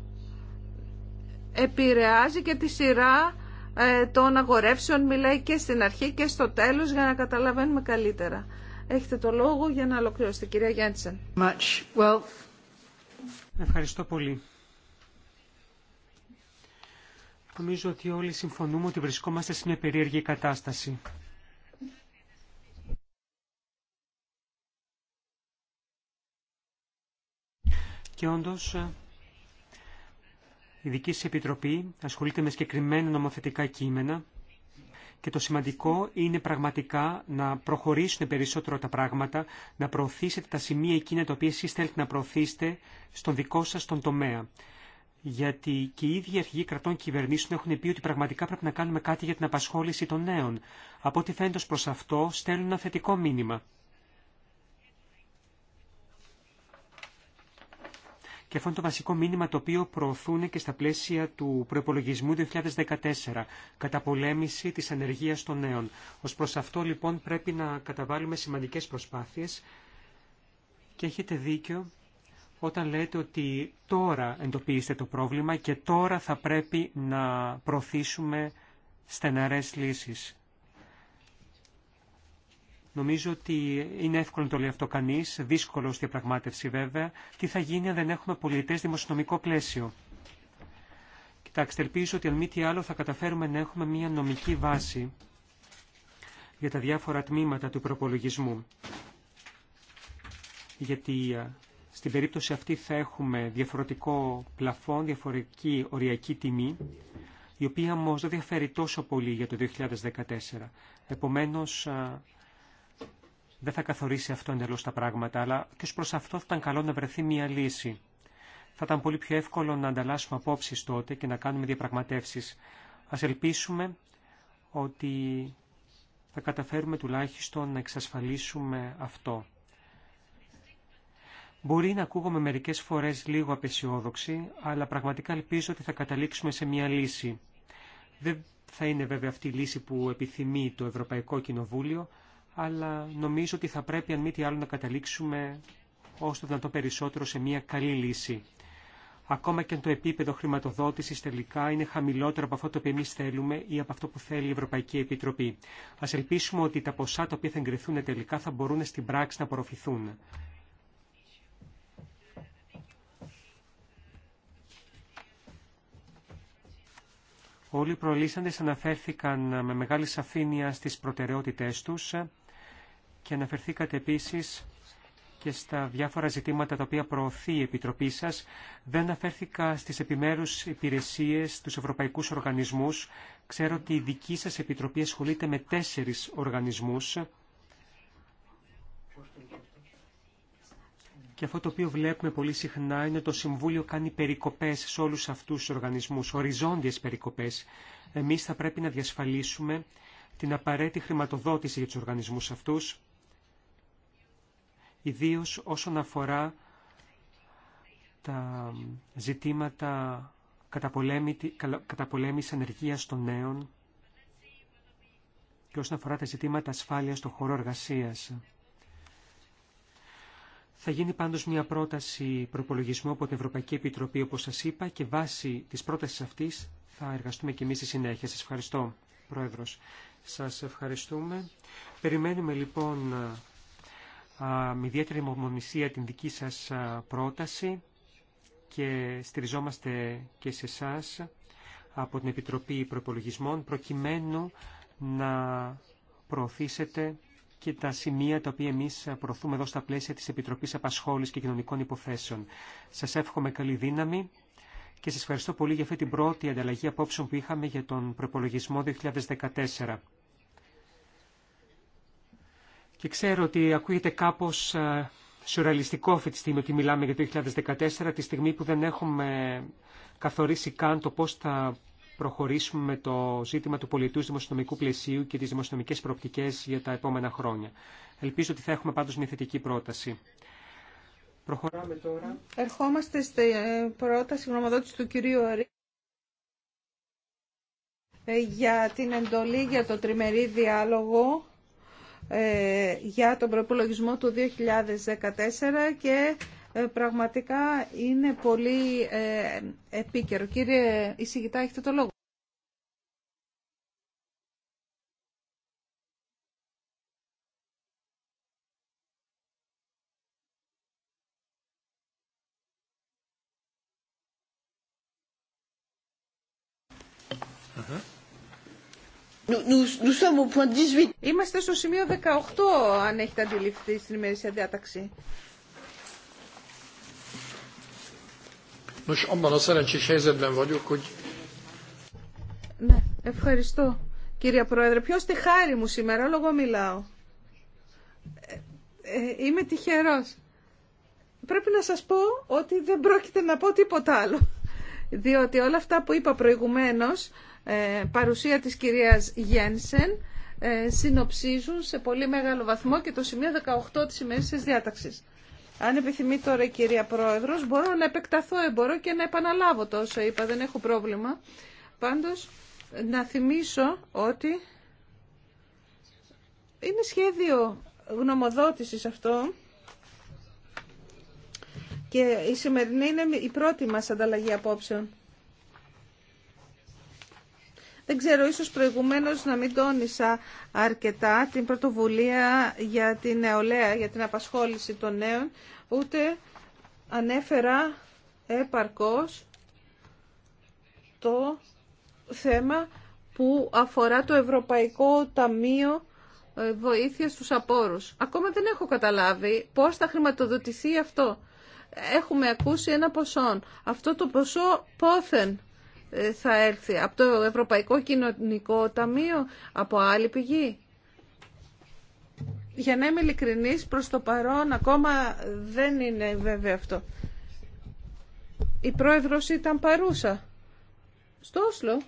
επηρεάζει και τη σειρά ε, των αγορεύσεων μιλάει και στην αρχή και στο τέλος για να καταλαβαίνουμε καλύτερα. Έχετε το λόγο για να ολοκληρώσετε, κυρία Γιάντσεν. Ευχαριστώ πολύ. Νομίζω ότι όλοι συμφωνούμε ότι βρισκόμαστε σε μια περίεργη κατάσταση. Και όντως η δική σας Επιτροπή ασχολείται με συγκεκριμένα νομοθετικά κείμενα και το σημαντικό είναι πραγματικά να προχωρήσουν περισσότερο τα πράγματα, να προωθήσετε τα σημεία εκείνα τα οποία εσείς θέλετε να προωθήσετε στον δικό σας τον τομέα. Γιατί και οι ίδιοι αρχηγοί κρατών κυβερνήσεων έχουν πει ότι πραγματικά πρέπει να κάνουμε κάτι για την απασχόληση των νέων. Από ό,τι φαίνεται προ αυτό, στέλνουν ένα θετικό μήνυμα. Και αυτό είναι το βασικό μήνυμα το οποίο προωθούν και στα πλαίσια του προπολογισμού 2014, κατά πολέμηση της ανεργίας των νέων. Ως προς αυτό λοιπόν πρέπει να καταβάλουμε σημαντικές προσπάθειες και έχετε δίκιο όταν λέτε ότι τώρα εντοπίζετε το πρόβλημα και τώρα θα πρέπει να προωθήσουμε στεναρές λύσεις. Νομίζω ότι είναι εύκολο να το λέει αυτό κανεί, δύσκολο στη διαπραγμάτευση βέβαια. Τι θα γίνει αν δεν έχουμε πολιτέ δημοσιονομικό πλαίσιο. Κοιτάξτε, ελπίζω ότι αν μη τι άλλο θα καταφέρουμε να έχουμε μια νομική βάση για τα διάφορα τμήματα του προπολογισμού. Γιατί στην περίπτωση αυτή θα έχουμε διαφορετικό πλαφόν, διαφορετική οριακή τιμή, η οποία όμω δεν διαφέρει τόσο πολύ για το 2014. Επομένως, δεν θα καθορίσει αυτό εντελώ τα πράγματα, αλλά και ω προ αυτό θα ήταν καλό να βρεθεί μια λύση. Θα ήταν πολύ πιο εύκολο να ανταλλάσσουμε απόψει τότε και να κάνουμε διαπραγματεύσει. Α ελπίσουμε ότι θα καταφέρουμε τουλάχιστον να εξασφαλίσουμε αυτό. Μπορεί να ακούγομαι μερικές φορές λίγο απεσιόδοξη, αλλά πραγματικά ελπίζω ότι θα καταλήξουμε σε μια λύση. Δεν θα είναι βέβαια αυτή η λύση που επιθυμεί το Ευρωπαϊκό Κοινοβούλιο, αλλά νομίζω ότι θα πρέπει αν μη τι άλλο να καταλήξουμε όσο το δυνατό περισσότερο σε μια καλή λύση. Ακόμα και αν το επίπεδο χρηματοδότησης τελικά είναι χαμηλότερο από αυτό το οποίο εμεί θέλουμε ή από αυτό που θέλει η Ευρωπαϊκή Επιτροπή. Ας ελπίσουμε ότι τα ποσά τα οποία θα εγκριθούν τελικά θα μπορούν στην πράξη να απορροφηθούν. Όλοι οι προλύσαντες αναφέρθηκαν με μεγάλη σαφήνεια στις προτεραιότητές τους και αναφερθήκατε επίσης και στα διάφορα ζητήματα τα οποία προωθεί η Επιτροπή σας. Δεν αναφέρθηκα στις επιμέρους υπηρεσίες, τους ευρωπαϊκούς οργανισμούς. Ξέρω ότι η δική σας Επιτροπή ασχολείται με τέσσερις οργανισμούς. Και αυτό το οποίο βλέπουμε πολύ συχνά είναι ότι το Συμβούλιο κάνει περικοπές σε όλους αυτούς τους οργανισμούς, οριζόντιες περικοπές. Εμείς θα πρέπει να διασφαλίσουμε την απαραίτητη χρηματοδότηση για τους οργανισμούς αυτούς ιδίως όσον αφορά τα ζητήματα καταπολέμησης ανεργίας των νέων και όσον αφορά τα ζητήματα ασφάλειας στον χώρο εργασίας. Θα γίνει πάντως μια πρόταση προπολογισμού από την Ευρωπαϊκή Επιτροπή, όπως σας είπα, και βάσει της πρότασης αυτής θα εργαστούμε και εμείς στη συνέχεια. Σας ευχαριστώ, Πρόεδρος. Σας ευχαριστούμε. Περιμένουμε λοιπόν με ιδιαίτερη μομονησία την δική σας πρόταση και στηριζόμαστε και σε εσά από την Επιτροπή Προπολογισμών προκειμένου να προωθήσετε και τα σημεία τα οποία εμείς προωθούμε εδώ στα πλαίσια της Επιτροπής Απασχόλησης και Κοινωνικών Υποθέσεων. Σας εύχομαι καλή δύναμη και σας ευχαριστώ πολύ για αυτή την πρώτη ανταλλαγή απόψεων που είχαμε για τον προπολογισμό 2014. Και ξέρω ότι ακούγεται κάπως ε, σουραλιστικό αυτή τη στιγμή ότι μιλάμε για το 2014, τη στιγμή που δεν έχουμε καθορίσει καν το πώς θα προχωρήσουμε με το ζήτημα του πολιτού δημοσιονομικού πλαισίου και τις δημοσιονομικές προοπτικές για τα επόμενα χρόνια. Ελπίζω ότι θα έχουμε πάντως μια θετική πρόταση. Προχωράμε τώρα. Ερχόμαστε στην ε, πρόταση γνωμοδότηση του κυρίου Αρή ε, για την εντολή για το τριμερή διάλογο ε, για τον προπολογισμό του 2014 και ε, πραγματικά είναι πολύ ε, επίκαιρο. Κύριε Ισηγητά, έχετε το λόγο. Είμαστε στο σημείο 18, αν έχετε αντιληφθεί στην ημερήσια διάταξη. Ναι, ευχαριστώ. Κύριε Πρόεδρε, ποιο τη χάρη μου σήμερα, λόγω μιλάω. Ε, ε, είμαι τυχερός. Πρέπει να σας πω ότι δεν πρόκειται να πω τίποτα άλλο. Διότι όλα αυτά που είπα προηγουμένως ε, παρουσία της κυρίας Γένσεν ε, συνοψίζουν σε πολύ μεγάλο βαθμό και το σημείο 18 της ημερήσιας διάταξης. Αν επιθυμεί τώρα η κυρία Πρόεδρος, μπορώ να επεκταθώ, ε, μπορώ και να επαναλάβω το όσο είπα, δεν έχω πρόβλημα. Πάντως, να θυμίσω ότι είναι σχέδιο γνωμοδότησης αυτό και η σημερινή είναι η πρώτη μας ανταλλαγή απόψεων. Δεν ξέρω, ίσως προηγουμένως να μην τόνισα αρκετά την πρωτοβουλία για την νεολαία, για την απασχόληση των νέων, ούτε ανέφερα επαρκώς το θέμα που αφορά το Ευρωπαϊκό Ταμείο ε, Βοήθεια στους Απόρους. Ακόμα δεν έχω καταλάβει πώς θα χρηματοδοτηθεί αυτό. Έχουμε ακούσει ένα ποσό. Αυτό το ποσό πόθεν θα έρθει. Από το Ευρωπαϊκό Κοινωνικό Ταμείο, από άλλη πηγή. Για να είμαι ειλικρινής, προς το παρόν ακόμα δεν είναι βέβαιο αυτό. Η πρόεδρος ήταν παρούσα. Στο Όσλο,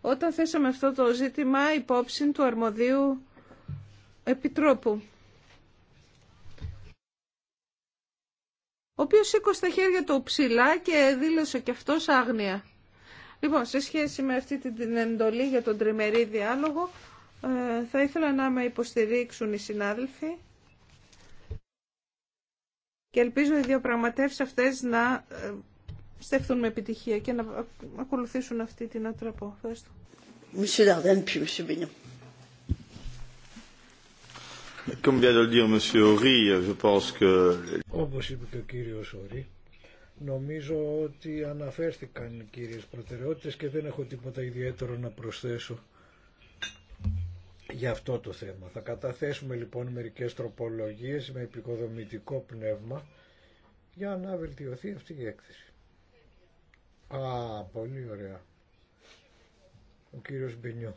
όταν θέσαμε αυτό το ζήτημα υπόψη του αρμοδίου επιτρόπου. Ο οποίος σήκωσε τα χέρια του ψηλά και δήλωσε και αυτός άγνοια. Λοιπόν, σε σχέση με αυτή την εντολή για τον τριμερή διάλογο, ε, θα ήθελα να με υποστηρίξουν οι συνάδελφοι και ελπίζω οι δύο διαπραγματεύσει αυτές να ε, στεφθούν με επιτυχία και να ακολουθήσουν αυτή την ατραπό. Ευχαριστώ. Όπως είπε και ο κύριος Ωρί, Νομίζω ότι αναφέρθηκαν κύριες προτεραιότητες και δεν έχω τίποτα ιδιαίτερο να προσθέσω για αυτό το θέμα. Θα καταθέσουμε λοιπόν μερικές τροπολογίες με επικοδομητικό πνεύμα για να βελτιωθεί αυτή η έκθεση. Α, πολύ ωραία. Ο κύριος Μπενιό.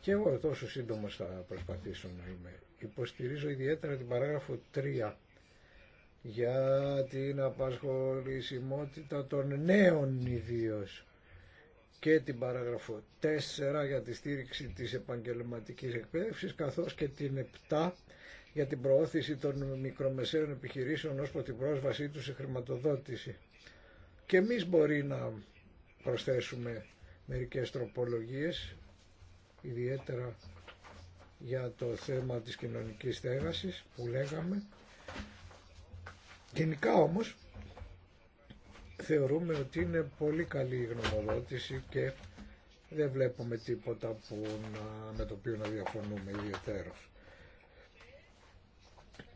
Και εγώ τόσο σύντομο θα προσπαθήσω να είμαι. Υποστηρίζω ιδιαίτερα την παράγραφο 3 για την απασχολησιμότητα των νέων ιδίω και την παραγραφό 4 για τη στήριξη της επαγγελματικής εκπαίδευσης καθώς και την 7 για την προώθηση των μικρομεσαίων επιχειρήσεων ως προ την πρόσβασή τους σε χρηματοδότηση. Και εμείς μπορεί να προσθέσουμε μερικές τροπολογίες, ιδιαίτερα για το θέμα της κοινωνικής στέγασης που λέγαμε, Γενικά όμως θεωρούμε ότι είναι πολύ καλή η γνωμοδότηση και δεν βλέπουμε τίποτα που να, με το οποίο να διαφωνούμε ιδιαίτερως.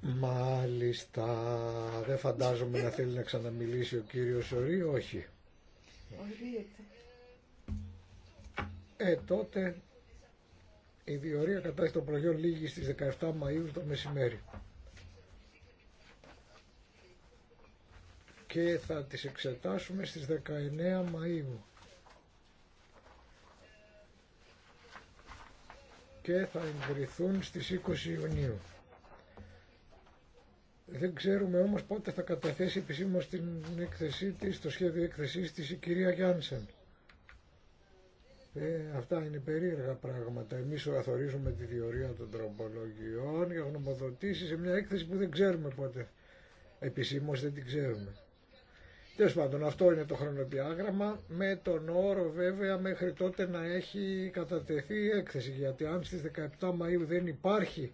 Μάλιστα, δεν φαντάζομαι να θέλει να ξαναμιλήσει ο κύριος Ορή, όχι. Ε, τότε η διορία κατάσταση των προϊόν λίγη στις 17 Μαΐου το μεσημέρι. και θα τις εξετάσουμε στις 19 Μαΐου. και θα εγκριθούν στις 20 Ιουνίου. Δεν ξέρουμε όμως πότε θα καταθέσει επισήμως την έκθεσή της, το σχέδιο έκθεσής της η κυρία Γιάνσεν. Ε, αυτά είναι περίεργα πράγματα. Εμείς οραθορίζουμε τη διορία των τροπολογιών για γνωμοδοτήσεις σε μια έκθεση που δεν ξέρουμε πότε. Επισήμως δεν την ξέρουμε. Τέλο πάντων, αυτό είναι το χρονοδιάγραμμα, με τον όρο βέβαια μέχρι τότε να έχει κατατεθεί η έκθεση, γιατί αν στι 17 Μαου δεν υπάρχει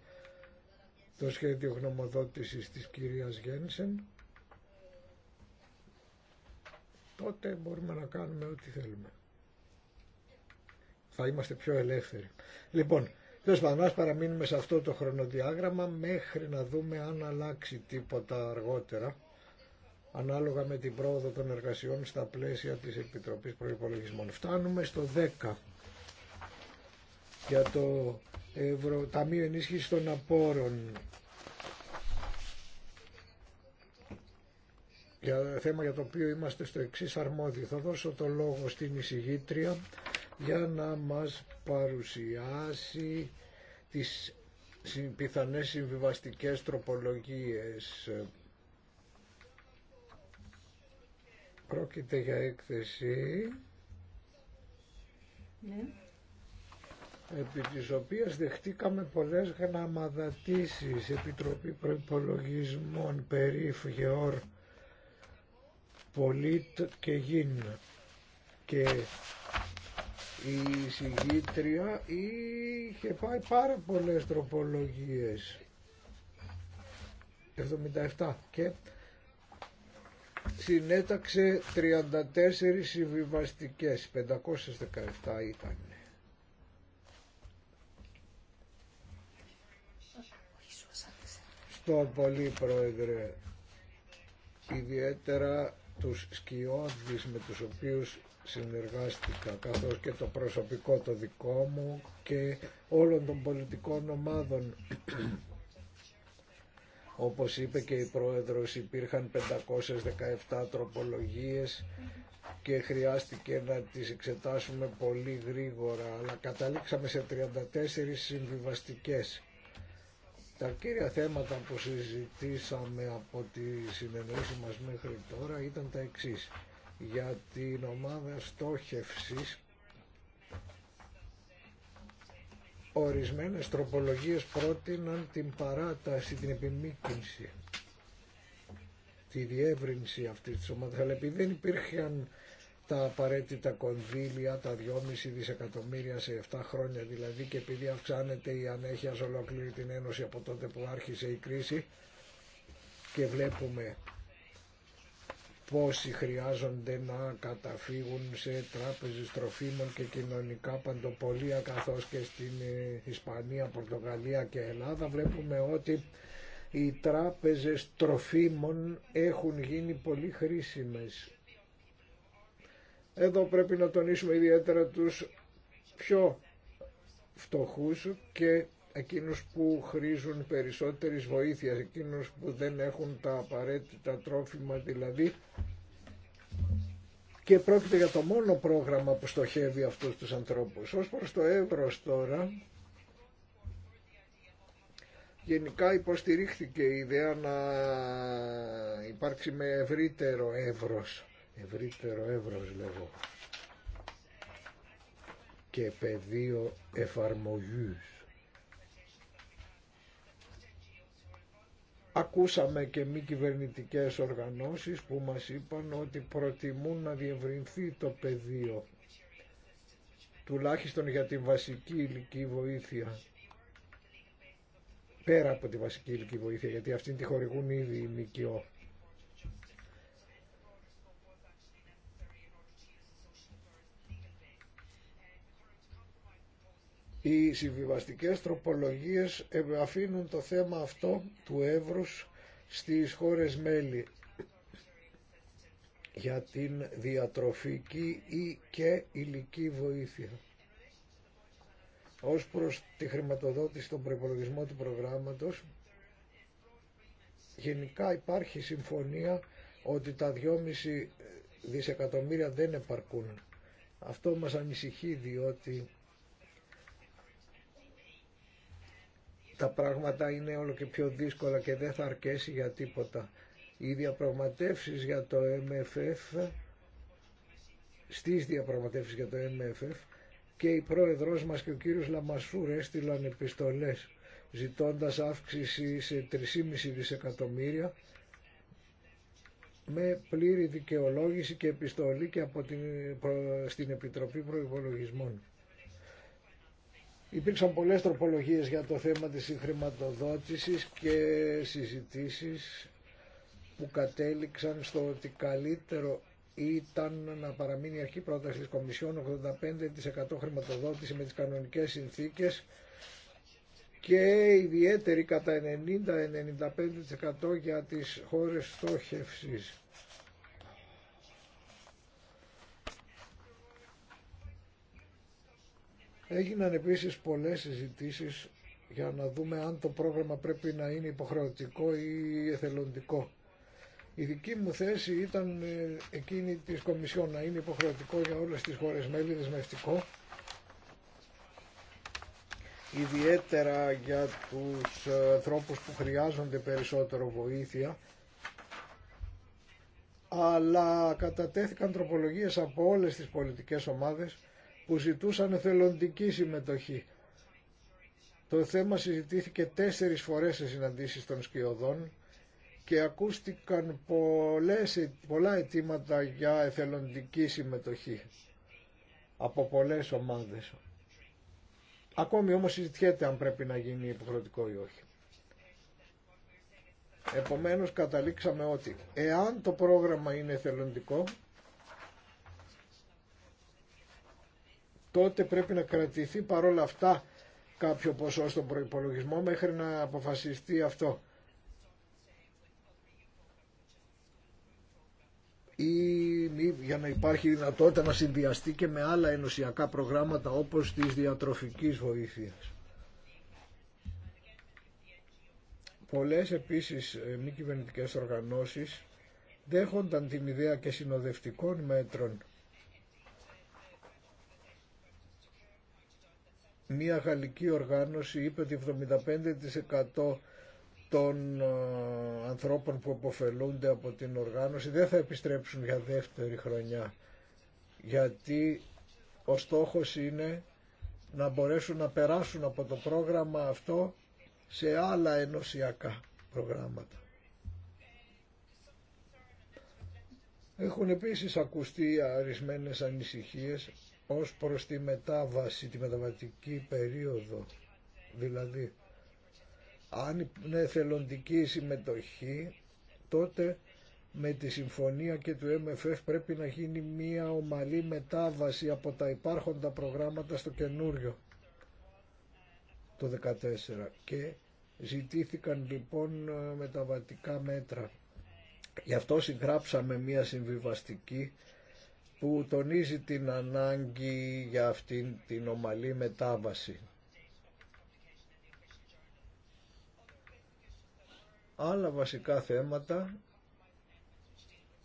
το σχέδιο γνωμοδότηση τη κυρίας Γένσεν, τότε μπορούμε να κάνουμε ό,τι θέλουμε. Θα είμαστε πιο ελεύθεροι. Λοιπόν, τέλο πάντων, παραμείνουμε σε αυτό το χρονοδιάγραμμα μέχρι να δούμε αν αλλάξει τίποτα αργότερα ανάλογα με την πρόοδο των εργασιών στα πλαίσια της Επιτροπής Προϋπολογισμών. Φτάνουμε στο 10 για το Ευρω... Ταμείο Ενίσχυσης των Απόρων. Για θέμα για το οποίο είμαστε στο εξή αρμόδιο. Θα δώσω το λόγο στην εισηγήτρια για να μας παρουσιάσει τις πιθανές συμβιβαστικές τροπολογίες Πρόκειται για έκθεση ναι. επί της οποίας δεχτήκαμε πολλές γραμματατήσεις Επιτροπή Προϋπολογισμών, Περίφ, Γεώρ, Πολίτ και Γίν και η συγγήτρια είχε πάει πάρα πολλές τροπολογίες 77 και συνέταξε 34 συμβιβαστικέ, 517 ήταν. Στο πολύ πρόεδρε, ιδιαίτερα τους σκιώδεις με τους οποίους συνεργάστηκα καθώς και το προσωπικό το δικό μου και όλων των πολιτικών ομάδων όπως είπε και η Πρόεδρος υπήρχαν 517 τροπολογίες και χρειάστηκε να τις εξετάσουμε πολύ γρήγορα αλλά καταλήξαμε σε 34 συμβιβαστικές. Τα κύρια θέματα που συζητήσαμε από τη συνεννόηση μας μέχρι τώρα ήταν τα εξής. Για την ομάδα στόχευσης Ορισμένες τροπολογίες πρότειναν την παράταση, την επιμήκυνση, τη διεύρυνση αυτής της ομάδας, αλλά επειδή δεν υπήρχαν τα απαραίτητα κονδύλια, τα 2,5 δισεκατομμύρια σε 7 χρόνια δηλαδή και επειδή αυξάνεται η ανέχεια σε ολόκληρη την Ένωση από τότε που άρχισε η κρίση και βλέπουμε πόσοι χρειάζονται να καταφύγουν σε τράπεζες τροφίμων και κοινωνικά παντοπολία καθώς και στην ε, Ισπανία, Πορτογαλία και Ελλάδα βλέπουμε ότι οι τράπεζες τροφίμων έχουν γίνει πολύ χρήσιμες. Εδώ πρέπει να τονίσουμε ιδιαίτερα τους πιο φτωχούς και εκείνους που χρήζουν περισσότερης βοήθειας, εκείνους που δεν έχουν τα απαραίτητα τρόφιμα δηλαδή και πρόκειται για το μόνο πρόγραμμα που στοχεύει αυτούς τους ανθρώπους. Ως προς το εύρος τώρα, γενικά υποστηρίχθηκε η ιδέα να υπάρξει με ευρύτερο εύρος, ευρύτερο εύρος λέγω, και πεδίο εφαρμογής. Ακούσαμε και μη κυβερνητικέ οργανώσεις που μας είπαν ότι προτιμούν να διευρυνθεί το πεδίο τουλάχιστον για τη βασική ηλική βοήθεια πέρα από τη βασική ηλική βοήθεια γιατί αυτήν τη χορηγούν ήδη οι ΜΚΟ Οι συμβιβαστικές τροπολογίες ε, αφήνουν το θέμα αυτό του εύρους στις χώρες μέλη για την διατροφική ή και υλική βοήθεια. Ως προς τη χρηματοδότηση των προϋπολογισμών του προγράμματος, γενικά υπάρχει συμφωνία ότι τα 2,5 δισεκατομμύρια δεν επαρκούν. Αυτό μας ανησυχεί διότι τα πράγματα είναι όλο και πιο δύσκολα και δεν θα αρκέσει για τίποτα. Οι διαπραγματεύσεις για το MFF, στις διαπραγματεύσεις για το MFF και η πρόεδρός μας και ο κύριος Λαμασούρ έστειλαν επιστολές ζητώντας αύξηση σε 3,5 δισεκατομμύρια με πλήρη δικαιολόγηση και επιστολή και από την, στην Επιτροπή Προϋπολογισμών. Υπήρξαν πολλές τροπολογίες για το θέμα της χρηματοδότησης και συζητήσεις που κατέληξαν στο ότι καλύτερο ήταν να παραμείνει η αρχή πρόταση της Κομισιόν 85% χρηματοδότηση με τις κανονικές συνθήκες και ιδιαίτερη κατά 90-95% για τις χώρες στόχευσης. Έγιναν επίσης πολλές συζητήσεις για να δούμε αν το πρόγραμμα πρέπει να είναι υποχρεωτικό ή εθελοντικό. Η δική μου θέση ήταν ε, εκείνη της Κομισιόν να είναι υποχρεωτικό για όλες τις χώρες μέλη δεσμευτικό ιδιαίτερα για τους ανθρώπους που χρειάζονται περισσότερο βοήθεια αλλά κατατέθηκαν τροπολογίες από όλες τις πολιτικές ομάδες που ζητούσαν εθελοντική συμμετοχή. Το θέμα συζητήθηκε τέσσερις φορές σε συναντήσεις των σκιωδών και ακούστηκαν πολλές, πολλά αιτήματα για εθελοντική συμμετοχή από πολλές ομάδες. Ακόμη όμως συζητιέται αν πρέπει να γίνει υποχρεωτικό ή όχι. Επομένως καταλήξαμε ότι εάν το πρόγραμμα είναι εθελοντικό τότε πρέπει να κρατηθεί παρόλα αυτά κάποιο ποσό στον προϋπολογισμό μέχρι να αποφασιστεί αυτό. ή για να υπάρχει δυνατότητα να συνδυαστεί και με άλλα ενωσιακά προγράμματα όπως της διατροφικής βοήθειας. Πολλές επίσης ε, μη κυβερνητικές οργανώσεις δέχονταν την ιδέα και συνοδευτικών μέτρων μια γαλλική οργάνωση είπε ότι 75% των ε, ανθρώπων που αποφελούνται από την οργάνωση δεν θα επιστρέψουν για δεύτερη χρονιά γιατί ο στόχος είναι να μπορέσουν να περάσουν από το πρόγραμμα αυτό σε άλλα ενωσιακά προγράμματα. Έχουν επίσης ακουστεί αρισμένες ανησυχίες ως προς τη μετάβαση, τη μεταβατική περίοδο. Δηλαδή, αν είναι θελοντική συμμετοχή, τότε με τη συμφωνία και του MFF πρέπει να γίνει μία ομαλή μετάβαση από τα υπάρχοντα προγράμματα στο καινούριο το 2014 και ζητήθηκαν λοιπόν μεταβατικά μέτρα. Γι' αυτό συγγράψαμε μία συμβιβαστική που τονίζει την ανάγκη για αυτήν την ομαλή μετάβαση. Άλλα βασικά θέματα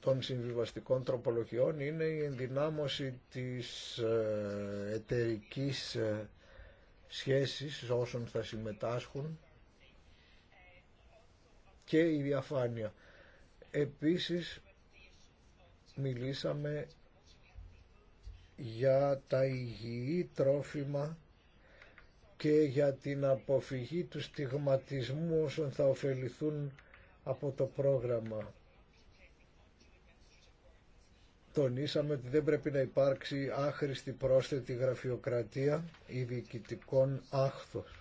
των συμβιβαστικών τροπολογιών είναι η ενδυνάμωση της ε, εταιρικής ε, σχέσης όσων θα συμμετάσχουν και η διαφάνεια. Επίσης μιλήσαμε για τα υγιή τρόφιμα και για την αποφυγή του στιγματισμού όσων θα ωφεληθούν από το πρόγραμμα. Τονίσαμε ότι δεν πρέπει να υπάρξει άχρηστη πρόσθετη γραφειοκρατία ή διοικητικών άχθος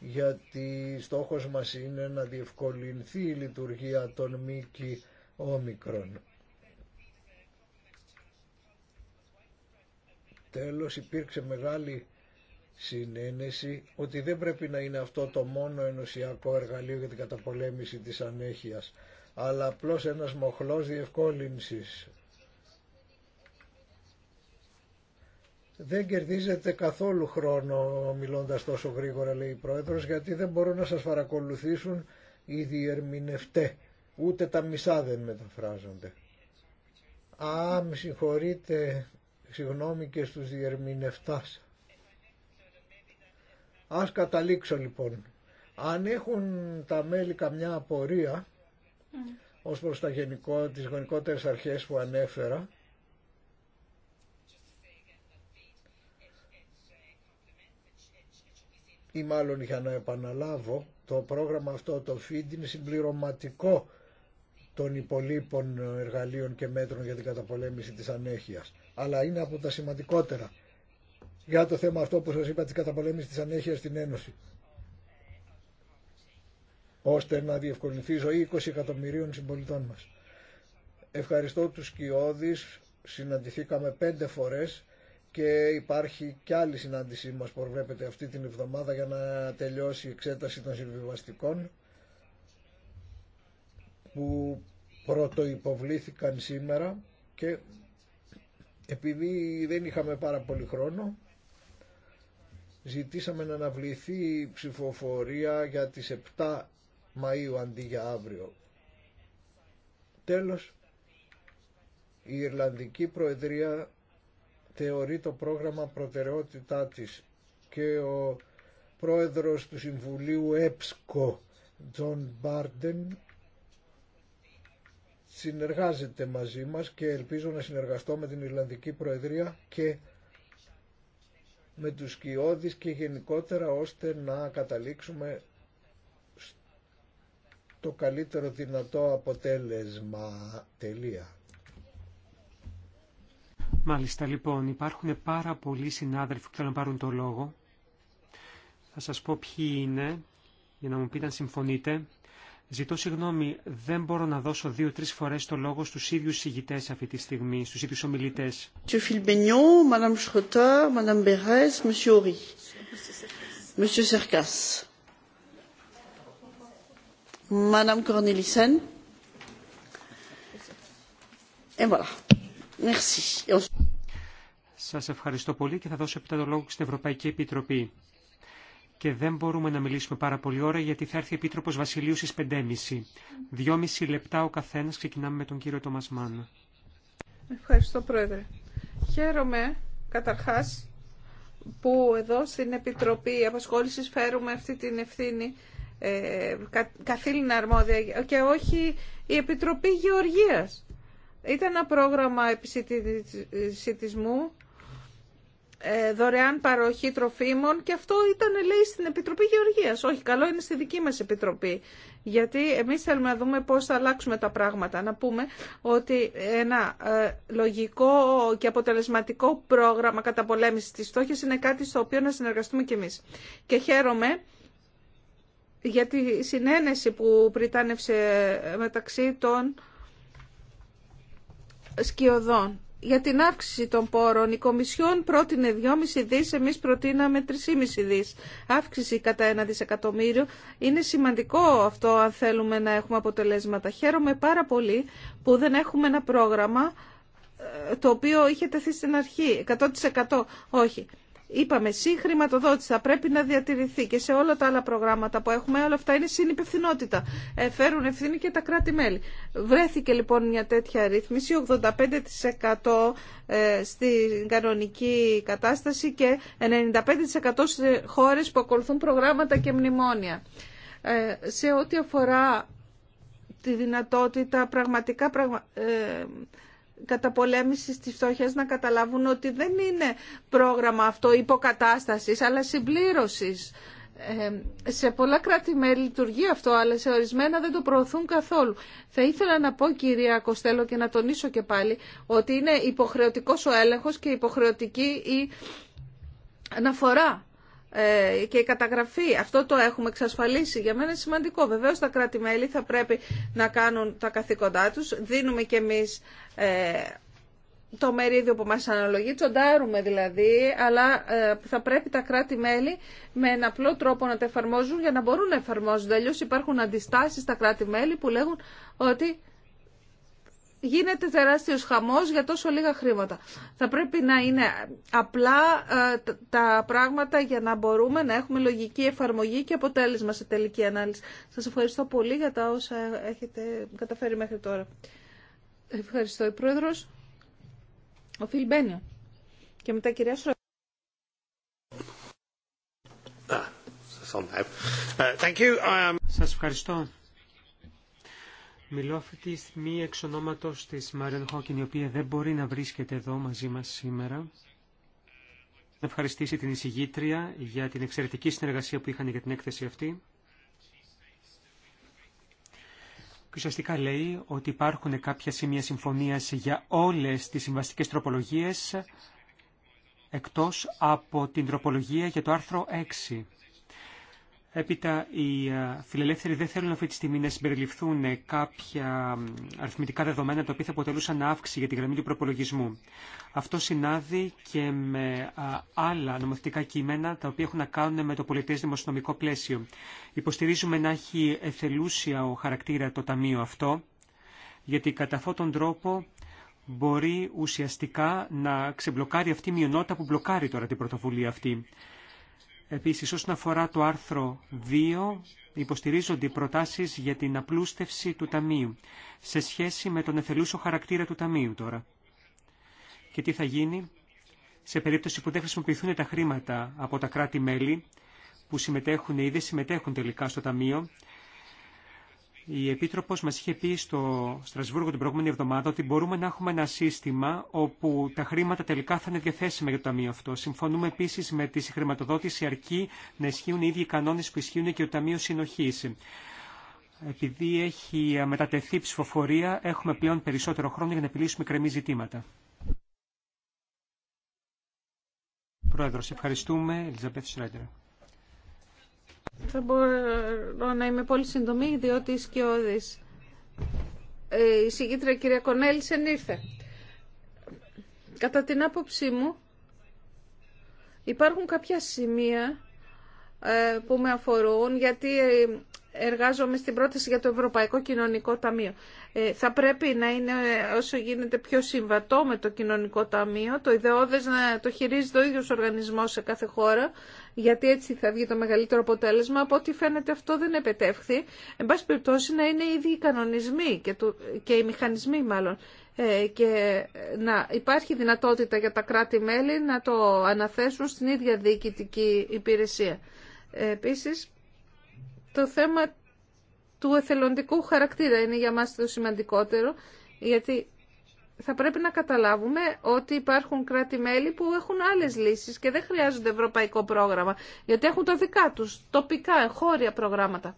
γιατί στόχος μας είναι να διευκολυνθεί η λειτουργία των μήκη όμικρων. Τέλος υπήρξε μεγάλη συνένεση ότι δεν πρέπει να είναι αυτό το μόνο ενωσιακό εργαλείο για την καταπολέμηση της ανέχειας, αλλά απλώς ένας μοχλός διευκόλυνσης. Δεν κερδίζετε καθόλου χρόνο μιλώντας τόσο γρήγορα, λέει η Πρόεδρος, γιατί δεν μπορούν να σας παρακολουθήσουν οι διερμηνευτέ. Ούτε τα μισά δεν μεταφράζονται. Α, με συγχωρείτε, συγγνώμη και στους διερμηνευτάς. Ας καταλήξω λοιπόν. Αν έχουν τα μέλη καμιά απορία mm. ως προς τα γενικό, τις γενικότερες αρχές που ανέφερα, ή μάλλον για να επαναλάβω, το πρόγραμμα αυτό το feed είναι συμπληρωματικό των υπολείπων εργαλείων και μέτρων για την καταπολέμηση της ανέχειας. Αλλά είναι από τα σημαντικότερα για το θέμα αυτό που σας είπα της καταπολέμησης της ανέχειας στην Ένωση. Ώστε να διευκολυνθεί η ζωή 20 εκατομμυρίων συμπολιτών μας. Ευχαριστώ τους Κιώδης, συναντηθήκαμε πέντε φορές και υπάρχει κι άλλη συνάντησή μας που βλέπετε αυτή την εβδομάδα για να τελειώσει η εξέταση των συμβιβαστικών που πρωτοϋποβλήθηκαν σήμερα και επειδή δεν είχαμε πάρα πολύ χρόνο ζητήσαμε να αναβληθεί η ψηφοφορία για τις 7 Μαΐου αντί για αύριο. Τέλος, η Ιρλανδική Προεδρία θεωρεί το πρόγραμμα προτεραιότητά της και ο πρόεδρος του Συμβουλίου ΕΠΣΚΟ Τζον Μπάρντεν συνεργάζεται μαζί μας και ελπίζω να συνεργαστώ με την Ιρλανδική Προεδρία και με τους σκιώδεις και γενικότερα ώστε να καταλήξουμε το καλύτερο δυνατό αποτέλεσμα. Τελεία. Μάλιστα λοιπόν υπάρχουν πάρα πολλοί συνάδελφοι που θέλουν να πάρουν το λόγο. Θα σας πω ποιοι είναι για να μου πείτε αν συμφωνείτε. Ζητώ συγγνώμη, δεν μπορώ να δώσω δύο-τρει φορέ το λόγο στου ίδιου συγητέ αυτή τη στιγμή, στους ίδιου ομιλητέ. Σας ευχαριστώ πολύ και θα δώσω επίτα το λόγο στην Ευρωπαϊκή Επιτροπή και δεν μπορούμε να μιλήσουμε πάρα πολύ ώρα γιατί θα έρθει η Επίτροπος Βασιλείου στι 5.30. Δυόμιση λεπτά ο καθένας. Ξεκινάμε με τον κύριο Τομασμάν. Ευχαριστώ Πρόεδρε. Χαίρομαι καταρχάς που εδώ στην Επιτροπή Απασχόλησης φέρουμε αυτή την ευθύνη ε, καθήλυνα αρμόδια και όχι η Επιτροπή Γεωργίας. Ήταν ένα πρόγραμμα επισητισμού ε, δωρεάν παροχή τροφίμων και αυτό ήταν λέει στην Επιτροπή Γεωργίας. Όχι, καλό είναι στη δική μας Επιτροπή. Γιατί εμείς θέλουμε να δούμε πώς θα αλλάξουμε τα πράγματα. Να πούμε ότι ένα ε, λογικό και αποτελεσματικό πρόγραμμα καταπολέμησης της στόχης είναι κάτι στο οποίο να συνεργαστούμε κι εμείς. Και χαίρομαι για τη συνένεση που πριτάνευσε μεταξύ των σκιωδών για την αύξηση των πόρων. Η Κομισιόν πρότεινε 2,5 δις, εμείς προτείναμε 3,5 δις. Αύξηση κατά 1 δισεκατομμύριο. Είναι σημαντικό αυτό αν θέλουμε να έχουμε αποτελέσματα. Χαίρομαι πάρα πολύ που δεν έχουμε ένα πρόγραμμα ε, το οποίο είχε τεθεί στην αρχή. 100% όχι. Είπαμε, συγχρηματοδότηση θα πρέπει να διατηρηθεί και σε όλα τα άλλα προγράμματα που έχουμε, όλα αυτά είναι συνυπευθυνότητα. Ε, φέρουν ευθύνη και τα κράτη-μέλη. Βρέθηκε λοιπόν μια τέτοια ρύθμιση, 85% ε, στην κανονική κατάσταση και 95% σε χώρες που ακολουθούν προγράμματα και μνημόνια. Ε, σε ό,τι αφορά τη δυνατότητα πραγματικά πραγμα καταπολέμησης της φτώχειας να καταλάβουν ότι δεν είναι πρόγραμμα αυτό υποκατάστασης, αλλά συμπλήρωσης. Ε, σε πολλά κράτη-μέλη λειτουργεί αυτό, αλλά σε ορισμένα δεν το προωθούν καθόλου. Θα ήθελα να πω, κυρία Κοστέλο, και να τονίσω και πάλι, ότι είναι υποχρεωτικός ο έλεγχος και υποχρεωτική η αναφορά ε, και η καταγραφή. Αυτό το έχουμε εξασφαλίσει. Για μένα είναι σημαντικό. Βεβαίως τα κράτη-μέλη θα πρέπει να κάνουν τα καθήκοντά τους. Δίνουμε κι εμείς ε, το μερίδιο που μας αναλογεί, τσοντάρουμε δηλαδή, αλλά ε, θα πρέπει τα κράτη-μέλη με ένα απλό τρόπο να τα εφαρμόζουν για να μπορούν να εφαρμόζουν. Αλλιώς υπάρχουν αντιστάσεις στα κράτη-μέλη που λέγουν ότι γίνεται τεράστιος χαμός για τόσο λίγα χρήματα. Θα πρέπει να είναι απλά ε, τα πράγματα για να μπορούμε να έχουμε λογική εφαρμογή και αποτέλεσμα σε τελική ανάλυση. Σας ευχαριστώ πολύ για τα όσα έχετε καταφέρει μέχρι τώρα. Ευχαριστώ. Η Πρόεδρος, ο Φιλ Και μετά η κυρία Σρόη. Ah, uh, um, Σας ευχαριστώ. Μιλώ αυτή τη στιγμή εξ ονόματος της Μάριον Χόκκιν, η οποία δεν μπορεί να βρίσκεται εδώ μαζί μας σήμερα. Να ευχαριστήσει την εισηγήτρια για την εξαιρετική συνεργασία που είχαν για την έκθεση αυτή. Και ουσιαστικά λέει ότι υπάρχουν κάποια σημεία συμφωνίας για όλες τις συμβαστικές τροπολογίες, εκτός από την τροπολογία για το άρθρο 6 Έπειτα, οι ε, φιλελεύθεροι δεν θέλουν αυτή τη στιγμή να συμπεριληφθούν κάποια αριθμητικά δεδομένα τα οποία θα αποτελούσαν αύξηση για τη γραμμή του προπολογισμού. Αυτό συνάδει και με ε, άλλα νομοθετικά κείμενα τα οποία έχουν να κάνουν με το πολιτές δημοσιονομικό πλαίσιο. Υποστηρίζουμε να έχει εθελούσια ο χαρακτήρα το ταμείο αυτό, γιατί κατά αυτόν τον τρόπο μπορεί ουσιαστικά να ξεμπλοκάρει αυτή η μειονότητα που μπλοκάρει τώρα την πρωτοβουλία αυτή. Επίσης, όσον αφορά το άρθρο 2, υποστηρίζονται οι προτάσεις για την απλούστευση του Ταμείου, σε σχέση με τον εθελούσο χαρακτήρα του Ταμείου τώρα. Και τι θα γίνει σε περίπτωση που δεν χρησιμοποιηθούν τα χρήματα από τα κράτη-μέλη, που συμμετέχουν ή δεν συμμετέχουν τελικά στο Ταμείο, η Επίτροπος μας είχε πει στο Στρασβούργο την προηγούμενη εβδομάδα ότι μπορούμε να έχουμε ένα σύστημα όπου τα χρήματα τελικά θα είναι διαθέσιμα για το Ταμείο αυτό. Συμφωνούμε επίσης με τη συγχρηματοδότηση αρκεί να ισχύουν οι ίδιοι κανόνες που ισχύουν και το Ταμείο Συνοχής. Επειδή έχει μετατεθεί ψηφοφορία, έχουμε πλέον περισσότερο χρόνο για να επιλύσουμε κρεμή ζητήματα. Πρόεδρος, ευχαριστούμε. Ελιζαμπέθ θα μπορώ να είμαι πολύ συντομή, διότι η Σκιώδης, ε, η συγκήτρια κυρία Κονέλησεν ενήρθε. Κατά την άποψή μου, υπάρχουν κάποια σημεία ε, που με αφορούν, γιατί ε, εργάζομαι στην πρόταση για το Ευρωπαϊκό Κοινωνικό Ταμείο. θα πρέπει να είναι όσο γίνεται πιο συμβατό με το Κοινωνικό Ταμείο, το ιδεώδες να το χειρίζει το ίδιος οργανισμός σε κάθε χώρα, γιατί έτσι θα βγει το μεγαλύτερο αποτέλεσμα. Από ό,τι φαίνεται αυτό δεν επετεύχθη. Εν πάση περιπτώσει να είναι ήδη οι κανονισμοί και, του, και οι μηχανισμοί μάλλον ε, και να υπάρχει δυνατότητα για τα κράτη-μέλη να το αναθέσουν στην ίδια διοικητική υπηρεσία. Ε, επίσης, το θέμα του εθελοντικού χαρακτήρα είναι για μας το σημαντικότερο, γιατί θα πρέπει να καταλάβουμε ότι υπάρχουν κράτη-μέλη που έχουν άλλες λύσεις και δεν χρειάζονται ευρωπαϊκό πρόγραμμα, γιατί έχουν τα δικά τους, τοπικά, εγχώρια προγράμματα.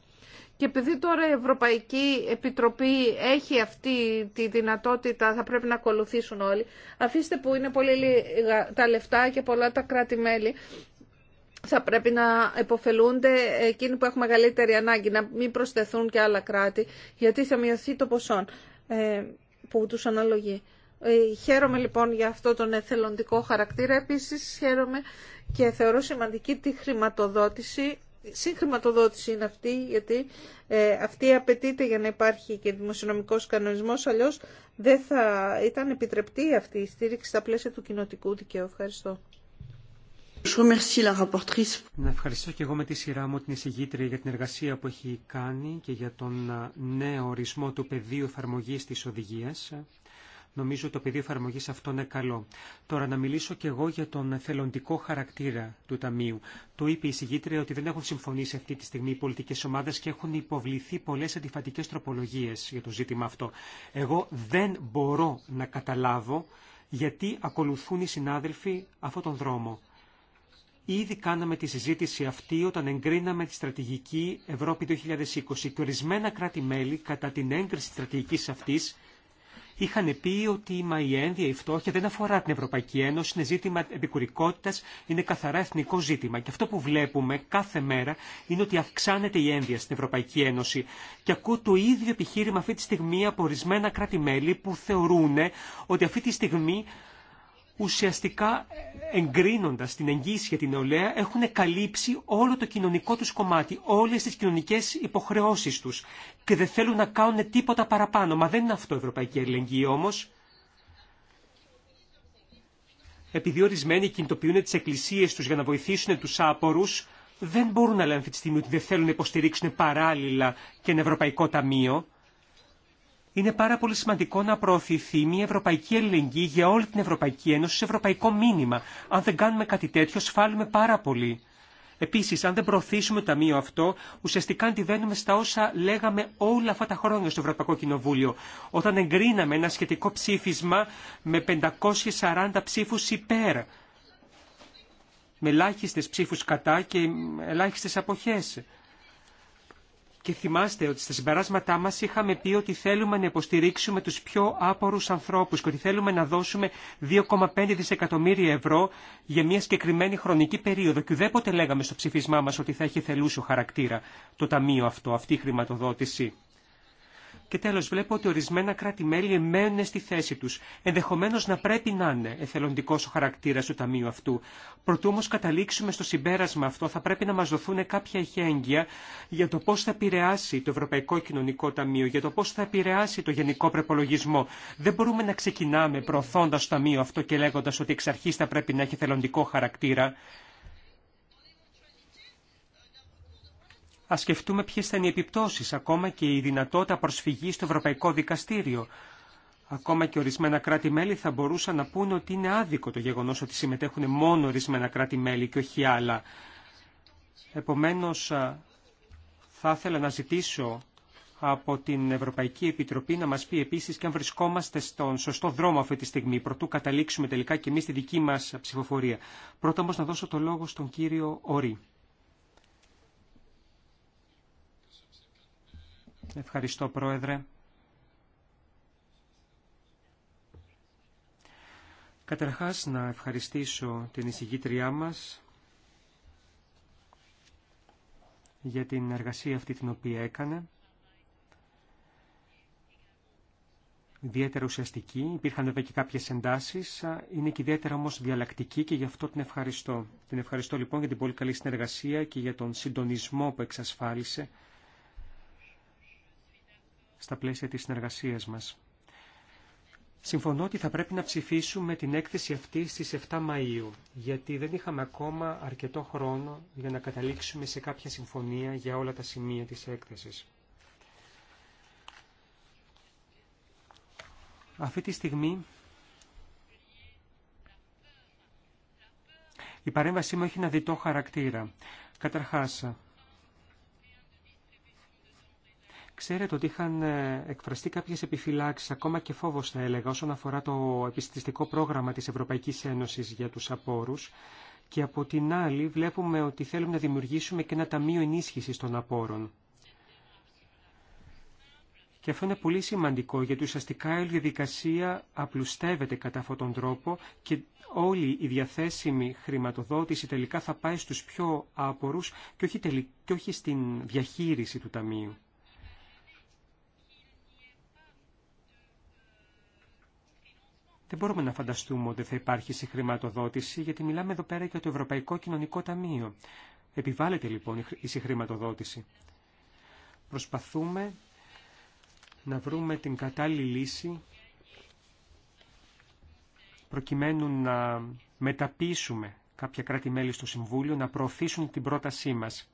Και επειδή τώρα η Ευρωπαϊκή Επιτροπή έχει αυτή τη δυνατότητα, θα πρέπει να ακολουθήσουν όλοι. Αφήστε που είναι πολύ λίγα τα λεφτά και πολλά τα κράτη-μέλη. Θα πρέπει να υποφελούνται εκείνοι που έχουν μεγαλύτερη ανάγκη, να μην προσθεθούν και άλλα κράτη, γιατί θα μειωθεί το ποσό. Ε, που τους αναλογεί. Ε, χαίρομαι λοιπόν για αυτό τον εθελοντικό χαρακτήρα. Επίσης χαίρομαι και θεωρώ σημαντική τη χρηματοδότηση. Συγχρηματοδότηση είναι αυτή, γιατί ε, αυτή απαιτείται για να υπάρχει και δημοσιονομικός κανονισμός, αλλιώς δεν θα ήταν επιτρεπτή αυτή η στήριξη στα πλαίσια του κοινοτικού δικαίου. Ευχαριστώ. Να ευχαριστώ και εγώ με τη σειρά μου την εισηγήτρια για την εργασία που έχει κάνει και για τον νέο ορισμό του πεδίου εφαρμογή της οδηγίας. Νομίζω ότι το πεδίο εφαρμογή αυτό είναι καλό. Τώρα να μιλήσω και εγώ για τον θελοντικό χαρακτήρα του Ταμείου. Το είπε η εισηγήτρια ότι δεν έχουν συμφωνήσει αυτή τη στιγμή οι πολιτικέ ομάδε και έχουν υποβληθεί πολλέ αντιφατικέ τροπολογίε για το ζήτημα αυτό. Εγώ δεν μπορώ να καταλάβω γιατί ακολουθούν οι συνάδελφοι αυτόν τον δρόμο. Ήδη κάναμε τη συζήτηση αυτή όταν εγκρίναμε τη στρατηγική Ευρώπη 2020 και ορισμένα κράτη-μέλη κατά την έγκριση στρατηγικής αυτής είχαν πει ότι η μαϊένδια, η φτώχεια δεν αφορά την Ευρωπαϊκή Ένωση, είναι ζήτημα επικουρικότητας, είναι καθαρά εθνικό ζήτημα. Και αυτό που βλέπουμε κάθε μέρα είναι ότι αυξάνεται η ένδια στην Ευρωπαϊκή Ένωση. Και ακούω το ίδιο επιχείρημα αυτή τη στιγμή από ορισμένα κράτη-μέλη που θεωρούν ότι αυτή τη στιγμή ουσιαστικά εγκρίνοντας την εγγύηση για την νεολαία έχουν καλύψει όλο το κοινωνικό τους κομμάτι, όλες τις κοινωνικές υποχρεώσεις τους και δεν θέλουν να κάνουν τίποτα παραπάνω. Μα δεν είναι αυτό η Ευρωπαϊκή Ελληνική όμως. Επειδή ορισμένοι κινητοποιούν τις εκκλησίες τους για να βοηθήσουν τους άπορους, δεν μπορούν να λένε αυτή τη στιγμή ότι δεν θέλουν να υποστηρίξουν παράλληλα και ένα Ευρωπαϊκό Ταμείο είναι πάρα πολύ σημαντικό να προωθηθεί μια ευρωπαϊκή ελληνική για όλη την Ευρωπαϊκή Ένωση σε ευρωπαϊκό μήνυμα. Αν δεν κάνουμε κάτι τέτοιο, σφάλουμε πάρα πολύ. Επίσης, αν δεν προωθήσουμε το Ταμείο αυτό, ουσιαστικά αντιβαίνουμε στα όσα λέγαμε όλα αυτά τα χρόνια στο Ευρωπαϊκό Κοινοβούλιο, όταν εγκρίναμε ένα σχετικό ψήφισμα με 540 ψήφους υπέρ, με ελάχιστε ψήφους κατά και ελάχιστες αποχές. Και θυμάστε ότι στα συμπεράσματά μας είχαμε πει ότι θέλουμε να υποστηρίξουμε τους πιο άπορους ανθρώπους και ότι θέλουμε να δώσουμε 2,5 δισεκατομμύρια ευρώ για μια συγκεκριμένη χρονική περίοδο. Και ουδέποτε λέγαμε στο ψηφισμά μας ότι θα έχει θελούσιο χαρακτήρα το ταμείο αυτό, αυτή η χρηματοδότηση. Και τέλο, βλέπω ότι ορισμένα κράτη-μέλη μένουν στη θέση του. Ενδεχομένω να πρέπει να είναι εθελοντικό ο χαρακτήρα του Ταμείου αυτού. Προτού όμω καταλήξουμε στο συμπέρασμα αυτό, θα πρέπει να μα δοθούν κάποια εχέγγυα για το πώ θα επηρεάσει το Ευρωπαϊκό Κοινωνικό Ταμείο, για το πώ θα επηρεάσει το Γενικό Προπολογισμό. Δεν μπορούμε να ξεκινάμε προωθώντα το Ταμείο αυτό και λέγοντα ότι εξ αρχή θα πρέπει να έχει εθελοντικό χαρακτήρα. Ας σκεφτούμε ποιες θα είναι οι επιπτώσεις, ακόμα και η δυνατότητα προσφυγής στο Ευρωπαϊκό Δικαστήριο. Ακόμα και ορισμένα κράτη-μέλη θα μπορούσαν να πούνε ότι είναι άδικο το γεγονός ότι συμμετέχουν μόνο ορισμένα κράτη-μέλη και όχι άλλα. Επομένως, θα ήθελα να ζητήσω από την Ευρωπαϊκή Επιτροπή να μας πει επίσης και αν βρισκόμαστε στον σωστό δρόμο αυτή τη στιγμή, προτού καταλήξουμε τελικά και εμείς τη δική μας ψηφοφορία. Πρώτα όμως να δώσω το λόγο στον κύριο Ορή. Ευχαριστώ, Πρόεδρε. Καταρχάς, να ευχαριστήσω την εισηγήτριά μας για την εργασία αυτή την οποία έκανε. Ιδιαίτερα ουσιαστική. Υπήρχαν βέβαια και κάποιες εντάσεις. Είναι και ιδιαίτερα όμως διαλλακτική και γι' αυτό την ευχαριστώ. Την ευχαριστώ λοιπόν για την πολύ καλή συνεργασία και για τον συντονισμό που εξασφάλισε στα πλαίσια της συνεργασίας μας. Συμφωνώ ότι θα πρέπει να ψηφίσουμε την έκθεση αυτή στις 7 Μαΐου, γιατί δεν είχαμε ακόμα αρκετό χρόνο για να καταλήξουμε σε κάποια συμφωνία για όλα τα σημεία της έκθεσης. Αυτή τη στιγμή η παρέμβασή μου έχει ένα διτό χαρακτήρα. Καταρχάς, Ξέρετε ότι είχαν ε, εκφραστεί κάποιες επιφυλάξεις, ακόμα και φόβος θα έλεγα, όσον αφορά το επιστημιστικό πρόγραμμα της Ευρωπαϊκής Ένωσης για τους απόρους και από την άλλη βλέπουμε ότι θέλουμε να δημιουργήσουμε και ένα ταμείο ενίσχυσης των απόρων. Και αυτό είναι πολύ σημαντικό γιατί ουσιαστικά η διαδικασία απλουστεύεται κατά αυτόν τον τρόπο και όλη η διαθέσιμη χρηματοδότηση τελικά θα πάει στους πιο άπορους και όχι, και όχι στην διαχείριση του ταμείου. Δεν μπορούμε να φανταστούμε ότι θα υπάρχει συγχρηματοδότηση, γιατί μιλάμε εδώ πέρα για το Ευρωπαϊκό Κοινωνικό Ταμείο. Επιβάλλεται λοιπόν η συγχρηματοδότηση. Προσπαθούμε να βρούμε την κατάλληλη λύση προκειμένου να μεταπίσουμε κάποια κράτη-μέλη στο Συμβούλιο να προωθήσουν την πρότασή μας.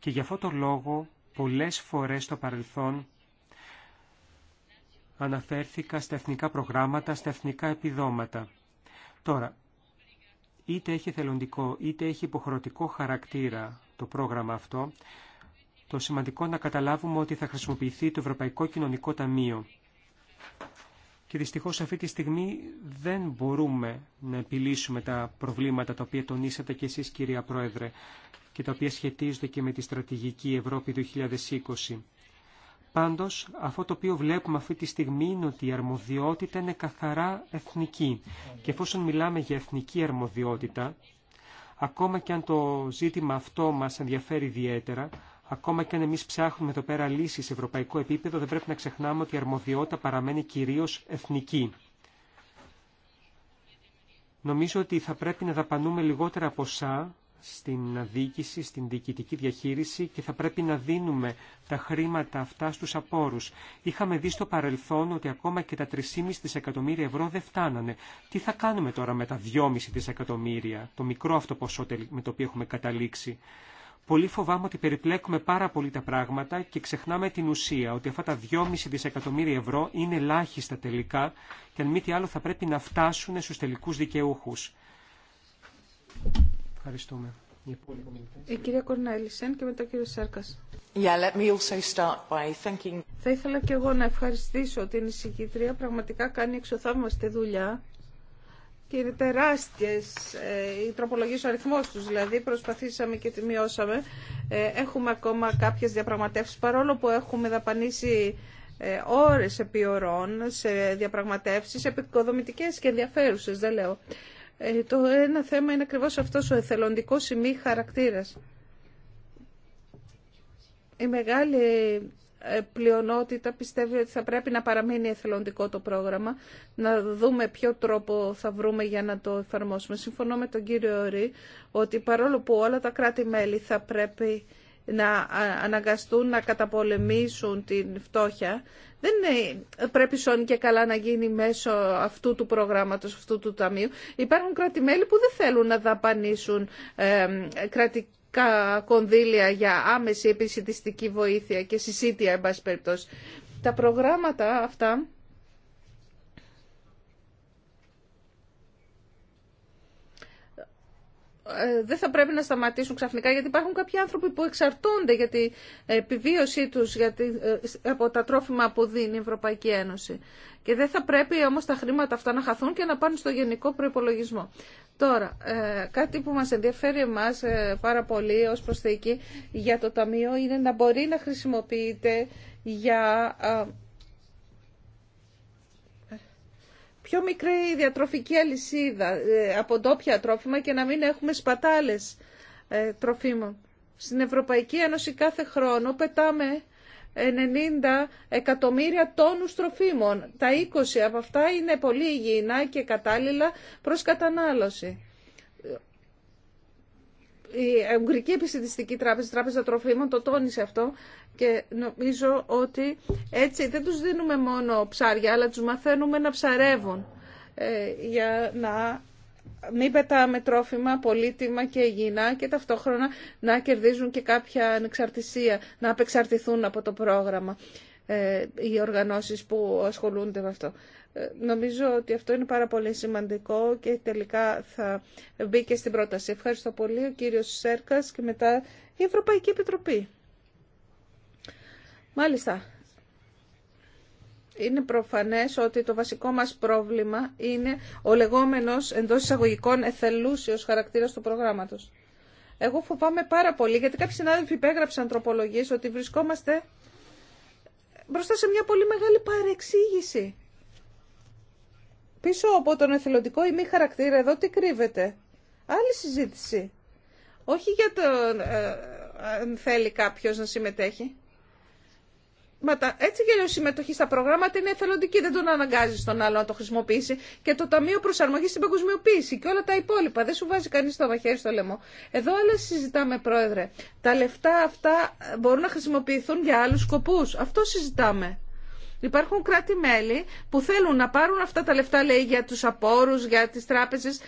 Και γι' αυτό το λόγο πολλές φορές στο παρελθόν αναφέρθηκα στα εθνικά προγράμματα, στα εθνικά επιδόματα. Τώρα, είτε έχει θελοντικό είτε έχει υποχρεωτικό χαρακτήρα το πρόγραμμα αυτό, το σημαντικό να καταλάβουμε ότι θα χρησιμοποιηθεί το Ευρωπαϊκό Κοινωνικό Ταμείο. Και δυστυχώς αυτή τη στιγμή δεν μπορούμε να επιλύσουμε τα προβλήματα τα οποία τονίσατε και εσείς κυρία Πρόεδρε και τα οποία σχετίζονται και με τη στρατηγική Ευρώπη 2020. Πάντως, αυτό το οποίο βλέπουμε αυτή τη στιγμή είναι ότι η αρμοδιότητα είναι καθαρά εθνική. Και εφόσον μιλάμε για εθνική αρμοδιότητα, ακόμα και αν το ζήτημα αυτό μας ενδιαφέρει ιδιαίτερα, ακόμα και αν εμείς ψάχνουμε εδώ πέρα λύσεις σε ευρωπαϊκό επίπεδο, δεν πρέπει να ξεχνάμε ότι η αρμοδιότητα παραμένει κυρίως εθνική. Νομίζω ότι θα πρέπει να δαπανούμε λιγότερα ποσά στην διοίκηση, στην διοικητική διαχείριση και θα πρέπει να δίνουμε τα χρήματα αυτά στους απόρους. Είχαμε δει στο παρελθόν ότι ακόμα και τα 3,5 δισεκατομμύρια ευρώ δεν φτάνανε. Τι θα κάνουμε τώρα με τα 2,5 δισεκατομμύρια, το μικρό αυτό ποσό με το οποίο έχουμε καταλήξει. Πολύ φοβάμαι ότι περιπλέκουμε πάρα πολύ τα πράγματα και ξεχνάμε την ουσία ότι αυτά τα 2,5 δισεκατομμύρια ευρώ είναι ελάχιστα τελικά και αν μη τι άλλο θα πρέπει να φτάσουν στους τελικούς δικαιούχους. Ευχαριστούμε. Η κυρία Σεν και μετά ο κύριο Σέρκα. Yeah, Θα ήθελα και εγώ να ευχαριστήσω την εισηγήτρια. Πραγματικά κάνει εξωθαύμαστη δουλειά και είναι τεράστιε ε, οι τροπολογίε, ο αριθμό του δηλαδή. Προσπαθήσαμε και τη μειώσαμε. Ε, έχουμε ακόμα κάποιε διαπραγματεύσει παρόλο που έχουμε δαπανίσει ε, ώρε επί ωρών σε διαπραγματεύσει, επικοδομητικέ και ενδιαφέρουσε δεν λέω. Ε, το ένα θέμα είναι ακριβώς αυτός ο εθελοντικός σημεί χαρακτήρας. Η μεγάλη ε, πλειονότητα πιστεύει ότι θα πρέπει να παραμείνει εθελοντικό το πρόγραμμα, να δούμε ποιο τρόπο θα βρούμε για να το εφαρμόσουμε. Συμφωνώ με τον κύριο Ρή ότι παρόλο που όλα τα κράτη-μέλη θα πρέπει να αναγκαστούν να καταπολεμήσουν την φτώχεια. Δεν είναι, πρέπει σώνει και καλά να γίνει μέσω αυτού του προγράμματος, αυτού του ταμείου. Υπάρχουν κράτη-μέλη που δεν θέλουν να δαπανίσουν κρατικά κονδύλια για άμεση επισητιστική βοήθεια και συσίτια, εν πάση περιπτώσει. Τα προγράμματα αυτά Ε, δεν θα πρέπει να σταματήσουν ξαφνικά γιατί υπάρχουν κάποιοι άνθρωποι που εξαρτώνται για την ε, επιβίωσή τους ε, από τα τρόφιμα που δίνει η Ευρωπαϊκή Ένωση. Και δεν θα πρέπει όμως τα χρήματα αυτά να χαθούν και να πάνε στο γενικό προϋπολογισμό. Τώρα, κάτι που μας ενδιαφέρει εμάς πάρα πολύ ως προσθήκη για το Ταμείο είναι να μπορεί να χρησιμοποιείται για πιο μικρή διατροφική αλυσίδα ε, από ντόπια τρόφιμα και να μην έχουμε σπατάλες ε, τροφίμων. Στην Ευρωπαϊκή Ένωση κάθε χρόνο πετάμε 90 εκατομμύρια τόνους τροφίμων. Τα 20 από αυτά είναι πολύ υγιεινά και κατάλληλα προς κατανάλωση η Ουγγρική Επιστημιστική Τράπεζα, η Τράπεζα Τροφίμων, το τόνισε αυτό και νομίζω ότι έτσι δεν τους δίνουμε μόνο ψάρια, αλλά τους μαθαίνουμε να ψαρεύουν ε, για να μην πετάμε τρόφιμα πολύτιμα και υγιεινά και ταυτόχρονα να κερδίζουν και κάποια ανεξαρτησία, να απεξαρτηθούν από το πρόγραμμα ε, οι οργανώσεις που ασχολούνται με αυτό. Ε, νομίζω ότι αυτό είναι πάρα πολύ σημαντικό και τελικά θα μπει και στην πρόταση. Ευχαριστώ πολύ ο κύριος Σέρκας και μετά η Ευρωπαϊκή Επιτροπή. Μάλιστα. Είναι προφανές ότι το βασικό μας πρόβλημα είναι ο λεγόμενος εντός εισαγωγικών εθελούσιος χαρακτήρας του προγράμματος. Εγώ φοβάμαι πάρα πολύ, γιατί κάποιοι συνάδελφοι υπέγραψαν τροπολογίες ότι βρισκόμαστε μπροστά σε μια πολύ μεγάλη παρεξήγηση Πίσω από τον εθελοντικό ή χαρακτήρα εδώ τι κρύβεται. Άλλη συζήτηση. Όχι για το ε, αν θέλει κάποιος να συμμετέχει. Μα έτσι και η συμμετοχή στα προγράμματα είναι εθελοντική, δεν τον αναγκάζει τον άλλο να το χρησιμοποιήσει. Και το Ταμείο Προσαρμογή στην Παγκοσμιοποίηση και όλα τα υπόλοιπα. Δεν σου βάζει κανεί το μαχαίρι στο λαιμό. Εδώ άλλα συζητάμε, Πρόεδρε. Τα λεφτά αυτά μπορούν να χρησιμοποιηθούν για άλλου σκοπού. Αυτό συζητάμε. Υπάρχουν κράτη-μέλη που θέλουν να πάρουν αυτά τα λεφτά, λέει, για τους απόρους, για τις τράπεζες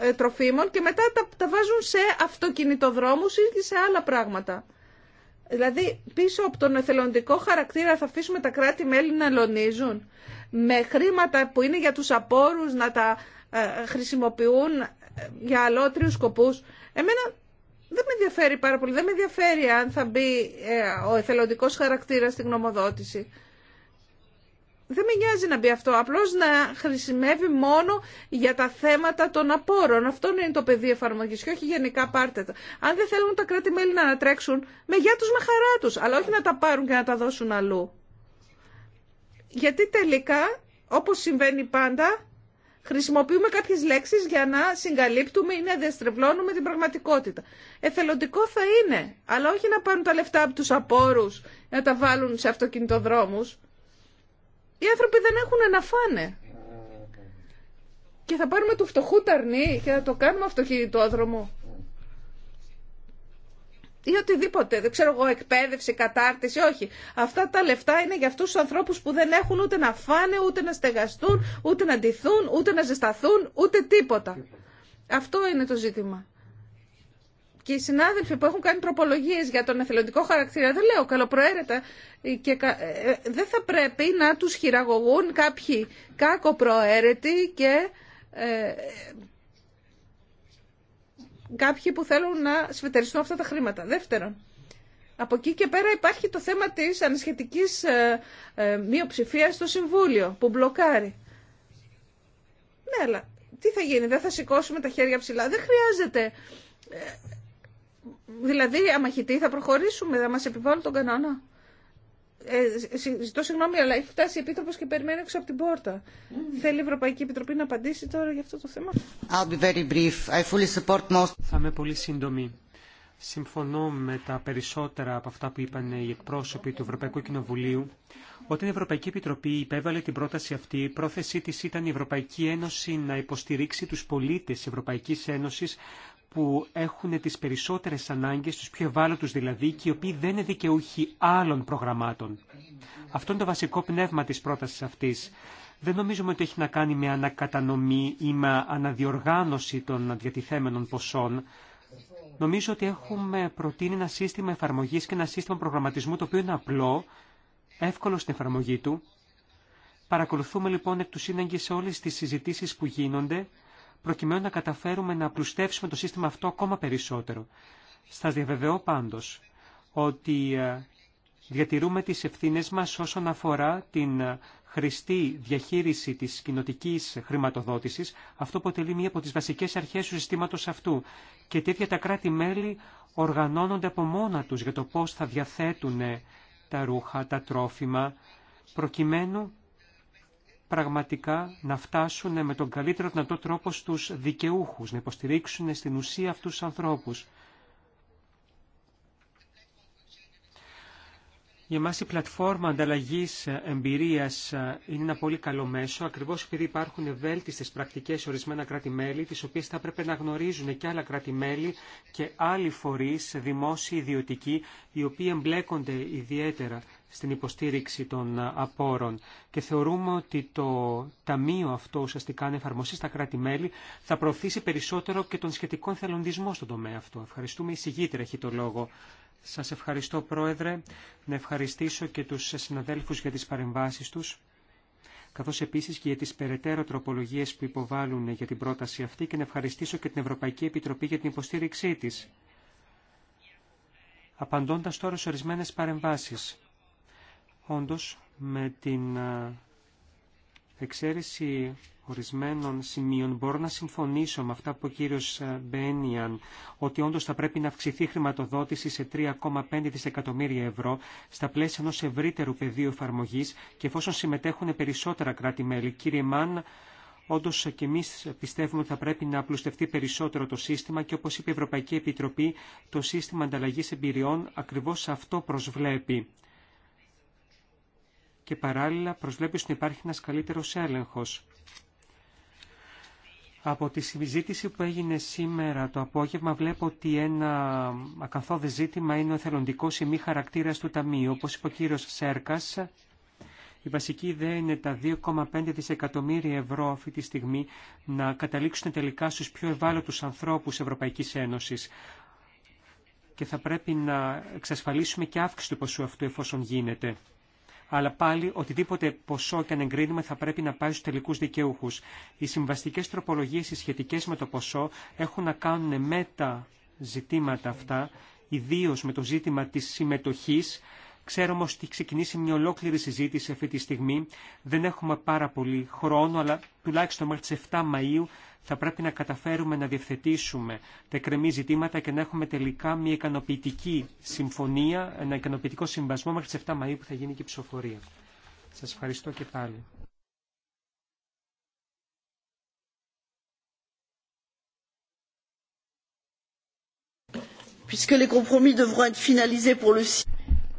ε, τροφίμων και μετά τα, βάζουν σε αυτοκινητοδρόμους ή σε άλλα πράγματα. Δηλαδή, πίσω από τον εθελοντικό χαρακτήρα θα αφήσουμε τα κράτη-μέλη να λονίζουν με χρήματα που είναι για τους απόρους να τα ε, χρησιμοποιούν ε, για αλότριους σκοπούς. Εμένα δεν με ενδιαφέρει πάρα πολύ. Δεν με ενδιαφέρει αν θα μπει ο εθελοντικός χαρακτήρας στην γνωμοδότηση δεν με νοιάζει να μπει αυτό, απλώς να χρησιμεύει μόνο για τα θέματα των απόρων. Αυτό είναι το πεδίο εφαρμογή και όχι γενικά πάρτε τα. Αν δεν θέλουν τα κράτη-μέλη να ανατρέξουν, με γεια τους με χαρά τους, αλλά όχι να τα πάρουν και να τα δώσουν αλλού. Γιατί τελικά, όπως συμβαίνει πάντα, χρησιμοποιούμε κάποιες λέξεις για να συγκαλύπτουμε ή να διαστρεβλώνουμε την πραγματικότητα. Εθελοντικό θα είναι, αλλά όχι να πάρουν τα λεφτά από τους απόρους, να τα βάλουν σε αυτοκινητοδρόμους οι άνθρωποι δεν έχουν να φάνε. Και θα πάρουμε του φτωχού ταρνί και θα το κάνουμε αυτοχειρητόδρομο Ή οτιδήποτε, δεν ξέρω εγώ, εκπαίδευση, κατάρτιση, όχι. Αυτά τα λεφτά είναι για αυτούς τους ανθρώπους που δεν έχουν ούτε να φάνε, ούτε να στεγαστούν, ούτε να ντυθούν, ούτε να ζεσταθούν, ούτε τίποτα. Αυτό είναι το ζήτημα και οι συνάδελφοι που έχουν κάνει προπολογίες για τον εθελοντικό χαρακτήρα, δεν λέω καλοπροαίρετα, ε, και ε, ε, δεν θα πρέπει να τους χειραγωγούν κάποιοι κακοπροαίρετοι και κάποιοι που θέλουν να σφετεριστούν αυτά τα χρήματα. Δεύτερον, από εκεί και πέρα υπάρχει το θέμα της ανασχετικής ε, στο Συμβούλιο που μπλοκάρει. Ναι, αλλά τι θα γίνει, δεν θα σηκώσουμε τα χέρια ψηλά. Δεν χρειάζεται Δηλαδή, αμαχητή, θα προχωρήσουμε, θα μα επιβάλλουν τον κανόνα. Ε, ζητώ συγγνώμη, αλλά έχει φτάσει η Επίτροπο και περιμένει έξω από την πόρτα. Mm. Θέλει η Ευρωπαϊκή Επιτροπή να απαντήσει τώρα για αυτό το θέμα. Θα είμαι πολύ σύντομη. Συμφωνώ με τα περισσότερα από αυτά που είπαν οι εκπρόσωποι του Ευρωπαϊκού Κοινοβουλίου. Όταν η Ευρωπαϊκή Επιτροπή υπέβαλε την πρόταση αυτή, η πρόθεσή της ήταν η Ευρωπαϊκή Ένωση να υποστηρίξει τους πολίτες της Ευρωπαϊκής Ένωσης που έχουν τις περισσότερες ανάγκες, τους πιο ευάλωτους δηλαδή, και οι οποίοι δεν είναι δικαιούχοι άλλων προγραμμάτων. Αυτό είναι το βασικό πνεύμα της πρότασης αυτής. Δεν νομίζουμε ότι έχει να κάνει με ανακατανομή ή με αναδιοργάνωση των διατηθέμενων ποσών. Νομίζω ότι έχουμε προτείνει ένα σύστημα εφαρμογής και ένα σύστημα προγραμματισμού το οποίο είναι απλό, εύκολο στην εφαρμογή του. Παρακολουθούμε λοιπόν εκ του σύναγκη σε όλες τις συζητήσεις που γίνονται προκειμένου να καταφέρουμε να πλουστεύσουμε το σύστημα αυτό ακόμα περισσότερο. Σας διαβεβαιώ πάντως ότι ε, διατηρούμε τις ευθύνες μας όσον αφορά την ε, χρηστή διαχείριση της κοινοτική χρηματοδότησης. Αυτό αποτελεί μία από τις βασικές αρχές του συστήματος αυτού. Και τέτοια τα κράτη-μέλη οργανώνονται από μόνα τους για το πώς θα διαθέτουν τα ρούχα, τα τρόφιμα, προκειμένου πραγματικά να φτάσουν με τον καλύτερο δυνατό τρόπο στους δικαιούχους, να υποστηρίξουν στην ουσία αυτούς τους ανθρώπους. Για μας η πλατφόρμα ανταλλαγής εμπειρίας είναι ένα πολύ καλό μέσο, ακριβώς επειδή υπάρχουν ευέλτιστες πρακτικές ορισμένα κράτη-μέλη, τις οποίες θα έπρεπε να γνωρίζουν και άλλα κράτη-μέλη και άλλοι φορείς, δημόσιοι, ιδιωτικοί, οι οποίοι εμπλέκονται ιδιαίτερα στην υποστήριξη των απόρων και θεωρούμε ότι το ταμείο αυτό ουσιαστικά αν εφαρμοστεί στα κράτη-μέλη θα προωθήσει περισσότερο και τον σχετικό θελοντισμό στον τομέα αυτό. Ευχαριστούμε. Η συγγήτρια έχει το λόγο. Σας ευχαριστώ Πρόεδρε, να ευχαριστήσω και τους συναδέλφους για τις παρεμβάσεις τους καθώς επίσης και για τις περαιτέρω τροπολογίες που υποβάλλουν για την πρόταση αυτή και να ευχαριστήσω και την Ευρωπαϊκή Επιτροπή για την υποστήριξή της. Απαντώντας τώρα σε ορισμένες παρεμβάσεις. Όντως, με την ε, εξαίρεση ορισμένων σημείων μπορώ να συμφωνήσω με αυτά που ο κύριος ε, Μπένιαν ότι όντως θα πρέπει να αυξηθεί χρηματοδότηση σε 3,5 δισεκατομμύρια ευρώ στα πλαίσια ενός ευρύτερου πεδίου εφαρμογή και εφόσον συμμετέχουν περισσότερα κράτη-μέλη. Κύριε Μαν, Όντω και εμεί πιστεύουμε ότι θα πρέπει να απλουστευτεί περισσότερο το σύστημα και όπω είπε η Ευρωπαϊκή Επιτροπή, το σύστημα ανταλλαγή εμπειριών ακριβώ αυτό προσβλέπει και παράλληλα προσβλέπει ότι υπάρχει ένας καλύτερος έλεγχος. Από τη συζήτηση που έγινε σήμερα το απόγευμα βλέπω ότι ένα ακαθόδε ζήτημα είναι ο θελοντικός ή μη χαρακτήρας του Ταμείου. Όπως είπε ο κύριος Σέρκας, η βασική ιδέα είναι τα 2,5 δισεκατομμύρια ευρώ αυτή τη στιγμή να καταλήξουν τελικά στους πιο ευάλωτους ανθρώπους Ευρωπαϊκής Ένωσης. Και θα πρέπει να εξασφαλίσουμε και αύξηση του ποσού αυτού εφόσον γίνεται αλλά πάλι οτιδήποτε ποσό και αν εγκρίνουμε θα πρέπει να πάει στους τελικούς δικαιούχους. Οι συμβαστικές τροπολογίες, οι σχετικές με το ποσό, έχουν να κάνουν με τα ζητήματα αυτά, ιδίως με το ζήτημα της συμμετοχής Ξέρω όμω ότι έχει ξεκινήσει μια ολόκληρη συζήτηση αυτή τη στιγμή. Δεν έχουμε πάρα πολύ χρόνο, αλλά τουλάχιστον μέχρι τι 7 Μαου θα πρέπει να καταφέρουμε να διευθετήσουμε τα εκκρεμή ζητήματα και να έχουμε τελικά μια ικανοποιητική συμφωνία, ένα ικανοποιητικό συμβασμό μέχρι τι 7 Μαου που θα γίνει και η ψηφοφορία. Σα ευχαριστώ και πάλι.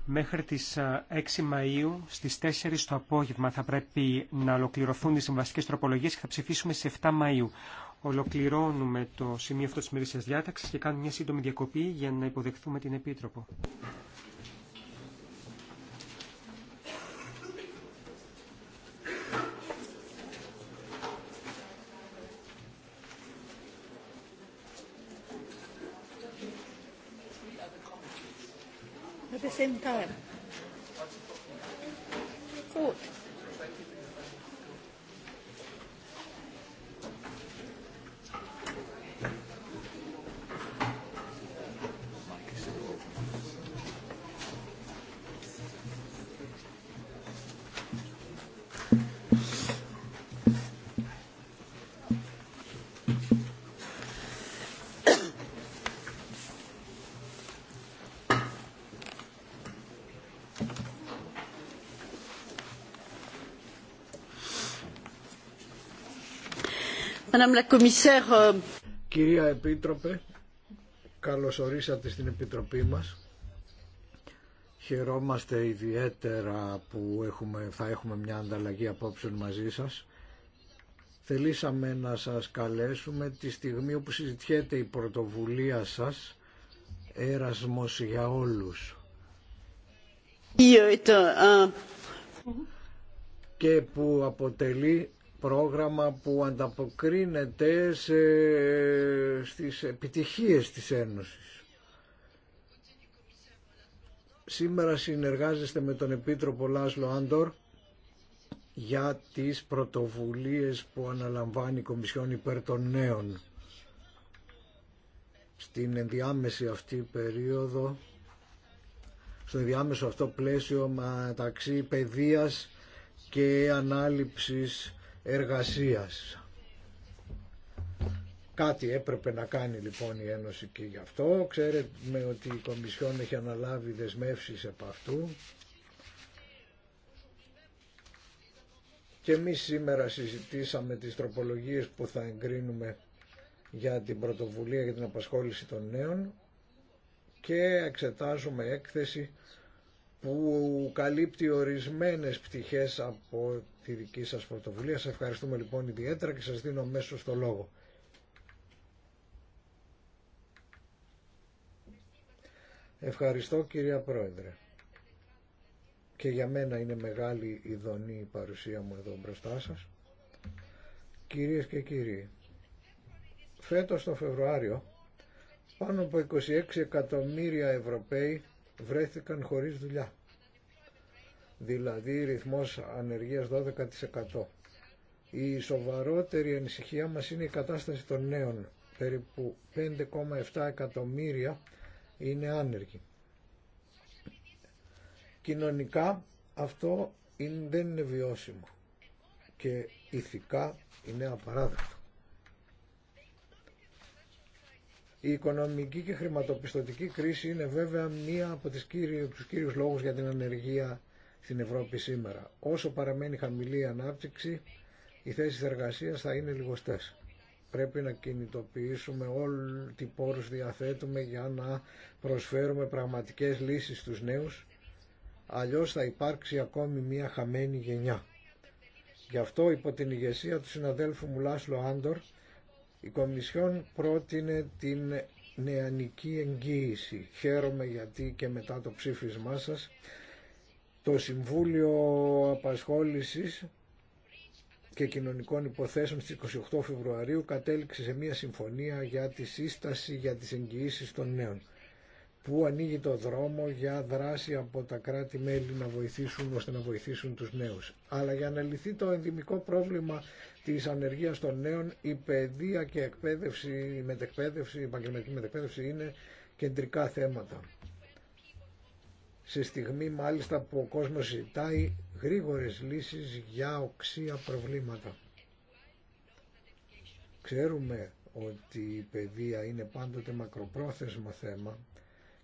Μέχρι τις 6 ε, Μαΐου στις 4 το απόγευμα θα πρέπει να ολοκληρωθούν οι συμβαστικές τροπολογίες και θα ψηφίσουμε σε 7 Μαΐου. Ολοκληρώνουμε το σημείο αυτό της μερίσιας διάταξης και κάνουμε μια σύντομη διακοπή για να υποδεχθούμε την Επίτροπο. same time. Euh, Κυρία Επίτροπε, καλώς ορίσατε στην Επιτροπή μας. Χαιρόμαστε ιδιαίτερα που έχουμε, θα έχουμε μια ανταλλαγή απόψεων μαζί σας. Θελήσαμε να σας καλέσουμε τη στιγμή όπου συζητιέται η πρωτοβουλία σας «Έρασμος για όλους». Και που αποτελεί πρόγραμμα που ανταποκρίνεται σε, στις επιτυχίες της Ένωσης. Σήμερα συνεργάζεστε με τον Επίτροπο Λάσλο Άντορ για τις πρωτοβουλίες που αναλαμβάνει η Κομισιόν υπέρ των νέων. Στην ενδιάμεση αυτή περίοδο, στο ενδιάμεσο αυτό πλαίσιο μεταξύ παιδείας και ανάληψης εργασίας. Κάτι έπρεπε να κάνει λοιπόν η Ένωση και γι' αυτό. Ξέρετε ότι η Κομισιόν έχει αναλάβει δεσμεύσεις από αυτού. Και εμείς σήμερα συζητήσαμε τις τροπολογίες που θα εγκρίνουμε για την πρωτοβουλία για την απασχόληση των νέων και εξετάζουμε έκθεση που καλύπτει ορισμένες πτυχές από τη δική σας πρωτοβουλία. Σας ευχαριστούμε λοιπόν ιδιαίτερα και σας δίνω μέσω στο λόγο. Ευχαριστώ κυρία Πρόεδρε. Και για μένα είναι μεγάλη η η παρουσία μου εδώ μπροστά σας. Κυρίες και κύριοι, φέτος το Φεβρουάριο πάνω από 26 εκατομμύρια Ευρωπαίοι βρέθηκαν χωρίς δουλειά δηλαδή ρυθμός ανεργίας 12%. Η σοβαρότερη ανησυχία μας είναι η κατάσταση των νέων. Περίπου 5,7 εκατομμύρια είναι άνεργοι. Κοινωνικά αυτό είναι, δεν είναι βιώσιμο και ηθικά είναι απαράδεκτο. Η οικονομική και χρηματοπιστωτική κρίση είναι βέβαια μία από τις κύριες τους κύριους λόγους για την ανεργία στην Ευρώπη σήμερα. Όσο παραμένει χαμηλή η ανάπτυξη, οι θέσει εργασία θα είναι λιγοστέ. Πρέπει να κινητοποιήσουμε όλοι τι πόρους διαθέτουμε για να προσφέρουμε πραγματικές λύσεις στους νέους, αλλιώς θα υπάρξει ακόμη μια χαμένη γενιά. Γι' αυτό υπό την ηγεσία του συναδέλφου μου Λάσλο Άντορ, η Κομισιόν πρότεινε την νεανική εγγύηση. Χαίρομαι γιατί και μετά το ψήφισμά σας το Συμβούλιο Απασχόλησης και Κοινωνικών Υποθέσεων στις 28 Φεβρουαρίου κατέληξε σε μια συμφωνία για τη σύσταση για τις εγγυήσεις των νέων που ανοίγει το δρόμο για δράση από τα κράτη-μέλη να βοηθήσουν ώστε να βοηθήσουν τους νέους. Αλλά για να λυθεί το ενδημικό πρόβλημα της ανεργίας των νέων η παιδεία και εκπαίδευση, η μετεκπαίδευση, η επαγγελματική μετεκπαίδευση είναι κεντρικά θέματα σε στιγμή μάλιστα που ο κόσμος ζητάει γρήγορες λύσεις για οξία προβλήματα. Ξέρουμε ότι η παιδεία είναι πάντοτε μακροπρόθεσμο θέμα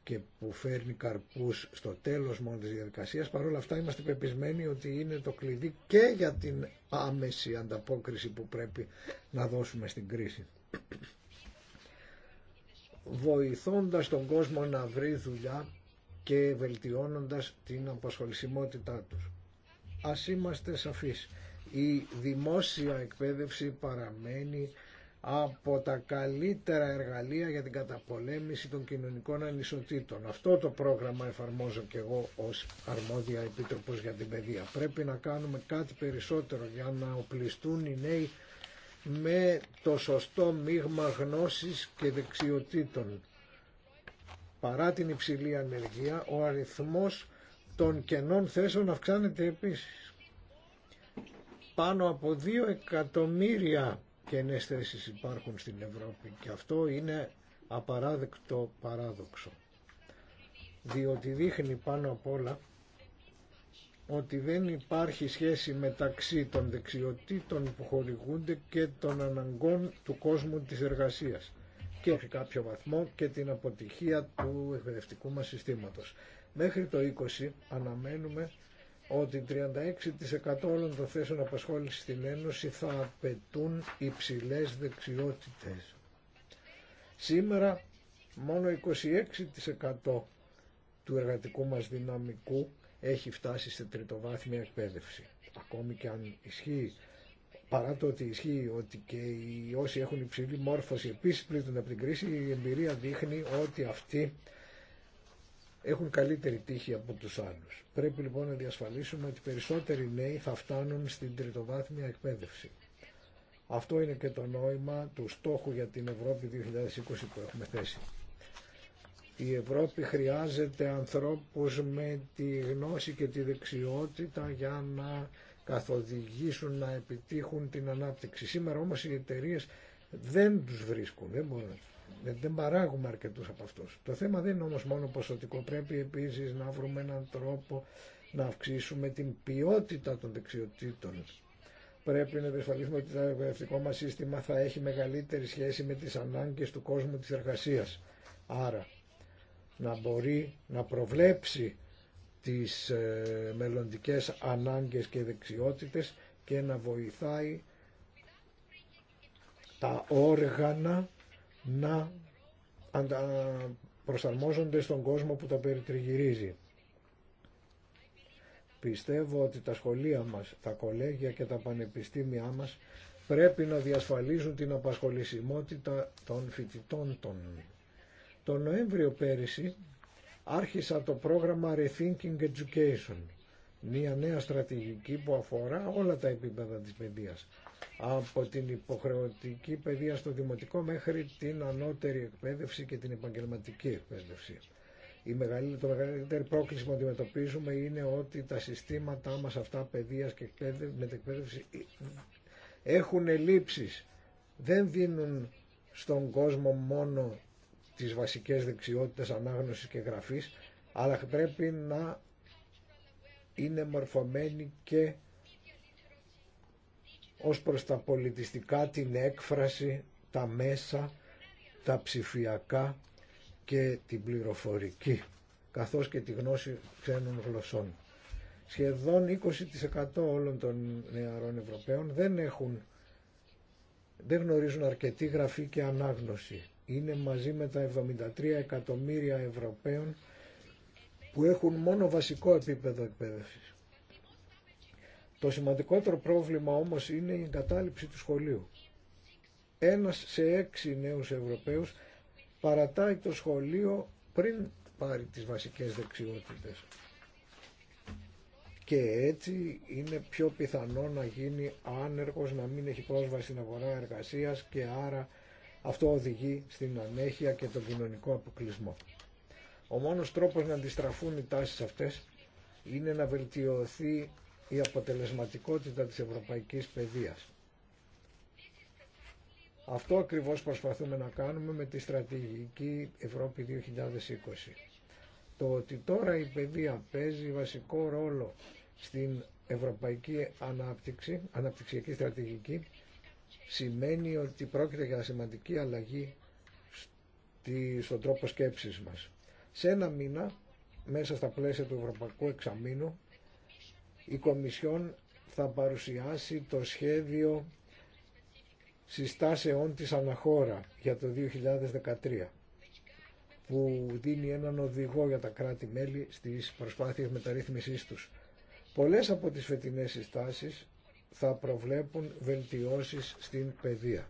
και που φέρνει καρπούς στο τέλος μόνο της διαδικασίας. Παρ' όλα αυτά είμαστε πεπισμένοι ότι είναι το κλειδί και για την άμεση ανταπόκριση που πρέπει να δώσουμε στην κρίση. Βοηθώντας τον κόσμο να βρει δουλειά και βελτιώνοντας την αποσχολησιμότητά τους. Ας είμαστε σαφείς. Η δημόσια εκπαίδευση παραμένει από τα καλύτερα εργαλεία για την καταπολέμηση των κοινωνικών ανισοτήτων. Αυτό το πρόγραμμα εφαρμόζω και εγώ ως αρμόδια επίτροπος για την παιδεία. Πρέπει να κάνουμε κάτι περισσότερο για να οπλιστούν οι νέοι με το σωστό μείγμα γνώσης και δεξιοτήτων παρά την υψηλή ανεργία, ο αριθμός των κενών θέσεων αυξάνεται επίσης. Πάνω από 2 εκατομμύρια κενές θέσεις υπάρχουν στην Ευρώπη και αυτό είναι απαράδεκτο παράδοξο. Διότι δείχνει πάνω απ' όλα ότι δεν υπάρχει σχέση μεταξύ των δεξιοτήτων που χορηγούνται και των αναγκών του κόσμου της εργασίας και σε κάποιο βαθμό και την αποτυχία του εκπαιδευτικού μας συστήματος. Μέχρι το 20 αναμένουμε ότι 36% όλων των θέσεων απασχόλησης στην Ένωση θα απαιτούν υψηλές δεξιότητες. Σήμερα μόνο 26% του εργατικού μας δυναμικού έχει φτάσει σε τριτοβάθμια εκπαίδευση. Ακόμη και αν ισχύει παρά το ότι ισχύει ότι και οι όσοι έχουν υψηλή μόρφωση επίσης πλήττονται από την κρίση, η εμπειρία δείχνει ότι αυτοί έχουν καλύτερη τύχη από τους άλλους. Πρέπει λοιπόν να διασφαλίσουμε ότι περισσότεροι νέοι θα φτάνουν στην τριτοβάθμια εκπαίδευση. Αυτό είναι και το νόημα του στόχου για την Ευρώπη 2020 που έχουμε θέσει. Η Ευρώπη χρειάζεται ανθρώπους με τη γνώση και τη δεξιότητα για να καθοδηγήσουν να επιτύχουν την ανάπτυξη. Σήμερα όμως οι εταιρείε δεν τους βρίσκουν, δεν δεν παράγουμε αρκετούς από αυτούς. Το θέμα δεν είναι όμως μόνο ποσοτικό. Πρέπει επίσης να βρούμε έναν τρόπο να αυξήσουμε την ποιότητα των δεξιοτήτων. Πρέπει να διασφαλίσουμε ότι το εκπαιδευτικό μας σύστημα θα έχει μεγαλύτερη σχέση με τις ανάγκες του κόσμου της εργασίας. Άρα, να μπορεί να προβλέψει τις ε, μελλοντικές ανάγκες και δεξιότητες και να βοηθάει τα όργανα να προσαρμόζονται στον κόσμο που τα περιτριγυρίζει. Πιστεύω ότι τα σχολεία μας, τα κολέγια και τα πανεπιστήμια μας πρέπει να διασφαλίζουν την απασχολησιμότητα των φοιτητών των. Τον Νοέμβριο πέρυσι άρχισα το πρόγραμμα Rethinking Education, μια νέα στρατηγική που αφορά όλα τα επίπεδα της παιδείας, από την υποχρεωτική παιδεία στο δημοτικό μέχρι την ανώτερη εκπαίδευση και την επαγγελματική εκπαίδευση. Η μεγαλύτερη, το μεγαλύτερο πρόκληση που αντιμετωπίζουμε είναι ότι τα συστήματά μας αυτά παιδείας και εκπαίδευση ε, έχουν ελλείψεις. Δεν δίνουν στον κόσμο μόνο τις βασικές δεξιότητες ανάγνωσης και γραφής, αλλά πρέπει να είναι μορφωμένοι και ως προς τα πολιτιστικά, την έκφραση, τα μέσα, τα ψηφιακά και την πληροφορική, καθώς και τη γνώση ξένων γλωσσών. Σχεδόν 20% όλων των νεαρών Ευρωπαίων δεν, έχουν, δεν γνωρίζουν αρκετή γραφή και ανάγνωση είναι μαζί με τα 73 εκατομμύρια Ευρωπαίων που έχουν μόνο βασικό επίπεδο εκπαίδευσης. Το σημαντικότερο πρόβλημα όμως είναι η εγκατάλειψη του σχολείου. Ένας σε έξι νέους Ευρωπαίους παρατάει το σχολείο πριν πάρει τις βασικές δεξιότητες. Και έτσι είναι πιο πιθανό να γίνει άνεργος, να μην έχει πρόσβαση στην αγορά εργασίας και άρα αυτό οδηγεί στην ανέχεια και τον κοινωνικό αποκλεισμό. Ο μόνος τρόπος να αντιστραφούν οι τάσεις αυτές είναι να βελτιωθεί η αποτελεσματικότητα της ευρωπαϊκής παιδείας. Αυτό ακριβώς προσπαθούμε να κάνουμε με τη στρατηγική Ευρώπη 2020. Το ότι τώρα η παιδεία παίζει βασικό ρόλο στην ευρωπαϊκή ανάπτυξη, αναπτυξιακή στρατηγική σημαίνει ότι πρόκειται για σημαντική αλλαγή στον τρόπο σκέψης μας. Σε ένα μήνα, μέσα στα πλαίσια του Ευρωπαϊκού Εξαμήνου, η Κομισιόν θα παρουσιάσει το σχέδιο συστάσεών της αναχώρα για το 2013 που δίνει έναν οδηγό για τα κράτη-μέλη στις προσπάθειες μεταρρύθμισής τους. Πολλές από τις φετινές συστάσεις θα προβλέπουν βελτιώσεις στην παιδεία.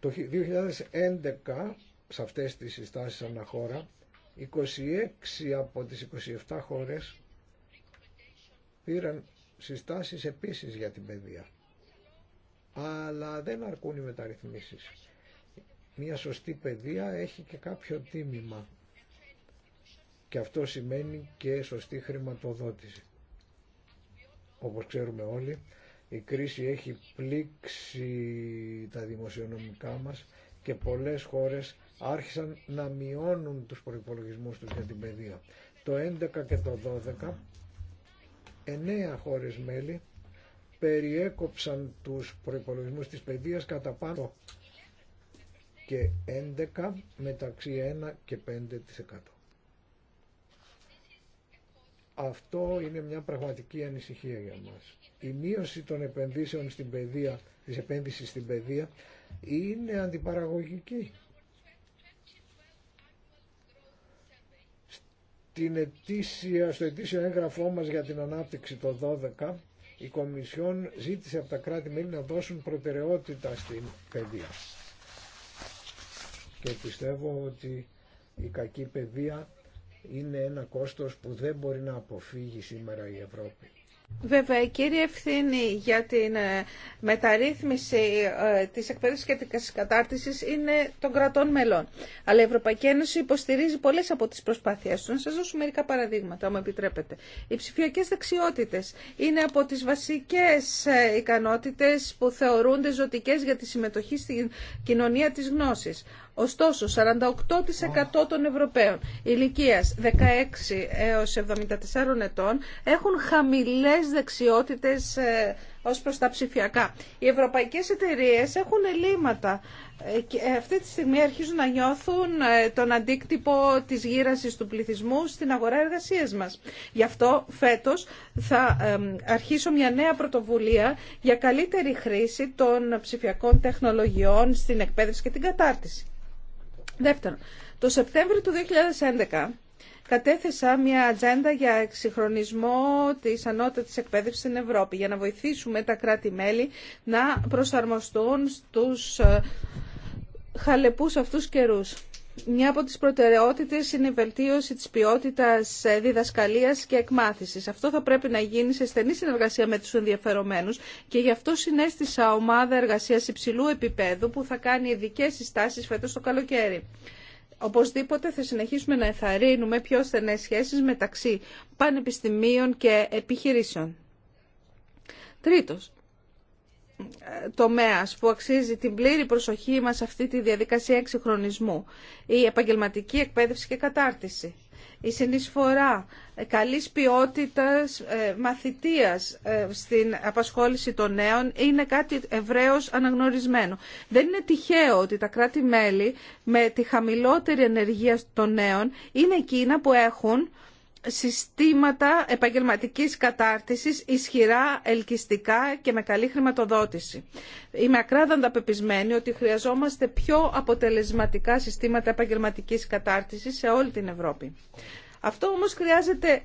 Το 2011, σε αυτές τις συστάσεις αναχώρα, 26 από τις 27 χώρες πήραν συστάσεις επίσης για την παιδεία. Αλλά δεν αρκούν οι μεταρρυθμίσεις. Μια σωστή παιδεία έχει και κάποιο τίμημα. Και αυτό σημαίνει και σωστή χρηματοδότηση όπως ξέρουμε όλοι, η κρίση έχει πλήξει τα δημοσιονομικά μας και πολλές χώρες άρχισαν να μειώνουν τους προϋπολογισμούς τους για την παιδεία. Το 11 και το 12, 9 χώρες μέλη περιέκοψαν τους προϋπολογισμούς της παιδείας κατά πάνω και 11 μεταξύ 1 και 5%. Αυτό είναι μια πραγματική ανησυχία για μας. Η μείωση των επενδύσεων στην παιδεία, της επένδυσης στην παιδεία είναι αντιπαραγωγική. Στην ετήσια, στο ετήσιο έγγραφό μας για την ανάπτυξη το 12 η Κομισιόν ζήτησε από τα κράτη-μέλη να δώσουν προτεραιότητα στην παιδεία. Και πιστεύω ότι η κακή παιδεία είναι ένα κόστος που δεν μπορεί να αποφύγει σήμερα η Ευρώπη. Βέβαια, η κύρια ευθύνη για την ε, μεταρρύθμιση ε, της εκπαίδευσης και της κατάρτισης είναι των κρατών μελών. Αλλά η Ευρωπαϊκή Ένωση υποστηρίζει πολλές από τις προσπάθειές του. Να σας δώσω μερικά παραδείγματα, αν μου επιτρέπετε. Οι ψηφιακές δεξιότητες είναι από τις βασικές ε, ικανότητες που θεωρούνται ζωτικές για τη συμμετοχή στην κοινωνία της γνώσης. Ωστόσο, 48% των Ευρωπαίων ηλικίας 16 έως 74 ετών έχουν χαμηλές δεξιότητες ε, ως προς τα ψηφιακά. Οι ευρωπαϊκές εταιρείες έχουν ελλείμματα ε, και αυτή τη στιγμή αρχίζουν να νιώθουν ε, τον αντίκτυπο της γύρασης του πληθυσμού στην αγορά εργασίας μας. Γι' αυτό φέτος θα αρχίσω μια νέα πρωτοβουλία για καλύτερη χρήση των ψηφιακών τεχνολογιών στην εκπαίδευση και την κατάρτιση. Δεύτερον, το Σεπτέμβριο του 2011 κατέθεσα μια ατζέντα για εξυγχρονισμό της ανώτατης εκπαίδευσης στην Ευρώπη για να βοηθήσουμε τα κράτη-μέλη να προσαρμοστούν στους ε, χαλεπούς αυτούς καιρούς. Μια από τις προτεραιότητες είναι η βελτίωση της ποιότητας ε, διδασκαλίας και εκμάθησης. Αυτό θα πρέπει να γίνει σε στενή συνεργασία με τους ενδιαφερομένους και γι' αυτό συνέστησα ομάδα εργασίας υψηλού επίπεδου που θα κάνει ειδικέ συστάσεις φέτος το καλοκαίρι. Οπωσδήποτε θα συνεχίσουμε να εθαρρύνουμε πιο στενές σχέσεις μεταξύ πανεπιστημίων και επιχειρήσεων. Τρίτος, τομέας που αξίζει την πλήρη προσοχή μας αυτή τη διαδικασία εξυγχρονισμού. Η επαγγελματική εκπαίδευση και κατάρτιση. Η συνεισφορά καλής ποιότητας ε, μαθητείας ε, στην απασχόληση των νέων είναι κάτι ευρέως αναγνωρισμένο. Δεν είναι τυχαίο ότι τα κράτη-μέλη με τη χαμηλότερη ενεργία των νέων είναι εκείνα που έχουν συστήματα επαγγελματικής κατάρτισης ισχυρά, ελκυστικά και με καλή χρηματοδότηση. Είμαι ακράδαντα πεπισμένη ότι χρειαζόμαστε πιο αποτελεσματικά συστήματα επαγγελματικής κατάρτισης σε όλη την Ευρώπη. Αυτό όμως χρειάζεται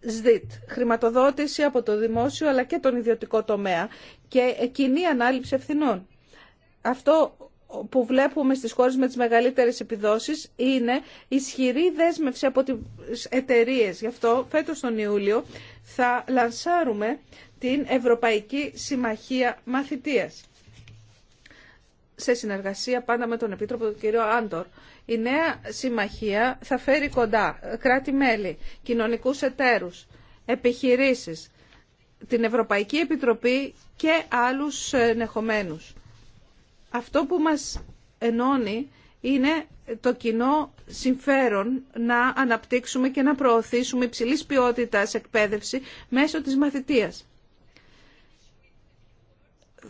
ΣΔΙΤ, χρηματοδότηση από το δημόσιο αλλά και τον ιδιωτικό τομέα και κοινή ανάληψη ευθυνών. Αυτό που βλέπουμε στις χώρες με τις μεγαλύτερες επιδόσεις είναι ισχυρή δέσμευση από τις εταιρείε. Γι' αυτό φέτος τον Ιούλιο θα λανσάρουμε την Ευρωπαϊκή Συμμαχία Μαθητείας σε συνεργασία πάντα με τον Επίτροπο του κύριο Άντορ. Η νέα συμμαχία θα φέρει κοντά κράτη-μέλη, κοινωνικούς εταίρους, επιχειρήσεις, την Ευρωπαϊκή Επιτροπή και άλλους ενεχομένους αυτό που μας ενώνει είναι το κοινό συμφέρον να αναπτύξουμε και να προωθήσουμε υψηλής ποιότητας εκπαίδευση μέσω της μαθητείας.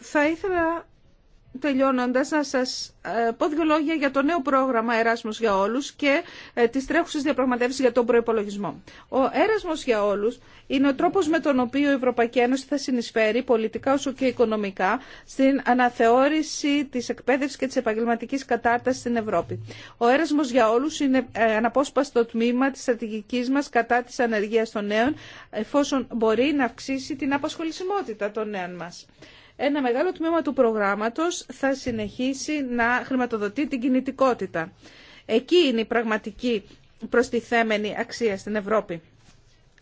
Θα ήθελα τελειώνοντας να σας ε, πω δύο λόγια για το νέο πρόγραμμα Εράσμος για όλους και ε, τις τρέχουσες διαπραγματεύσεις για τον προϋπολογισμό. Ο Έρασμος για όλους είναι ο τρόπος με τον οποίο η Ευρωπαϊκή Ένωση θα συνεισφέρει πολιτικά όσο και οικονομικά στην αναθεώρηση της εκπαίδευσης και της επαγγελματικής κατάρτασης στην Ευρώπη. Ο Έρασμος για όλους είναι ε, αναπόσπαστο τμήμα της στρατηγικής μας κατά της ανεργίας των νέων εφόσον μπορεί να αυξήσει την απασχολησιμότητα των νέων μας ένα μεγάλο τμήμα του προγράμματος θα συνεχίσει να χρηματοδοτεί την κινητικότητα. Εκεί είναι η πραγματική προστιθέμενη αξία στην Ευρώπη.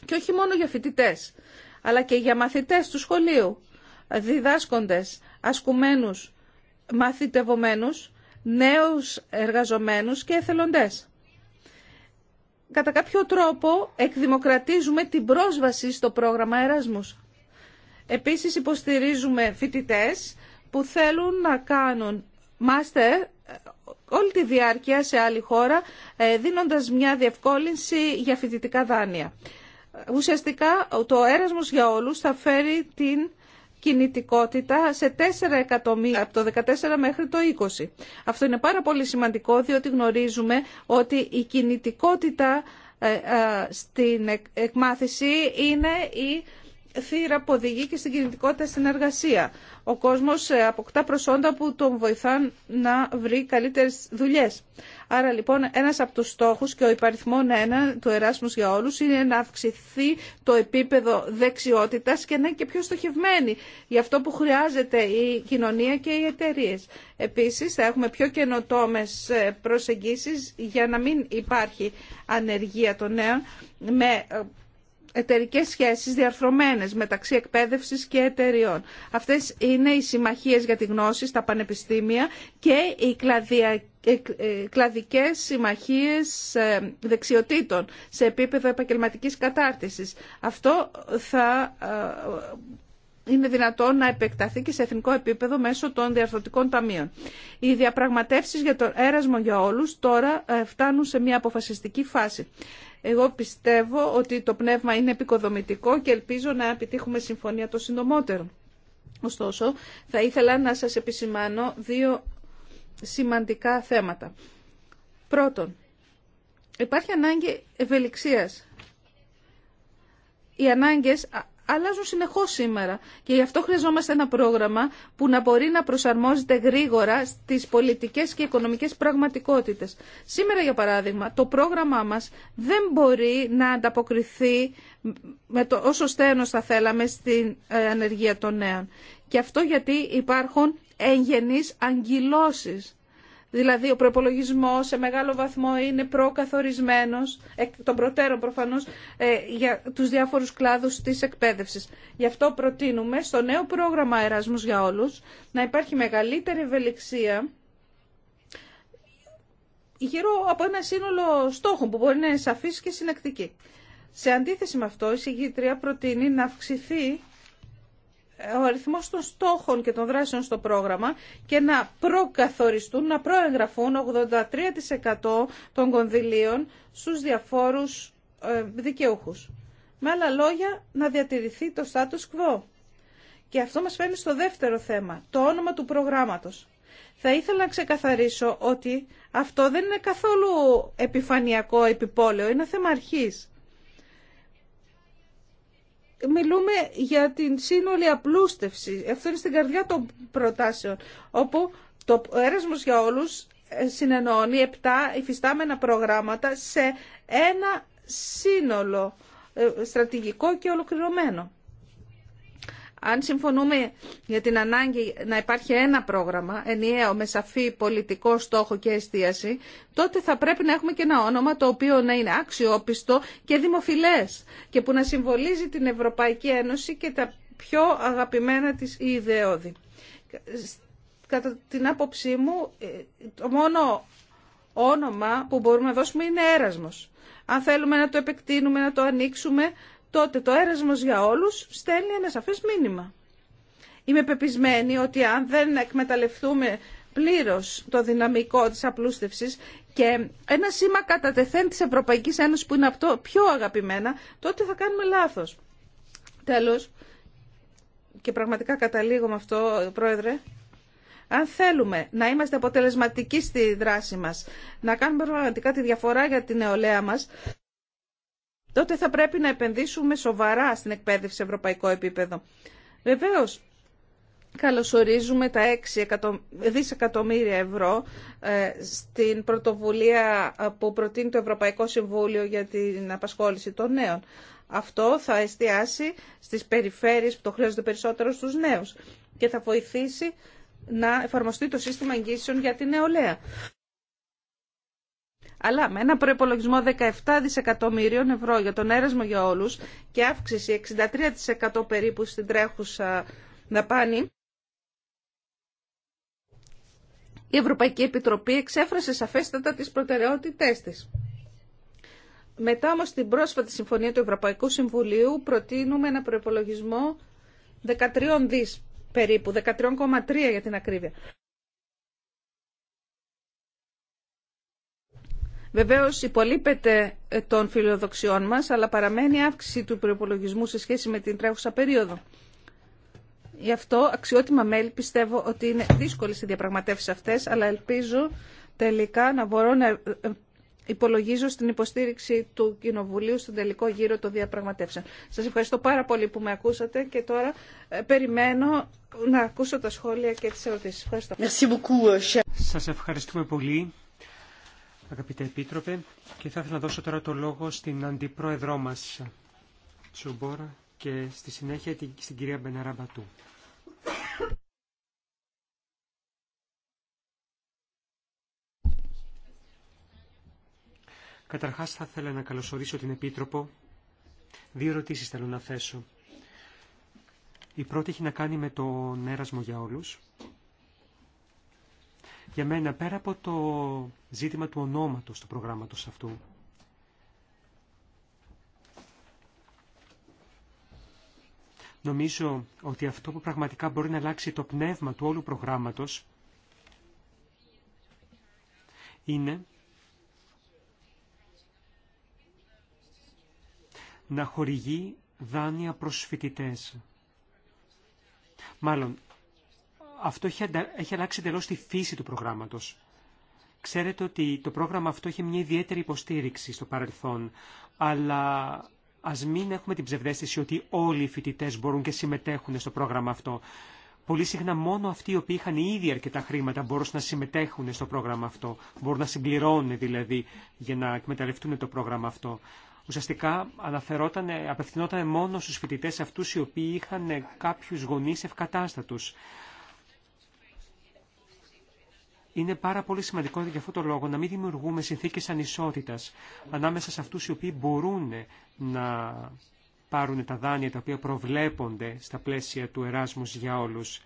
Και όχι μόνο για φοιτητέ, αλλά και για μαθητές του σχολείου, διδάσκοντες, ασκουμένους, μαθητευομένους, νέους εργαζομένους και εθελοντές. Κατά κάποιο τρόπο εκδημοκρατίζουμε την πρόσβαση στο πρόγραμμα Εράσμους. Επίσης υποστηρίζουμε φοιτητές που θέλουν να κάνουν μάστερ ε, όλη τη διάρκεια σε άλλη χώρα, ε, δίνοντας μια διευκόλυνση για φοιτητικά δάνεια. Ουσιαστικά το έρασμος για όλους θα φέρει την κινητικότητα σε 4 εκατομμύρια από το 14 μέχρι το 20. Αυτό είναι πάρα πολύ σημαντικό διότι γνωρίζουμε ότι η κινητικότητα ε, στην εκμάθηση είναι η θύρα που οδηγεί και στην κινητικότητα στην εργασία. Ο κόσμος ε, αποκτά προσόντα που τον βοηθάν να βρει καλύτερες δουλειές. Άρα λοιπόν ένας από τους στόχους και ο υπαριθμόν ένα του Εράσμους για όλους είναι να αυξηθεί το επίπεδο δεξιότητας και να είναι και πιο στοχευμένη για αυτό που χρειάζεται η κοινωνία και οι εταιρείε. Επίση, θα έχουμε πιο καινοτόμε ε, προσεγγίσεις για να μην υπάρχει ανεργία των νέων με ε, εταιρικές σχέσεις διαρθρωμένες μεταξύ εκπαίδευσης και εταιριών. Αυτές είναι οι συμμαχίες για τη γνώση στα πανεπιστήμια και οι ε, ε, κλαδικές συμμαχίες ε, δεξιοτήτων σε επίπεδο επαγγελματικής κατάρτισης. Αυτό θα είναι δυνατόν να επεκταθεί και σε εθνικό επίπεδο μέσω των διαρθρωτικών ταμείων. Οι διαπραγματεύσεις για το έρασμο για όλους τώρα φτάνουν σε μια αποφασιστική φάση. Εγώ πιστεύω ότι το πνεύμα είναι επικοδομητικό και ελπίζω να επιτύχουμε συμφωνία το συντομότερο. Ωστόσο, θα ήθελα να σας επισημάνω δύο σημαντικά θέματα. Πρώτον, υπάρχει ανάγκη ευελιξίας. Οι ανάγκες αλλάζουν συνεχώς σήμερα και γι' αυτό χρειαζόμαστε ένα πρόγραμμα που να μπορεί να προσαρμόζεται γρήγορα στις πολιτικές και οικονομικές πραγματικότητες. Σήμερα, για παράδειγμα, το πρόγραμμά μας δεν μπορεί να ανταποκριθεί με το όσο στένος θα θέλαμε στην ε, ανεργία των νέων. Και αυτό γιατί υπάρχουν εγγενείς αγγυλώσεις Δηλαδή ο προπολογισμό σε μεγάλο βαθμό είναι προκαθορισμένος, εκ των προτέρων προφανώς, ε, για τους διάφορους κλάδους της εκπαίδευση. Γι' αυτό προτείνουμε στο νέο πρόγραμμα Εράσμου για όλους να υπάρχει μεγαλύτερη ευελιξία γύρω από ένα σύνολο στόχων που μπορεί να είναι σαφής και συνεκτική. Σε αντίθεση με αυτό, η συγκήτρια προτείνει να αυξηθεί ο αριθμό των στόχων και των δράσεων στο πρόγραμμα και να προκαθοριστούν, να προεγγραφούν 83% των κονδυλίων στους διαφόρους ε, δικαιούχους. Με άλλα λόγια, να διατηρηθεί το status quo. Και αυτό μας φέρνει στο δεύτερο θέμα, το όνομα του προγράμματος. Θα ήθελα να ξεκαθαρίσω ότι αυτό δεν είναι καθόλου επιφανειακό επιπόλαιο, είναι θέμα αρχής μιλούμε για την σύνολη απλούστευση. Αυτό είναι στην καρδιά των προτάσεων, όπου το έρασμο για όλους ε, συνενώνει 7 υφιστάμενα προγράμματα σε ένα σύνολο ε, στρατηγικό και ολοκληρωμένο. Αν συμφωνούμε για την ανάγκη να υπάρχει ένα πρόγραμμα, ενιαίο, με σαφή πολιτικό στόχο και εστίαση, τότε θα πρέπει να έχουμε και ένα όνομα το οποίο να είναι αξιόπιστο και δημοφιλές και που να συμβολίζει την Ευρωπαϊκή Ένωση και τα πιο αγαπημένα της ιδεώδη. Κατά την άποψή μου, ε, το μόνο όνομα που μπορούμε να δώσουμε είναι έρασμος. Αν θέλουμε να το επεκτείνουμε, να το ανοίξουμε, τότε το έρασμος για όλους στέλνει ένα σαφές μήνυμα. Είμαι πεπισμένη ότι αν δεν εκμεταλλευτούμε πλήρως το δυναμικό της απλούστευσης και ένα σήμα κατά τεθέν της Ευρωπαϊκής Ένωσης που είναι αυτό πιο αγαπημένα, τότε θα κάνουμε λάθος. Τέλος, και πραγματικά καταλήγω με αυτό, Πρόεδρε, αν θέλουμε να είμαστε αποτελεσματικοί στη δράση μας, να κάνουμε πραγματικά τη διαφορά για την νεολαία μας, τότε θα πρέπει να επενδύσουμε σοβαρά στην εκπαίδευση σε ευρωπαϊκό επίπεδο. Βεβαίω, καλωσορίζουμε τα 6 δισεκατομμύρια ευρώ ε, στην πρωτοβουλία ε, που προτείνει το Ευρωπαϊκό Συμβούλιο για την απασχόληση των νέων. Αυτό θα εστιάσει στις περιφέρειες που το χρειάζονται περισσότερο στους νέους και θα βοηθήσει να εφαρμοστεί το σύστημα εγγύσεων για την νεολαία. Αλλά με ένα προπολογισμό 17 δισεκατομμυρίων ευρώ για τον έρασμο για όλους και αύξηση 63% περίπου στην τρέχουσα δαπάνη, η Ευρωπαϊκή Επιτροπή εξέφρασε σαφέστατα τις προτεραιότητές της. Μετά όμως την πρόσφατη συμφωνία του Ευρωπαϊκού Συμβουλίου προτείνουμε ένα προπολογισμό 13 δις περίπου, 13,3 για την ακρίβεια. Βεβαίω υπολείπεται ε, των φιλοδοξιών μα, αλλά παραμένει αύξηση του προπολογισμού σε σχέση με την τρέχουσα περίοδο. Γι' αυτό αξιότιμα μέλη πιστεύω ότι είναι δύσκολε οι διαπραγματεύσει αυτέ, αλλά ελπίζω τελικά να μπορώ να ε, υπολογίζω στην υποστήριξη του Κοινοβουλίου στον τελικό γύρο των διαπραγματεύσεων. Σα ευχαριστώ πάρα πολύ που με ακούσατε και τώρα ε, περιμένω να ακούσω τα σχόλια και τι ερωτήσει. Ευχαριστώ. Euh, Σας ευχαριστούμε πολύ αγαπητέ Επίτροπε, και θα ήθελα να δώσω τώρα το λόγο στην Αντιπρόεδρό μας, Τσουμπόρα, και στη συνέχεια στην κυρία Μπεναραμπατού. Μπατού. Καταρχάς θα ήθελα να καλωσορίσω την Επίτροπο. Δύο ερωτήσεις θέλω να θέσω. Η πρώτη έχει να κάνει με τον έρασμο για όλους για μένα πέρα από το ζήτημα του ονόματος του προγράμματος αυτού. Νομίζω ότι αυτό που πραγματικά μπορεί να αλλάξει το πνεύμα του όλου προγράμματος είναι να χορηγεί δάνεια προς φοιτητές. Μάλλον, αυτό έχει, έχει αλλάξει εντελώ τη φύση του προγράμματος. Ξέρετε ότι το πρόγραμμα αυτό είχε μια ιδιαίτερη υποστήριξη στο παρελθόν, αλλά ας μην έχουμε την ψευδέστηση ότι όλοι οι φοιτητέ μπορούν και συμμετέχουν στο πρόγραμμα αυτό. Πολύ συχνά μόνο αυτοί οι οποίοι είχαν ήδη αρκετά χρήματα μπορούν να συμμετέχουν στο πρόγραμμα αυτό, μπορούν να συμπληρώνουν δηλαδή για να εκμεταλλευτούν το πρόγραμμα αυτό. Ουσιαστικά απευθυνόταν μόνο στους φοιτητές αυτούς οι οποίοι είχαν κάποιου γονεί ευκατάστατους. Είναι πάρα πολύ σημαντικό για αυτόν τον λόγο να μην δημιουργούμε συνθήκες ανισότητας ανάμεσα σε αυτούς οι οποίοι μπορούν να πάρουν τα δάνεια τα οποία προβλέπονται στα πλαίσια του Εράσμους για όλους.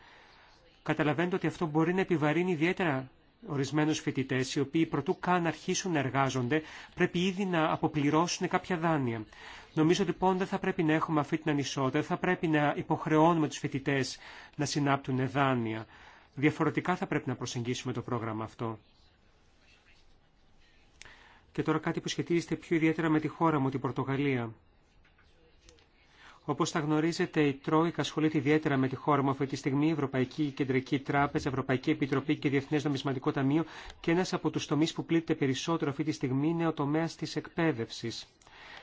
Καταλαβαίνετε ότι αυτό μπορεί να επιβαρύνει ιδιαίτερα ορισμένους φοιτητέ, οι οποίοι προτού καν αρχίσουν να εργάζονται, πρέπει ήδη να αποπληρώσουν κάποια δάνεια. Νομίζω λοιπόν δεν θα πρέπει να έχουμε αυτή την ανισότητα, δεν θα πρέπει να υποχρεώνουμε τους φοιτητέ να συνάπτουν δάνεια. Διαφορετικά θα πρέπει να προσεγγίσουμε το πρόγραμμα αυτό. Και τώρα κάτι που σχετίζεται πιο ιδιαίτερα με τη χώρα μου, την Πορτογαλία. Όπω θα γνωρίζετε, η Τρόικα ασχολείται ιδιαίτερα με τη χώρα μου αυτή τη στιγμή, η Ευρωπαϊκή Κεντρική Τράπεζα, Ευρωπαϊκή Επιτροπή και Διεθνέ Νομισματικό Ταμείο και ένα από του τομεί που πλήττεται περισσότερο αυτή τη στιγμή είναι ο τομέα τη εκπαίδευση.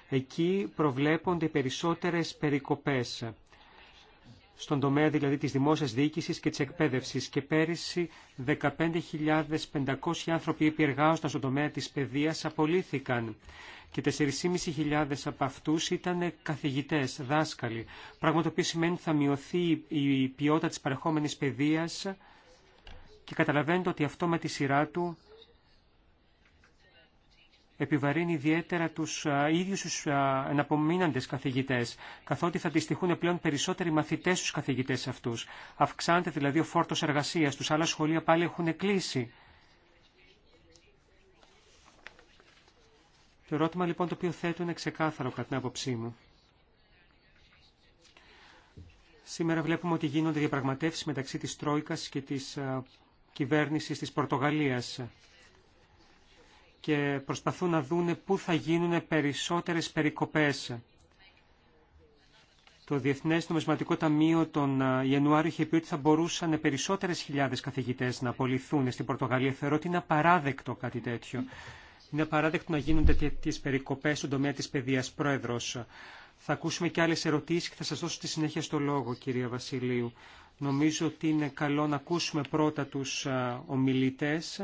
Εκεί προβλέπονται περισσότερε περικοπέ στον τομέα δηλαδή της δημόσιας διοίκησης και της εκπαίδευσης και πέρυσι 15.500 άνθρωποι που εργάζονταν στον τομέα της παιδείας απολύθηκαν και 4.500 από αυτούς ήταν καθηγητές, δάσκαλοι, πράγμα το οποίο σημαίνει ότι θα μειωθεί η ποιότητα της παρεχόμενης παιδείας και καταλαβαίνετε ότι αυτό με τη σειρά του επιβαρύνει ιδιαίτερα τους ίδιους τους εναπομείναντες καθηγητές, καθότι θα αντιστοιχούν πλέον περισσότεροι μαθητές στους καθηγητές αυτούς. Αυξάνεται δηλαδή ο φόρτος εργασίας τους, άλλα σχολεία πάλι έχουν κλείσει. Το ερώτημα λοιπόν το οποίο θέτω είναι ξεκάθαρο κατά την άποψή μου. Σήμερα βλέπουμε ότι γίνονται διαπραγματεύσεις μεταξύ της Τρόικας και της κυβέρνησης της Πορτογαλίας και προσπαθούν να δούνε πού θα γίνουν περισσότερες περικοπές. Το Διεθνές Νομισματικό Ταμείο τον ε, Ιανουάριο είχε πει ότι θα μπορούσαν περισσότερες χιλιάδες καθηγητές να απολυθούν στην Πορτογαλία. Θεωρώ ότι είναι απαράδεκτο κάτι τέτοιο. Είναι απαράδεκτο να γίνονται τέτοιες περικοπές στον τομέα της παιδείας πρόεδρος. Θα ακούσουμε και άλλες ερωτήσεις και θα σας δώσω τη συνέχεια στο λόγο, κυρία Βασιλείου. Νομίζω ότι είναι καλό να ακούσουμε πρώτα τους ε, ομιλητές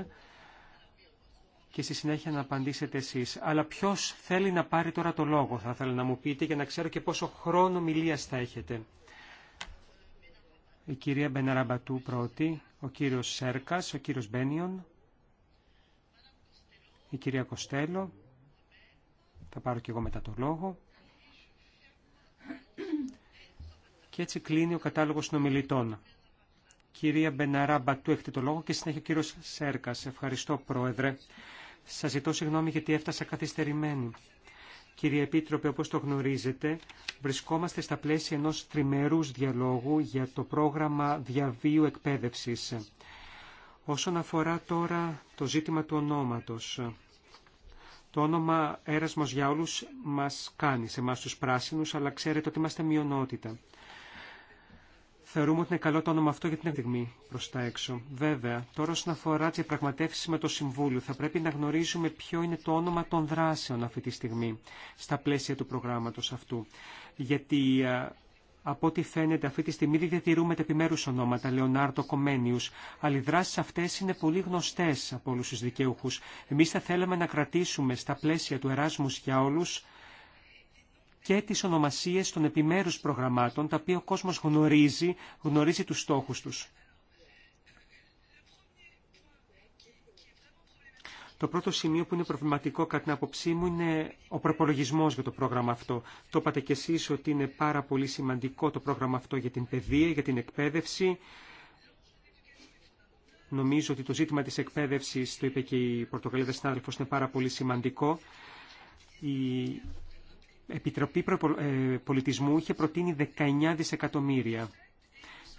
και στη συνέχεια να απαντήσετε εσείς. Αλλά ποιος θέλει να πάρει τώρα το λόγο, θα ήθελα να μου πείτε, για να ξέρω και πόσο χρόνο μιλίας θα έχετε. Η κυρία Μπεναραμπατού πρώτη, ο κύριος Σέρκας, ο κύριος Μπένιον, η κυρία Κοστέλο, θα πάρω και εγώ μετά το λόγο. Και έτσι κλείνει ο κατάλογος των ομιλητών. Κυρία Μπεναράμπα, έχετε το λόγο και συνέχεια ο κύριος Σέρκας. Ευχαριστώ, Πρόεδρε. Σας ζητώ συγγνώμη γιατί έφτασα καθυστερημένη. Κύριε Επίτροπε, όπως το γνωρίζετε, βρισκόμαστε στα πλαίσια ενός τριμερούς διαλόγου για το πρόγραμμα διαβίου εκπαίδευσης. Όσον αφορά τώρα το ζήτημα του ονόματος, το όνομα «Έρασμος για όλους» μας κάνει σε εμάς τους πράσινους, αλλά ξέρετε ότι είμαστε μειονότητα. Θεωρούμε ότι είναι καλό το όνομα αυτό για την στιγμή προ τα έξω. Βέβαια, τώρα όσον αφορά τι διαπραγματεύσει με το Συμβούλιο, θα πρέπει να γνωρίζουμε ποιο είναι το όνομα των δράσεων αυτή τη στιγμή στα πλαίσια του προγράμματο αυτού. Γιατί από ό,τι φαίνεται αυτή τη στιγμή δεν διατηρούμε τα επιμέρους ονόματα Λεωνάρτο Κομένιους, αλλά οι δράσεις αυτές είναι πολύ γνωστές από όλους τους δικαιούχους. Εμείς θα θέλαμε να κρατήσουμε στα πλαίσια του Εράσμου για όλους και τις ονομασίες των επιμέρους προγραμμάτων, τα οποία ο κόσμος γνωρίζει, γνωρίζει τους στόχους τους. Το πρώτο σημείο που είναι προβληματικό κατά την άποψή μου είναι ο προπολογισμό για το πρόγραμμα αυτό. Το είπατε κι εσείς ότι είναι πάρα πολύ σημαντικό το πρόγραμμα αυτό για την παιδεία, για την εκπαίδευση. Νομίζω ότι το ζήτημα της εκπαίδευσης, το είπε και η Πορτογαλίδα συνάδελφος, είναι πάρα πολύ σημαντικό. Η Επιτροπή ε, Πολιτισμού είχε προτείνει 19 δισεκατομμύρια.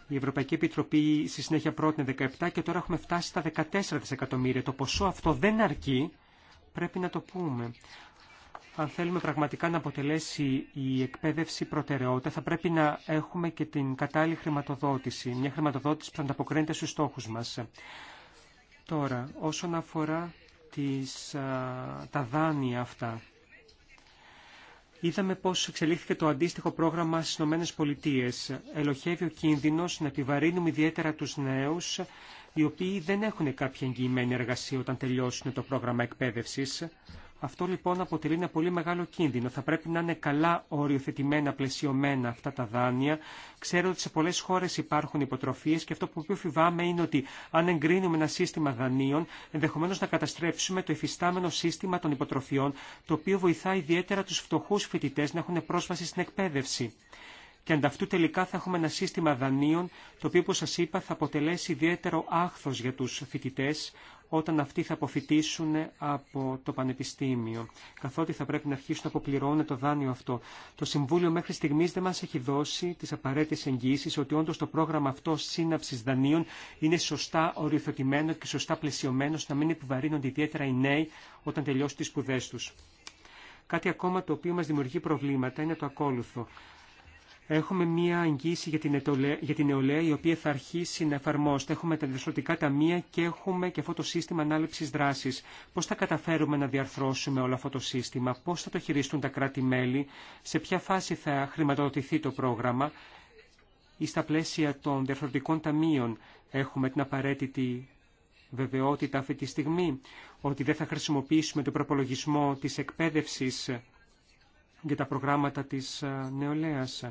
Η Ευρωπαϊκή Επιτροπή στη συνέχεια πρότεινε 17 και τώρα έχουμε φτάσει στα 14 δισεκατομμύρια. Το ποσό αυτό δεν αρκεί, πρέπει να το πούμε. Αν θέλουμε πραγματικά να αποτελέσει η εκπαίδευση προτεραιότητα, θα πρέπει να έχουμε και την κατάλληλη χρηματοδότηση. Μια χρηματοδότηση που θα ανταποκρίνεται στους στόχους μας. Τώρα, όσον αφορά τις, τα δάνεια αυτά, Είδαμε πω εξελίχθηκε το αντίστοιχο πρόγραμμα στι ΗΠΑ. Πολιτείες. Ελοχεύει ο κίνδυνο να επιβαρύνουμε ιδιαίτερα τους νέου, οι οποίοι δεν έχουν κάποια εγγυημένη εργασία όταν τελειώσουν το πρόγραμμα εκπαίδευση. Αυτό λοιπόν αποτελεί ένα πολύ μεγάλο κίνδυνο. Θα πρέπει να είναι καλά οριοθετημένα, πλαισιωμένα αυτά τα δάνεια. Ξέρω ότι σε πολλέ χώρε υπάρχουν υποτροφίε και αυτό που πιο είναι ότι αν εγκρίνουμε ένα σύστημα δανείων, ενδεχομένω να καταστρέψουμε το εφιστάμενο σύστημα των υποτροφιών, το οποίο βοηθά ιδιαίτερα του φτωχού φοιτητέ να έχουν πρόσβαση στην εκπαίδευση. Και ανταυτού τελικά θα έχουμε ένα σύστημα δανείων, το οποίο, όπω σα είπα, θα αποτελέσει ιδιαίτερο άχθο για του φοιτητέ, όταν αυτοί θα αποφυτίσουν από το Πανεπιστήμιο, καθότι θα πρέπει να αρχίσουν να αποπληρώνουν το δάνειο αυτό. Το Συμβούλιο μέχρι στιγμή δεν μα έχει δώσει τι απαραίτητε εγγύσει ότι όντω το πρόγραμμα αυτό σύναψη δανείων είναι σωστά οριοθετημένο και σωστά πλαισιωμένο, να μην επιβαρύνονται ιδιαίτερα οι νέοι όταν τελειώσουν τι σπουδέ του. Κάτι ακόμα το οποίο μα δημιουργεί προβλήματα είναι το ακόλουθο. Έχουμε μία εγγύηση για την νεολαία η οποία θα αρχίσει να εφαρμόζεται. Έχουμε τα διευθυντικά ταμεία και έχουμε και αυτό το σύστημα ανάληψη δράση. Πώ θα καταφέρουμε να διαρθρώσουμε όλο αυτό το σύστημα, πώ θα το χειριστούν τα κράτη-μέλη, σε ποια φάση θα χρηματοδοτηθεί το πρόγραμμα ή στα πλαίσια των διευθυντικών ταμείων έχουμε την απαραίτητη βεβαιότητα αυτή τη στιγμή ότι δεν θα χρησιμοποιήσουμε τον προπολογισμό της εκπαίδευσης για τα προγράμματα της ε, νεολαίας.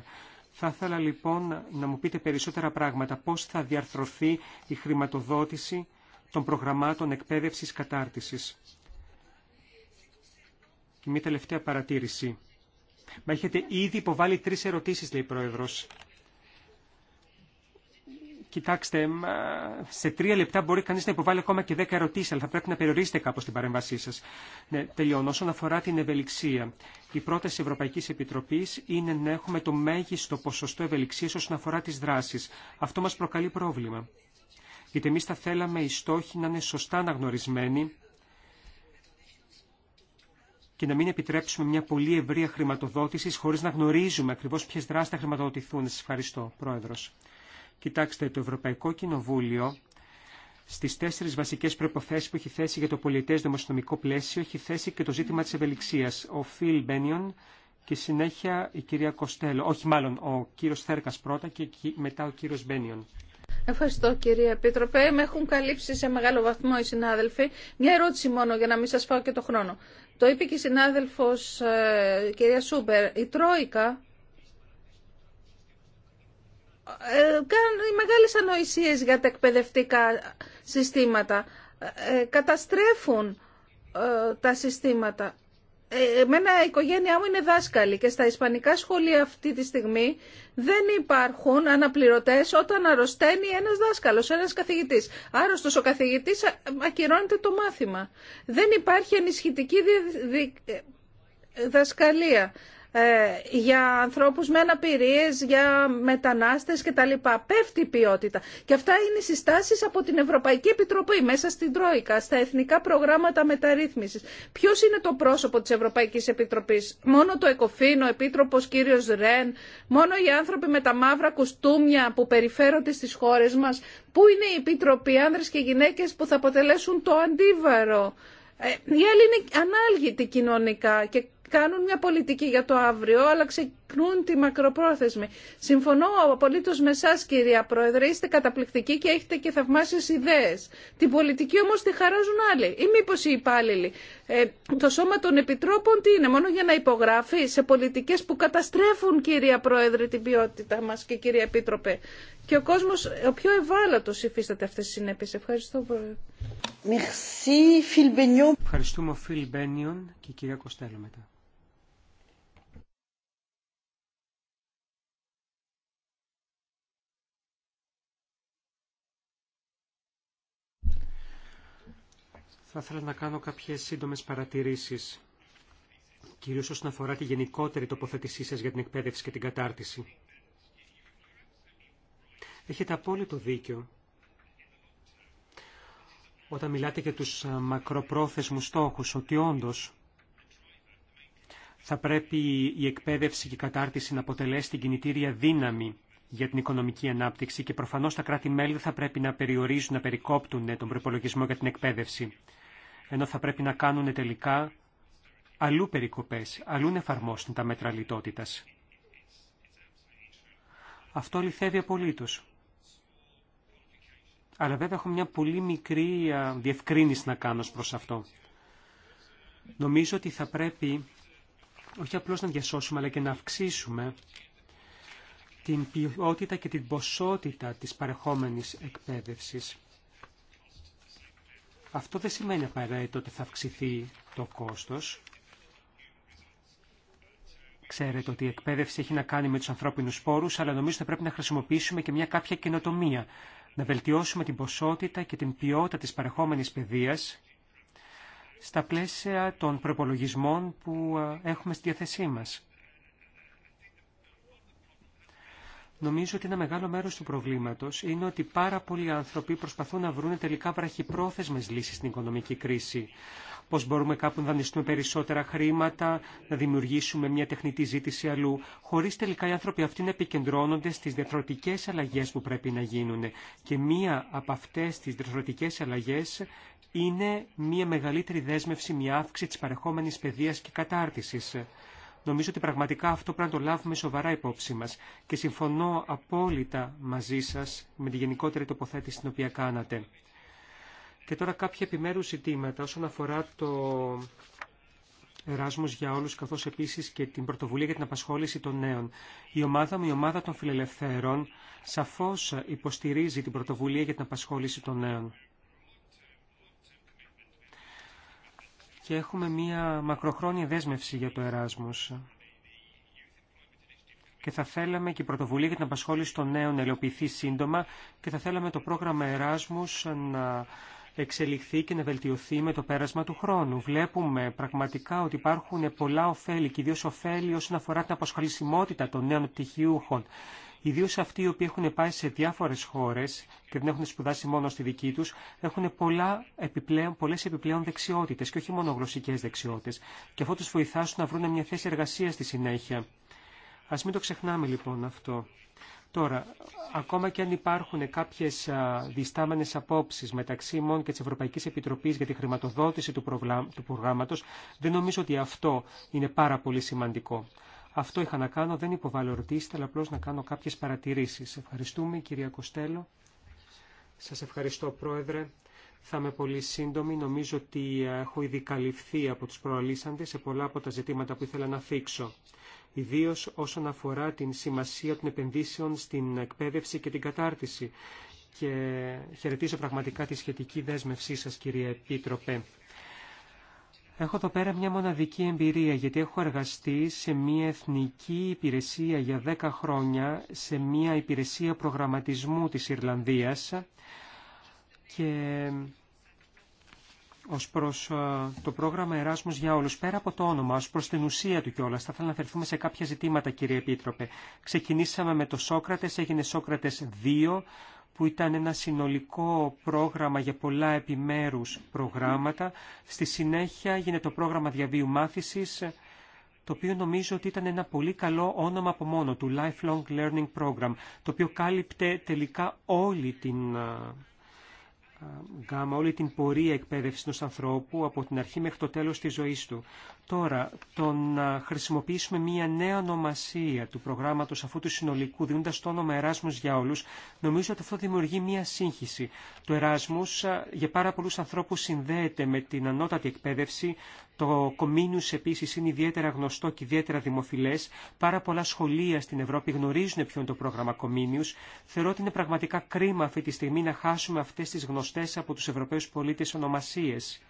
Θα ήθελα λοιπόν να μου πείτε περισσότερα πράγματα. Πώς θα διαρθρωθεί η χρηματοδότηση των προγραμμάτων εκπαίδευσης κατάρτισης. Και μια τελευταία παρατήρηση. Μα έχετε ήδη υποβάλει τρεις ερωτήσεις, λέει η Πρόεδρος. Κοιτάξτε, σε τρία λεπτά μπορεί κανεί να υποβάλει ακόμα και δέκα ερωτήσει, αλλά θα πρέπει να περιορίσετε κάπω την παρέμβασή σα. Ναι, τελειώνω. Όσον αφορά την ευελιξία, η πρόταση Ευρωπαϊκή Επιτροπή είναι να έχουμε το μέγιστο ποσοστό ευελιξία όσον αφορά τι δράσει. Αυτό μα προκαλεί πρόβλημα. Γιατί εμεί θα θέλαμε οι στόχοι να είναι σωστά αναγνωρισμένοι και να μην επιτρέψουμε μια πολύ ευρεία χρηματοδότηση χωρί να γνωρίζουμε ακριβώ ποιε δράσει θα χρηματοδοτηθούν. Σα ευχαριστώ, Πρόεδρο. Κοιτάξτε, το Ευρωπαϊκό Κοινοβούλιο στι τέσσερι βασικέ προποθέσει που έχει θέσει για το πολιτέ δημοσιονομικό πλαίσιο έχει θέσει και το ζήτημα τη ευελιξία. Ο Φιλ Μπένιον και συνέχεια η κυρία Κοστέλο. Όχι, μάλλον ο κύριο Θέρκα πρώτα και μετά ο κύριο Μπένιον. Ευχαριστώ κύριε Επίτροπε. Με έχουν καλύψει σε μεγάλο βαθμό οι συνάδελφοι. Μια ερώτηση μόνο για να μην σα φάω και το χρόνο. Το είπε και η συνάδελφο, ε, κυρία Σούμπερ. Η Τρόικα ε, οι μεγάλες ανοησίες για τα εκπαιδευτικά συστήματα. Ε, καταστρέφουν ε, τα συστήματα. Εμένα η οικογένειά μου είναι δάσκαλη και στα ισπανικά σχολεία αυτή τη στιγμή δεν υπάρχουν αναπληρωτές όταν αρρωσταίνει ένας δάσκαλος, ένας καθηγητής. Άρρωστος ο καθηγητής ακυρώνεται το μάθημα. Δεν υπάρχει ενισχυτική δασκαλία. δασκαλία. Ε, για ανθρώπους με αναπηρίες, για μετανάστες κτλ. Πέφτει η ποιότητα. Και αυτά είναι οι συστάσεις από την Ευρωπαϊκή Επιτροπή μέσα στην Τρόικα, στα εθνικά προγράμματα μεταρρύθμισης. Ποιος είναι το πρόσωπο της Ευρωπαϊκής Επιτροπής. Μόνο το Εκοφίνο, ο Επίτροπος κύριος Ρεν, μόνο οι άνθρωποι με τα μαύρα κουστούμια που περιφέρονται στις χώρες μας. Πού είναι οι Επιτροποί, άνδρες και γυναίκες που θα αποτελέσουν το αντίβαρο. Η ε, οι είναι κοινωνικά και κάνουν μια πολιτική για το αύριο, αλλά ξεκινούν τη μακροπρόθεσμη. Συμφωνώ απολύτω με εσά, κυρία Πρόεδρε. Είστε καταπληκτικοί και έχετε και θαυμάσιε ιδέε. Την πολιτική όμω τη χαράζουν άλλοι. Ή μήπω οι υπάλληλοι. Ε, το σώμα των επιτρόπων τι είναι, μόνο για να υπογράφει σε πολιτικέ που καταστρέφουν, κυρία Πρόεδρε, την ποιότητά μα και κυρία Επίτροπε. Και ο κόσμο, ο πιο ευάλωτο υφίσταται αυτέ τι συνέπειε. Ευχαριστώ, Πρόεδρε. Merci, Phil Φιλ Μπένιον και κυρία Κοστέλο μετά. Θα ήθελα να κάνω κάποιες σύντομες παρατηρήσεις, κυρίως όσον αφορά τη γενικότερη τοποθέτησή σας για την εκπαίδευση και την κατάρτιση. Έχετε απόλυτο δίκιο όταν μιλάτε για τους μακροπρόθεσμους στόχους, ότι όντως θα πρέπει η εκπαίδευση και η κατάρτιση να αποτελέσει την κινητήρια δύναμη για την οικονομική ανάπτυξη και προφανώς τα κράτη-μέλη θα πρέπει να περιορίζουν, να περικόπτουν ε, τον προπολογισμό για την εκπαίδευση ενώ θα πρέπει να κάνουν τελικά αλλού περικοπές, αλλού εφαρμόσουν τα μέτρα λιτότητας. Αυτό λυθεύει απολύτως. Αλλά βέβαια έχω μια πολύ μικρή διευκρίνηση να κάνω προς αυτό. Νομίζω ότι θα πρέπει όχι απλώς να διασώσουμε αλλά και να αυξήσουμε την ποιότητα και την ποσότητα της παρεχόμενης εκπαίδευσης. Αυτό δεν σημαίνει απαραίτητο ότι θα αυξηθεί το κόστος. Ξέρετε ότι η εκπαίδευση έχει να κάνει με τους ανθρώπινους σπόρους, αλλά νομίζω ότι πρέπει να χρησιμοποιήσουμε και μια κάποια καινοτομία. Να βελτιώσουμε την ποσότητα και την ποιότητα της παρεχόμενης παιδείας στα πλαίσια των προπολογισμών που ε, έχουμε στη διαθεσή μας. Νομίζω ότι ένα μεγάλο μέρος του προβλήματος είναι ότι πάρα πολλοί άνθρωποι προσπαθούν να βρουν τελικά βραχυπρόθεσμες λύσεις στην οικονομική κρίση. Πώς μπορούμε κάπου να δανειστούμε περισσότερα χρήματα, να δημιουργήσουμε μια τεχνητή ζήτηση αλλού, χωρίς τελικά οι άνθρωποι αυτοί να επικεντρώνονται στις διαθροτικές αλλαγές που πρέπει να γίνουν. Και μία από αυτές τις διαθροτικές αλλαγές είναι μια μεγαλύτερη δέσμευση, μια αύξηση της παρεχόμενη παιδείας και κατάρτιση νομίζω ότι πραγματικά αυτό πρέπει να το λάβουμε σοβαρά υπόψη μα και συμφωνώ απόλυτα μαζί σας με τη γενικότερη τοποθέτηση την οποία κάνατε. Και τώρα κάποια επιμέρους ζητήματα όσον αφορά το εράσμο για όλους καθώς επίσης και την πρωτοβουλία για την απασχόληση των νέων. Η ομάδα μου, η ομάδα των φιλελευθέρων, σαφώ υποστηρίζει την πρωτοβουλία για την απασχόληση των νέων. και έχουμε μία μακροχρόνια δέσμευση για το Εράσμος. Και θα θέλαμε και η πρωτοβουλία για την απασχόληση των νέων να ελοποιηθεί σύντομα και θα θέλαμε το πρόγραμμα Εράσμους να εξελιχθεί και να βελτιωθεί με το πέρασμα του χρόνου. Βλέπουμε πραγματικά ότι υπάρχουν πολλά ωφέλη και ιδίω ωφέλη όσον αφορά την αποσχολησιμότητα των νέων πτυχιούχων. Ιδίω αυτοί οι οποίοι έχουν πάει σε διάφορε χώρε και δεν έχουν σπουδάσει μόνο στη δική του, έχουν πολλά επιπλέον, πολλές επιπλέον δεξιότητε και όχι μόνο γλωσσικέ δεξιότητε. Και αυτό του βοηθά να βρουν μια θέση εργασία στη συνέχεια. Α μην το ξεχνάμε λοιπόν αυτό. Τώρα, ακόμα και αν υπάρχουν κάποιε διστάμενε απόψει μεταξύ μου και τη Ευρωπαϊκή Επιτροπή για τη χρηματοδότηση του προγράμματο, δεν νομίζω ότι αυτό είναι πάρα πολύ σημαντικό. Αυτό είχα να κάνω, δεν υποβάλλω ερωτήσει, αλλά απλώ να κάνω κάποιε παρατηρήσει. Ευχαριστούμε, κυρία Κοστέλο. Σα ευχαριστώ, Πρόεδρε. Θα είμαι πολύ σύντομη. Νομίζω ότι έχω ήδη καλυφθεί από του προαλήσαντε σε πολλά από τα ζητήματα που ήθελα να θίξω. Ιδίω όσον αφορά την σημασία των επενδύσεων στην εκπαίδευση και την κατάρτιση. Και χαιρετίζω πραγματικά τη σχετική δέσμευσή σα, κυρία Επίτροπε. Έχω εδώ πέρα μια μοναδική εμπειρία, γιατί έχω εργαστεί σε μια εθνική υπηρεσία για 10 χρόνια, σε μια υπηρεσία προγραμματισμού της Ιρλανδίας και ως προς ε, το πρόγραμμα έρασμος για όλους, πέρα από το όνομα, ως προς την ουσία του κιόλας, θα ήθελα να αφαιρθούμε σε κάποια ζητήματα, κύριε Επίτροπε. Ξεκινήσαμε με το Σόκρατες, έγινε Σόκρατες 2, που ήταν ένα συνολικό πρόγραμμα για πολλά επιμέρους προγράμματα. Στη συνέχεια γίνεται το πρόγραμμα διαβίου μάθησης, το οποίο νομίζω ότι ήταν ένα πολύ καλό όνομα από μόνο του, Lifelong Learning Program, το οποίο κάλυπτε τελικά όλη την γάμα, όλη την πορεία εκπαίδευσης ενός ανθρώπου από την αρχή μέχρι το τέλος της ζωής του. Τώρα, το να χρησιμοποιήσουμε μία νέα ονομασία του προγράμματος αφού του συνολικού, δίνοντας το όνομα «Εράσμος για όλους, νομίζω ότι αυτό δημιουργεί μία σύγχυση. Το «Εράσμος» για πάρα πολλούς ανθρώπους συνδέεται με την ανώτατη εκπαίδευση, το Κομίνιους επίσης είναι ιδιαίτερα γνωστό και ιδιαίτερα δημοφιλές. Πάρα πολλά σχολεία στην Ευρώπη γνωρίζουν ποιο είναι το πρόγραμμα Κομίνιους. Θεωρώ ότι είναι πραγματικά κρίμα αυτή τη στιγμή να χάσουμε αυτέ τι γνωστέ από του Ευρωπαίου πολίτε ονομασίες.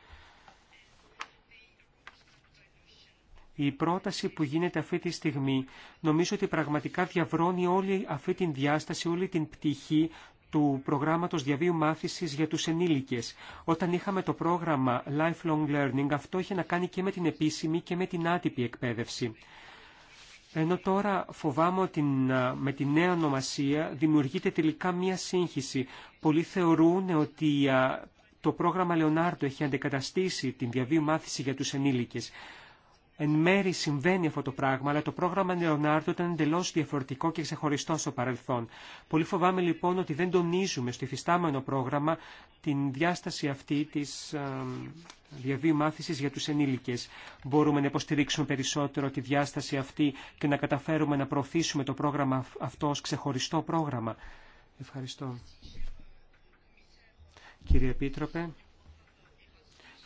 η πρόταση που γίνεται αυτή τη στιγμή νομίζω ότι πραγματικά διαβρώνει όλη αυτή την διάσταση, όλη την πτυχή του προγράμματος διαβίου μάθησης για τους ενήλικες. Όταν είχαμε το πρόγραμμα Lifelong Learning, αυτό είχε να κάνει και με την επίσημη και με την άτυπη εκπαίδευση. Ενώ τώρα φοβάμαι ότι με τη νέα ονομασία δημιουργείται τελικά μία σύγχυση. Πολλοί θεωρούν ότι το πρόγραμμα Λεωνάρντο έχει αντικαταστήσει την διαβίου μάθηση για τους ενήλικες. Εν μέρη συμβαίνει αυτό το πράγμα, αλλά το πρόγραμμα νεονάρτου ήταν εντελώ διαφορετικό και ξεχωριστό στο παρελθόν. Πολύ φοβάμαι λοιπόν ότι δεν τονίζουμε στο υφιστάμενο πρόγραμμα την διάσταση αυτή τη διαβίου μάθηση για του ενήλικε. Μπορούμε να υποστηρίξουμε περισσότερο τη διάσταση αυτή και να καταφέρουμε να προωθήσουμε το πρόγραμμα αυτό ω ξεχωριστό πρόγραμμα. Ευχαριστώ. Κύριε Επίτροπε.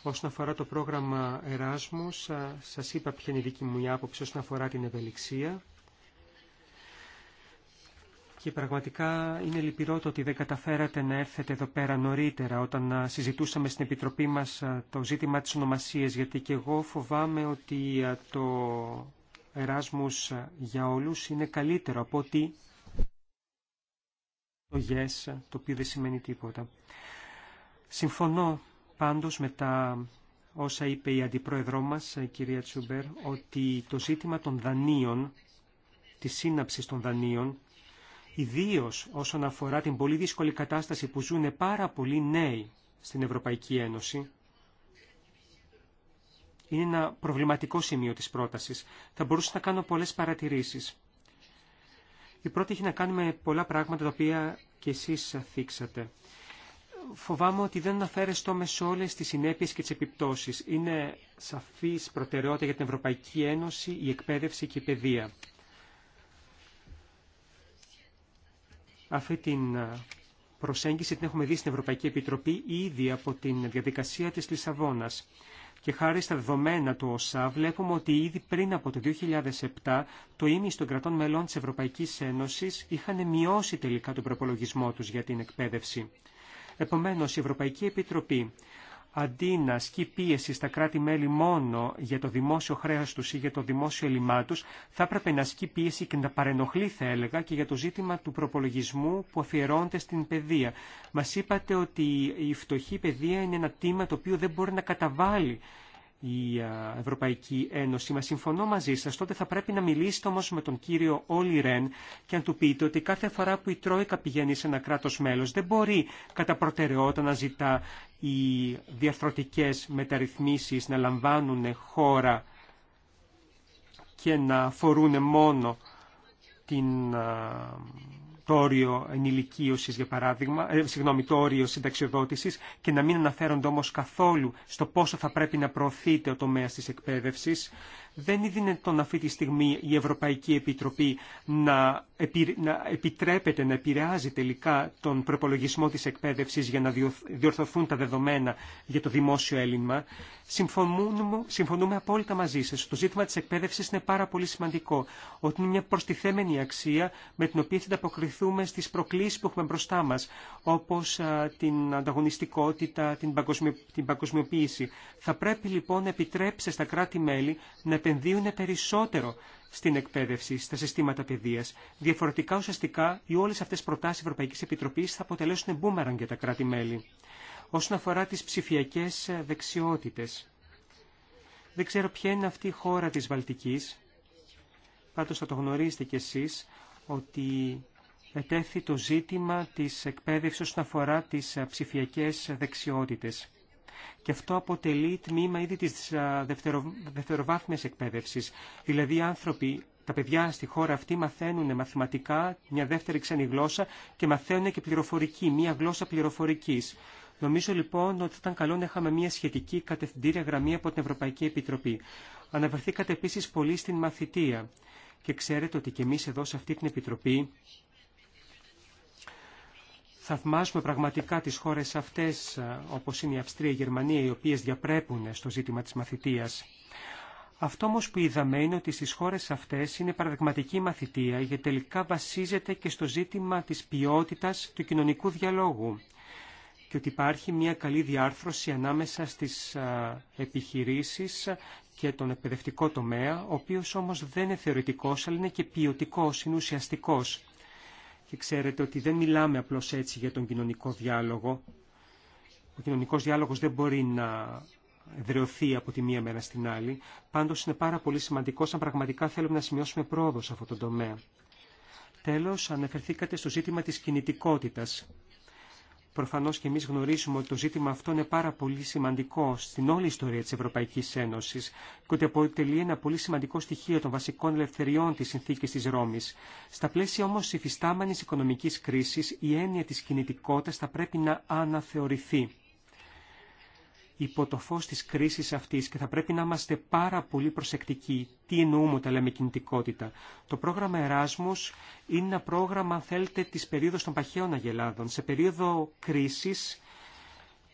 Όσον αφορά το πρόγραμμα Εράσμους, σας είπα ποια είναι η δική μου η άποψη όσον αφορά την ευελιξία. Και πραγματικά είναι λυπηρό το ότι δεν καταφέρατε να έρθετε εδώ πέρα νωρίτερα όταν συζητούσαμε στην Επιτροπή μας το ζήτημα της ονομασίας, γιατί και εγώ φοβάμαι ότι το Εράσμους για όλους είναι καλύτερο από ότι το yes, το οποίο δεν σημαίνει τίποτα. Συμφωνώ Πάντως με όσα είπε η αντιπρόεδρό μας, η ε, κυρία Τσούμπερ, ότι το ζήτημα των δανείων, της σύναψης των δανείων, ιδίω όσον αφορά την πολύ δύσκολη κατάσταση που ζουν πάρα πολλοί νέοι στην Ευρωπαϊκή Ένωση, είναι ένα προβληματικό σημείο της πρότασης. Θα μπορούσα να κάνω πολλές παρατηρήσεις. Η πρώτη έχει να κάνει με πολλά πράγματα τα οποία και εσείς θίξατε φοβάμαι ότι δεν αναφέρεστο με σε όλες τις συνέπειε και τι επιπτώσει. Είναι σαφή προτεραιότητα για την Ευρωπαϊκή Ένωση η εκπαίδευση και η παιδεία. Αυτή την προσέγγιση την έχουμε δει στην Ευρωπαϊκή Επιτροπή ήδη από την διαδικασία της Λισαβόνας. Και χάρη στα δεδομένα του ΩΣΑ βλέπουμε ότι ήδη πριν από το 2007 το ίμιση των κρατών μελών της Ευρωπαϊκής Ένωσης είχαν μειώσει τελικά τον προπολογισμό τους για την εκπαίδευση. Επομένως, η Ευρωπαϊκή Επιτροπή αντί να ασκεί πίεση στα κράτη-μέλη μόνο για το δημόσιο χρέος τους ή για το δημόσιο έλλειμμά τους, θα έπρεπε να ασκεί πίεση και να παρενοχλεί, θα έλεγα, και για το ζήτημα του προπολογισμού που αφιερώνεται στην παιδεία. Μας είπατε ότι η φτωχή παιδεία είναι ένα τίμα το οποίο δεν μπορεί να καταβάλει η Ευρωπαϊκή Ένωση. Μα συμφωνώ μαζί σα. Τότε θα πρέπει να μιλήσετε όμω με τον κύριο Όλι Ρεν και να του πείτε ότι κάθε φορά που η Τρόικα πηγαίνει σε ένα κράτο μέλο δεν μπορεί κατά προτεραιότητα να ζητά οι διαρθρωτικέ μεταρρυθμίσει να λαμβάνουν χώρα και να αφορούν μόνο την το όριο για παράδειγμα, ε, συνταξιοδότησης και να μην αναφέρονται όμω καθόλου στο πόσο θα πρέπει να προωθείται ο τομέας τη εκπαίδευση. Δεν είναι δυνατόν αυτή τη στιγμή η Ευρωπαϊκή Επιτροπή να, επι... να επιτρέπεται να επηρεάζει τελικά τον προπολογισμό της εκπαίδευσης για να διορθωθούν τα δεδομένα για το δημόσιο έλλειμμα. Συμφωνούμε, συμφωνούμε απόλυτα μαζί σας. Το ζήτημα της εκπαίδευσης είναι πάρα πολύ σημαντικό. Ότι είναι μια προστιθέμενη αξία με την οποία θα ανταποκριθούμε στις προκλήσεις που έχουμε μπροστά μας, όπως την ανταγωνιστικότητα, την, παγκοσμιο... παγκοσμιοποίηση. Θα πρέπει λοιπόν να επιτρέψει στα κράτη-μέλη να επενδύουν περισσότερο στην εκπαίδευση, στα συστήματα παιδεία. Διαφορετικά ουσιαστικά οι όλε αυτέ προτάσει Ευρωπαϊκή Επιτροπή θα αποτελέσουν μπούμεραν για τα κράτη-μέλη. Όσον αφορά τι ψηφιακέ ε, δεξιότητε. Δεν ξέρω ποια είναι αυτή η χώρα της Βαλτική, Πάντω θα το γνωρίζετε κι εσείς, ότι ετέθη το ζήτημα της εκπαίδευσης όσον αφορά τις ε, ψηφιακές δεξιότητες και αυτό αποτελεί τμήμα ήδη της δευτερο, δευτεροβάθμιας εκπαίδευσης. Δηλαδή οι άνθρωποι, τα παιδιά στη χώρα αυτή μαθαίνουν μαθηματικά, μια δεύτερη ξένη γλώσσα και μαθαίνουν και πληροφορική, μια γλώσσα πληροφορικής. Νομίζω λοιπόν ότι ήταν καλό να είχαμε μια σχετική κατευθυντήρια γραμμή από την Ευρωπαϊκή Επιτροπή. Αναβερθήκατε επίσης πολύ στην μαθητεία. Και ξέρετε ότι και εμείς εδώ σε αυτή την Επιτροπή θαυμάζουμε πραγματικά τις χώρες αυτές, όπως είναι η Αυστρία, και η Γερμανία, οι οποίες διαπρέπουν στο ζήτημα της μαθητείας. Αυτό όμω που είδαμε είναι ότι στις χώρες αυτές είναι παραδειγματική μαθητεία, γιατί τελικά βασίζεται και στο ζήτημα της ποιότητας του κοινωνικού διαλόγου και ότι υπάρχει μια καλή διάρθρωση ανάμεσα στις επιχειρήσεις και τον εκπαιδευτικό τομέα, ο οποίος όμως δεν είναι θεωρητικός, αλλά είναι και ποιοτικός, είναι ουσιαστικός ξέρετε ότι δεν μιλάμε απλώς έτσι για τον κοινωνικό διάλογο. Ο κοινωνικός διάλογος δεν μπορεί να δρεωθεί από τη μία μέρα στην άλλη. Πάντως είναι πάρα πολύ σημαντικό σαν πραγματικά θέλουμε να σημειώσουμε πρόοδο σε αυτό το τομέα. Τέλος, αναφερθήκατε στο ζήτημα της κινητικότητας. Προφανώ και εμεί γνωρίζουμε ότι το ζήτημα αυτό είναι πάρα πολύ σημαντικό στην όλη ιστορία της Ευρωπαϊκής Ένωση, και ότι αποτελεί ένα πολύ σημαντικό στοιχείο των βασικών ελευθεριών τη συνθήκης της Ρώμης. Στα πλαίσια όμως υφιστάμενη οικονομικής κρίσης, η έννοια της κινητικότητας θα πρέπει να αναθεωρηθεί υπό το φως της κρίσης αυτής και θα πρέπει να είμαστε πάρα πολύ προσεκτικοί. Τι εννοούμε όταν λέμε κινητικότητα. Το πρόγραμμα Εράσμους είναι ένα πρόγραμμα, αν θέλετε, της περίοδος των παχαίων αγελάδων. Σε περίοδο κρίσης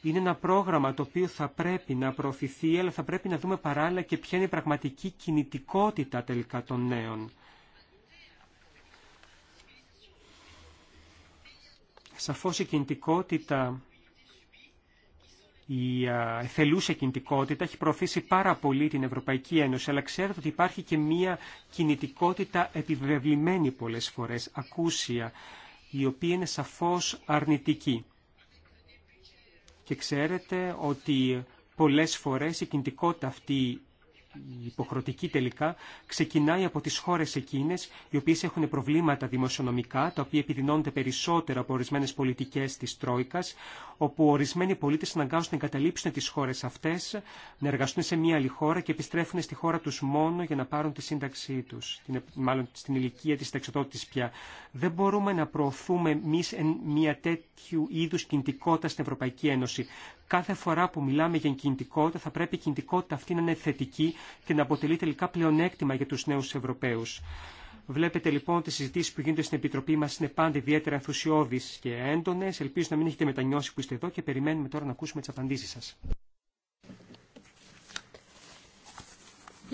είναι ένα πρόγραμμα το οποίο θα πρέπει να προωθηθεί, αλλά θα πρέπει να δούμε παράλληλα και ποια είναι η πραγματική κινητικότητα τελικά των νέων. Σαφώς η κινητικότητα η θελούσε κινητικότητα έχει προωθήσει πάρα πολύ την Ευρωπαϊκή Ένωση, αλλά ξέρετε ότι υπάρχει και μία κινητικότητα επιβεβλημένη πολλές φορές, ακούσια, η οποία είναι σαφώς αρνητική. Και ξέρετε ότι πολλές φορές η κινητικότητα αυτή η υποχρεωτική τελικά, ξεκινάει από τις χώρες εκείνες οι οποίες έχουν προβλήματα δημοσιονομικά, τα οποία επιδεινώνται περισσότερο από ορισμένε πολιτικές της Τρόικας, όπου ορισμένοι πολίτες αναγκάζονται να εγκαταλείψουν τις χώρες αυτές, να εργαστούν σε μία άλλη χώρα και επιστρέφουν στη χώρα τους μόνο για να πάρουν τη σύνταξή τους, μάλλον στην ηλικία της συνταξιδότητας πια. Δεν μπορούμε να προωθούμε εμεί μία τέτοιου είδους κινητικότητα στην Ευρωπαϊκή Ένωση. Κάθε φορά που μιλάμε για κινητικότητα θα πρέπει η κινητικότητα αυτή να είναι θετική και να αποτελεί τελικά πλεονέκτημα για τους νέους Ευρωπαίους. Βλέπετε λοιπόν ότι οι συζητήσει που γίνονται στην Επιτροπή μα είναι πάντα ιδιαίτερα ενθουσιώδει και έντονε. Ελπίζω να μην έχετε μετανιώσει που είστε εδώ και περιμένουμε τώρα να ακούσουμε τι απαντήσει σα.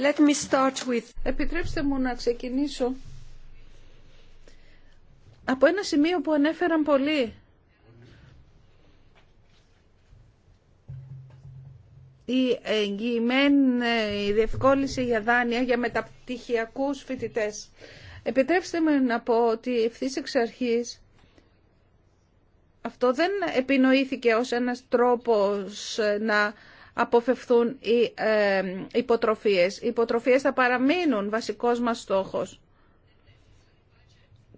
Let me start with... Επιτρέψτε μου να ξεκινήσω από ένα σημείο που ανέφεραν πολλοί η εγγυημένη διευκόλυνση για δάνεια για μεταπτυχιακούς φοιτητές. Επιτρέψτε μου να πω ότι ευθύ εξ αρχής αυτό δεν επινοήθηκε ως ένας τρόπος να αποφευθούν οι ε, υποτροφίες. Οι υποτροφίες θα παραμείνουν βασικός μας στόχος.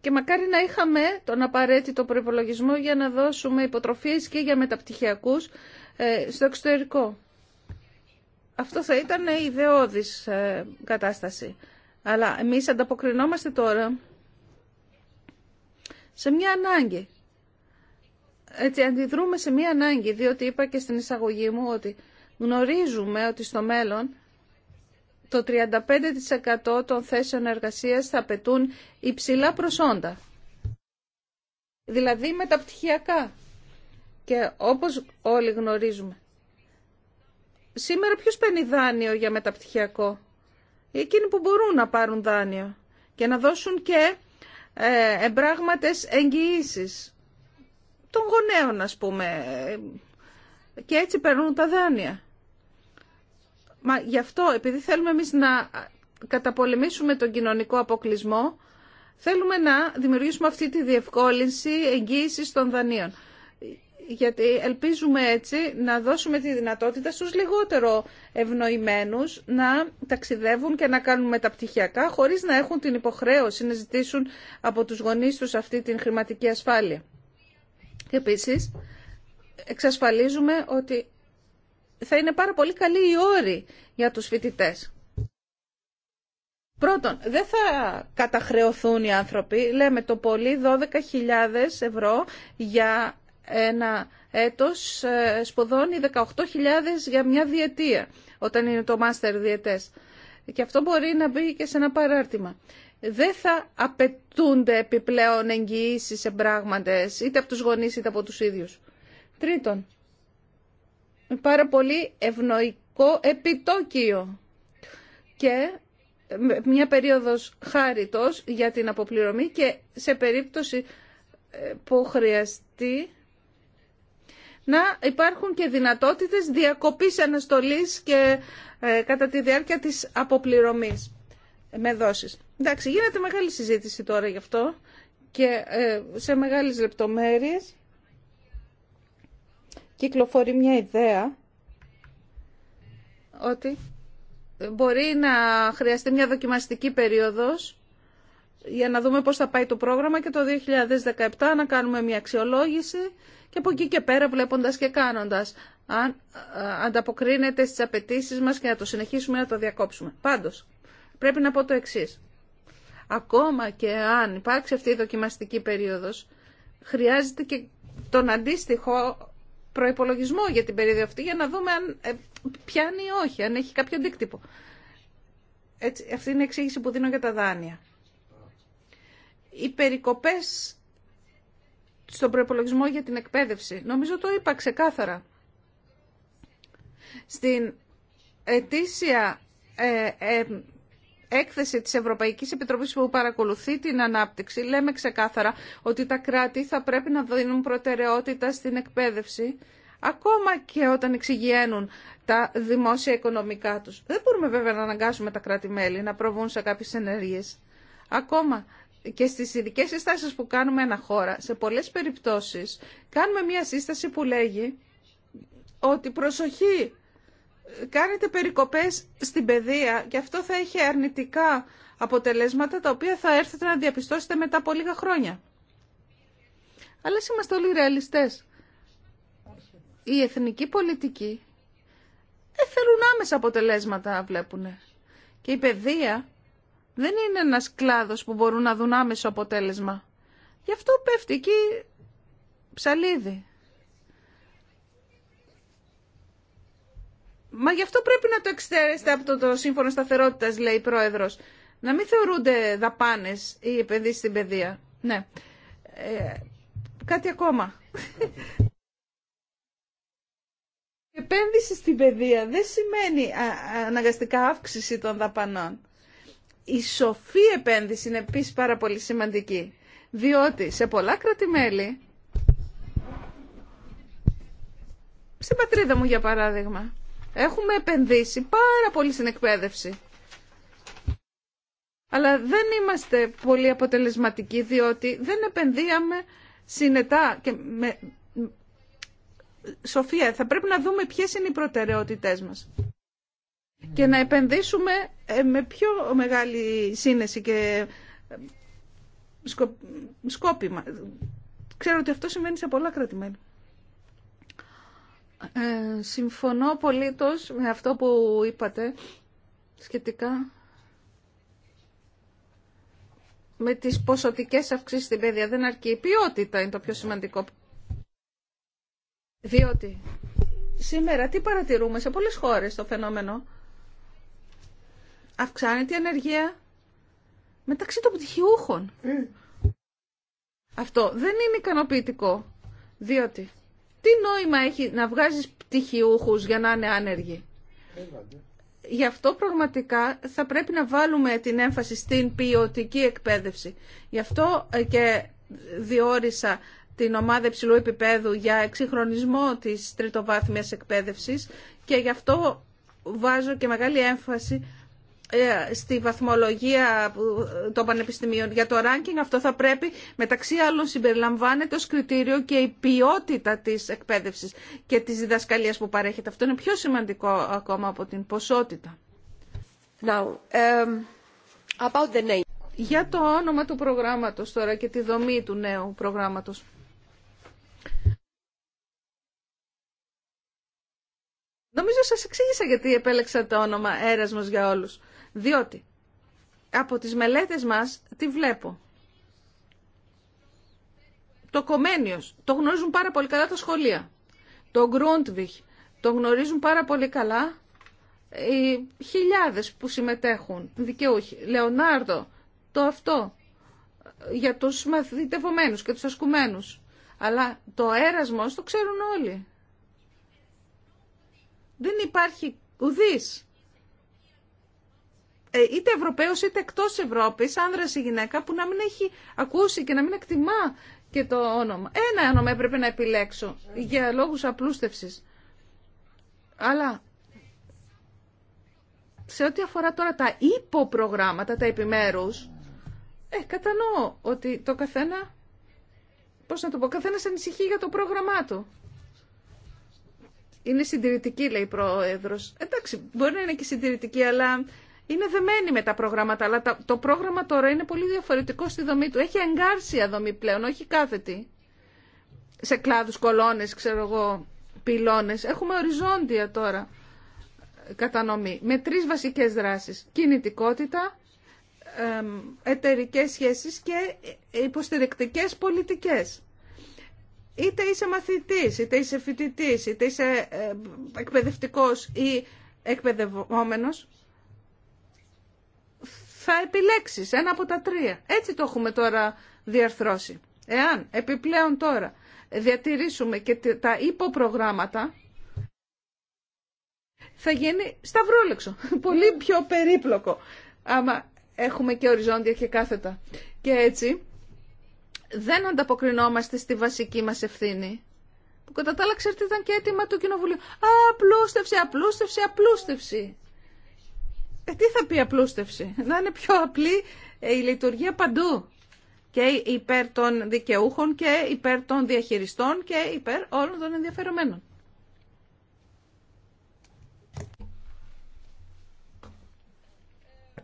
Και μακάρι να είχαμε τον απαραίτητο προϋπολογισμό για να δώσουμε υποτροφίες και για μεταπτυχιακούς ε, στο εξωτερικό. Αυτό θα ήταν ιδεώδης ε, κατάσταση. Αλλά εμείς ανταποκρινόμαστε τώρα σε μια ανάγκη. Έτσι, αντιδρούμε σε μια ανάγκη, διότι είπα και στην εισαγωγή μου ότι γνωρίζουμε ότι στο μέλλον το 35% των θέσεων εργασίας θα απαιτούν υψηλά προσόντα. Δηλαδή μεταπτυχιακά. Και όπως όλοι γνωρίζουμε. Σήμερα ποιος παίρνει δάνειο για μεταπτυχιακό. Εκείνοι που μπορούν να πάρουν δάνειο και να δώσουν και ε, εμπράγματες εγγυήσεις των γονέων ας πούμε και έτσι παίρνουν τα δάνεια. Μα γι' αυτό επειδή θέλουμε εμείς να καταπολεμήσουμε τον κοινωνικό αποκλεισμό θέλουμε να δημιουργήσουμε αυτή τη διευκόλυνση εγγύησης των δανείων γιατί ελπίζουμε έτσι να δώσουμε τη δυνατότητα στους λιγότερο ευνοημένους να ταξιδεύουν και να κάνουν μεταπτυχιακά χωρίς να έχουν την υποχρέωση να ζητήσουν από τους γονείς τους αυτή την χρηματική ασφάλεια. Και επίσης, εξασφαλίζουμε ότι θα είναι πάρα πολύ καλή η όρη για τους φοιτητές. Πρώτον, δεν θα καταχρεωθούν οι άνθρωποι. Λέμε το πολύ 12.000 ευρώ για ένα έτος ε, σπουδώνει 18.000 για μια διετία, όταν είναι το μάστερ διετές. Και αυτό μπορεί να μπει και σε ένα παράρτημα. Δεν θα απαιτούνται επιπλέον εγγυήσει σε πράγματες, είτε από τους γονείς είτε από τους ίδιους. Τρίτον, πάρα πολύ ευνοϊκό επιτόκιο και μια περίοδος χάριτος για την αποπληρωμή και σε περίπτωση ε, που χρειαστεί να υπάρχουν και δυνατότητες διακοπής αναστολής και ε, κατά τη διάρκεια της αποπληρωμής με δόσεις. Εντάξει, γίνεται μεγάλη συζήτηση τώρα γι' αυτό και ε, σε μεγάλες λεπτομέρειες κυκλοφορεί μια ιδέα ότι μπορεί να χρειαστεί μια δοκιμαστική περίοδος για να δούμε πώς θα πάει το πρόγραμμα και το 2017 να κάνουμε μια αξιολόγηση και από εκεί και πέρα βλέποντας και κάνοντας αν ανταποκρίνεται στις απαιτήσει μας και να το συνεχίσουμε να το διακόψουμε. Πάντως, πρέπει να πω το εξή. Ακόμα και αν υπάρξει αυτή η δοκιμαστική περίοδος, χρειάζεται και τον αντίστοιχο προϋπολογισμό για την περίοδο αυτή για να δούμε αν ε, πιάνει ή όχι, αν έχει κάποιο αντίκτυπο. Έτσι, αυτή είναι η εξήγηση που δίνω για τα δάνεια οι περικοπές στον προπολογισμό για την εκπαίδευση. Νομίζω το είπα ξεκάθαρα. Στην ετήσια ε, ε, έκθεση της Ευρωπαϊκής Επιτροπής που παρακολουθεί την ανάπτυξη λέμε ξεκάθαρα ότι τα κράτη θα πρέπει να δίνουν προτεραιότητα στην εκπαίδευση ακόμα και όταν εξηγιαίνουν τα δημόσια οικονομικά τους. Δεν μπορούμε βέβαια να αναγκάσουμε τα κράτη-μέλη να προβούν σε κάποιες ενέργειες. Ακόμα και στις ειδικέ συστάσεις που κάνουμε ένα χώρα, σε πολλές περιπτώσεις, κάνουμε μια σύσταση που λέγει ότι προσοχή, κάνετε περικοπές στην παιδεία και αυτό θα έχει αρνητικά αποτελέσματα τα οποία θα έρθετε να διαπιστώσετε μετά από λίγα χρόνια. Αλλά είμαστε όλοι ρεαλιστές. Οι εθνικοί πολιτικοί δεν θέλουν άμεσα αποτελέσματα, βλέπουν. Και η παιδεία δεν είναι ένας κλάδος που μπορούν να δουν άμεσο αποτέλεσμα. Γι' αυτό πέφτει εκεί ψαλίδι. Μα γι' αυτό πρέπει να το εξαιρέσετε από το, το σύμφωνο σταθερότητας, λέει η Πρόεδρος. Να μην θεωρούνται δαπάνες οι επενδύσεις στην παιδεία. Ναι. Ε, κάτι ακόμα. Επένδυση στην παιδεία δεν σημαίνει αναγκαστικά αύξηση των δαπανών η σοφή επένδυση είναι επίσης πάρα πολύ σημαντική. Διότι σε πολλά κρατημέλη, στην πατρίδα μου για παράδειγμα, έχουμε επενδύσει πάρα πολύ στην εκπαίδευση. Αλλά δεν είμαστε πολύ αποτελεσματικοί διότι δεν επενδύαμε συνετά και με... Σοφία, θα πρέπει να δούμε ποιες είναι οι προτεραιότητές μας και να επενδύσουμε ε, με πιο μεγάλη σύνεση και ε, σκόπιμα. Ξέρω ότι αυτό συμβαίνει σε πολλά Ε, συμφωνώ πολύτως με αυτό που είπατε σχετικά με τις ποσοτικές αυξήσεις στην παιδεία. Δεν αρκεί η ποιότητα, είναι το πιο σημαντικό. Διότι σήμερα τι παρατηρούμε σε πολλές χώρες το φαινόμενο αυξάνεται η ανεργία μεταξύ των πτυχιούχων. Αυτό δεν είναι ικανοποιητικό, διότι τι νόημα έχει να βγάζεις πτυχιούχους για να είναι άνεργοι. Γι' αυτό πραγματικά θα πρέπει να βάλουμε την έμφαση στην ποιοτική εκπαίδευση. Γι' αυτό ε, και διόρισα την ομάδα υψηλού επίπεδου για εξυγχρονισμό της τριτοβάθμιας εκπαίδευσης και γι' αυτό βάζω και μεγάλη έμφαση ε, στη βαθμολογία των πανεπιστημίων για το ranking αυτό θα πρέπει μεταξύ άλλων συμπεριλαμβάνεται ως κριτήριο και η ποιότητα της εκπαίδευσης και της διδασκαλίας που παρέχεται. Αυτό είναι πιο σημαντικό ακόμα από την ποσότητα. Now, um, about the name. Για το όνομα του προγράμματος τώρα και τη δομή του νέου προγράμματος. Νομίζω σας εξήγησα γιατί επέλεξα το όνομα Έρασμος για όλους. Διότι από τις μελέτες μας τι βλέπω. Το Κομένιος, το γνωρίζουν πάρα πολύ καλά τα σχολεία. Το Γκρούντβιχ, το γνωρίζουν πάρα πολύ καλά οι χιλιάδες που συμμετέχουν, δικαιούχοι. Λεωνάρδο, το αυτό, για τους μαθητευομένους και τους ασκουμένους. Αλλά το έρασμος το ξέρουν όλοι. Δεν υπάρχει ουδής ε, είτε Ευρωπαίος είτε εκτός Ευρώπης, άνδρα ή γυναίκα, που να μην έχει ακούσει και να μην εκτιμά και το όνομα. Ένα όνομα έπρεπε να επιλέξω για λόγους απλούστευσης. Αλλά σε ό,τι αφορά τώρα τα υποπρογράμματα, τα επιμέρους, ε, κατανοώ ότι το καθένα, πώς να το πω, καθένας ανησυχεί για το πρόγραμμά του. Είναι συντηρητική, λέει η Πρόεδρος. Εντάξει, μπορεί να είναι και συντηρητική, αλλά είναι δεμένη με τα προγράμματα, αλλά το πρόγραμμα τώρα είναι πολύ διαφορετικό στη δομή του. Έχει εγκάρσια δομή πλέον, όχι κάθετη. Σε κλάδους, κολόνες, ξέρω εγώ, πυλώνες. Έχουμε οριζόντια τώρα κατανομή με τρεις βασικές δράσεις. Κινητικότητα, εταιρικές σχέσεις και υποστηρικτικές πολιτικές. Είτε είσαι μαθητής, είτε είσαι φοιτητής, είτε είσαι εκπαιδευτικός ή εκπαιδευόμενος, θα επιλέξεις ένα από τα τρία. Έτσι το έχουμε τώρα διαρθρώσει. Εάν επιπλέον τώρα διατηρήσουμε και τα υποπρογράμματα, θα γίνει σταυρόλεξο. Πολύ πιο περίπλοκο. Άμα έχουμε και οριζόντια και κάθετα. Και έτσι δεν ανταποκρινόμαστε στη βασική μας ευθύνη. Που κατά τα άλλα ξέρετε ήταν και αίτημα του Κοινοβουλίου. Απλούστευση, απλούστευση, απλούστευση. Ε, τι θα πει απλούστευση. Να είναι πιο απλή ε, η λειτουργία παντού. Και υπέρ των δικαιούχων και υπέρ των διαχειριστών και υπέρ όλων των ενδιαφερομένων.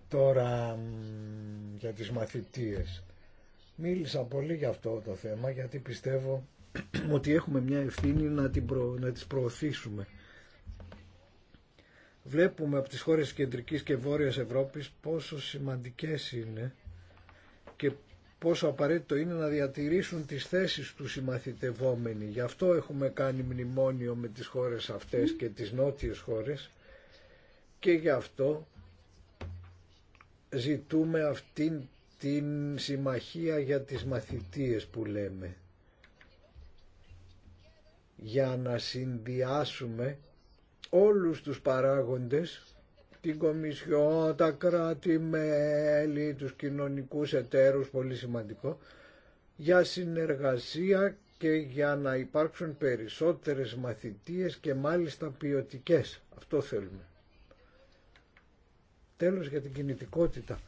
Τώρα για τις μαθητείες. Μίλησα πολύ για αυτό το θέμα γιατί πιστεύω ότι έχουμε μια ευθύνη να, την να τις προωθήσουμε. Βλέπουμε από τις χώρες της Κεντρικής και Βόρειας Ευρώπης πόσο σημαντικές είναι και πόσο απαραίτητο είναι να διατηρήσουν τις θέσεις του οι μαθητευόμενοι. Γι' αυτό έχουμε κάνει μνημόνιο με τις χώρες αυτές και τις νότιες χώρες και γι' αυτό ζητούμε αυτήν την συμμαχία για τις μαθητείες που λέμε για να συνδυάσουμε όλους τους παράγοντες, την Κομισιό, τα κράτη-μέλη, τους κοινωνικούς εταίρους, πολύ σημαντικό, για συνεργασία και για να υπάρξουν περισσότερες μαθητείες και μάλιστα ποιοτικέ. Αυτό θέλουμε. Τέλος για την κινητικότητα.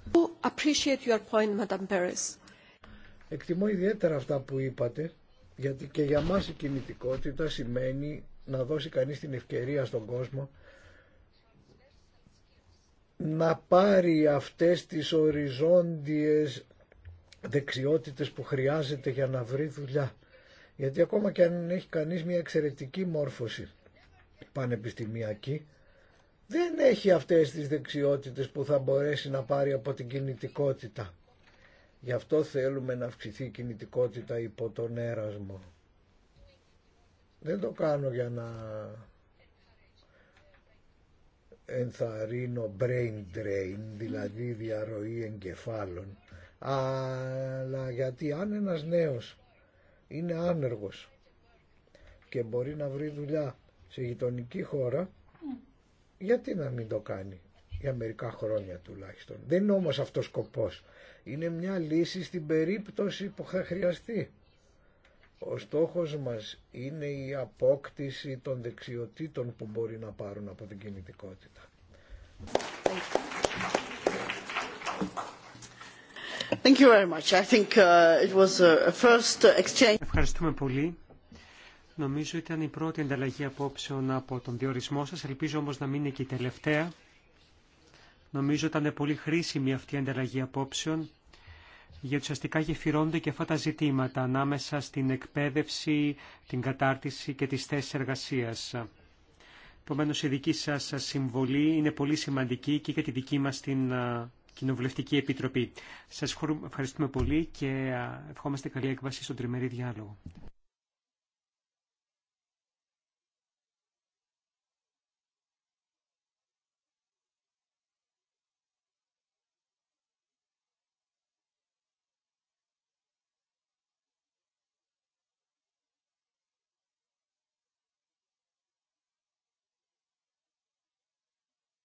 Εκτιμώ ιδιαίτερα αυτά που είπατε, γιατί και για μας η κινητικότητα σημαίνει να δώσει κανείς την ευκαιρία στον κόσμο να πάρει αυτές τις οριζόντιες δεξιότητες που χρειάζεται για να βρει δουλειά. Γιατί ακόμα και αν έχει κανείς μια εξαιρετική μόρφωση πανεπιστημιακή, δεν έχει αυτές τις δεξιότητες που θα μπορέσει να πάρει από την κινητικότητα. Γι' αυτό θέλουμε να αυξηθεί η κινητικότητα υπό τον έρασμο. Δεν το κάνω για να ενθαρρύνω brain drain, δηλαδή διαρροή εγκεφάλων, αλλά γιατί αν ένας νέος είναι άνεργος και μπορεί να βρει δουλειά σε γειτονική χώρα, γιατί να μην το κάνει για μερικά χρόνια τουλάχιστον. Δεν είναι όμως αυτός σκοπός. Είναι μια λύση στην περίπτωση που θα χρειαστεί. Ο στόχος μας είναι η απόκτηση των δεξιοτήτων που μπορεί να πάρουν από την κινητικότητα. Thank you very much. I think uh, it was a first exchange. Ευχαριστούμε πολύ. Νομίζω ήταν η πρώτη ανταλλαγή απόψεων από τον διορισμό σας. Ελπίζω όμως να μην είναι και η τελευταία. Νομίζω ήταν πολύ χρήσιμη αυτή η ανταλλαγή απόψεων γιατί ουσιαστικά γεφυρώνονται και αυτά τα ζητήματα ανάμεσα στην εκπαίδευση, την κατάρτιση και τις θέσεις εργασίας. Επομένω, η δική σας συμβολή είναι πολύ σημαντική και για τη δική μας την Κοινοβουλευτική Επιτροπή. Σας ευχαριστούμε πολύ και ευχόμαστε καλή έκβαση στον τριμερή διάλογο.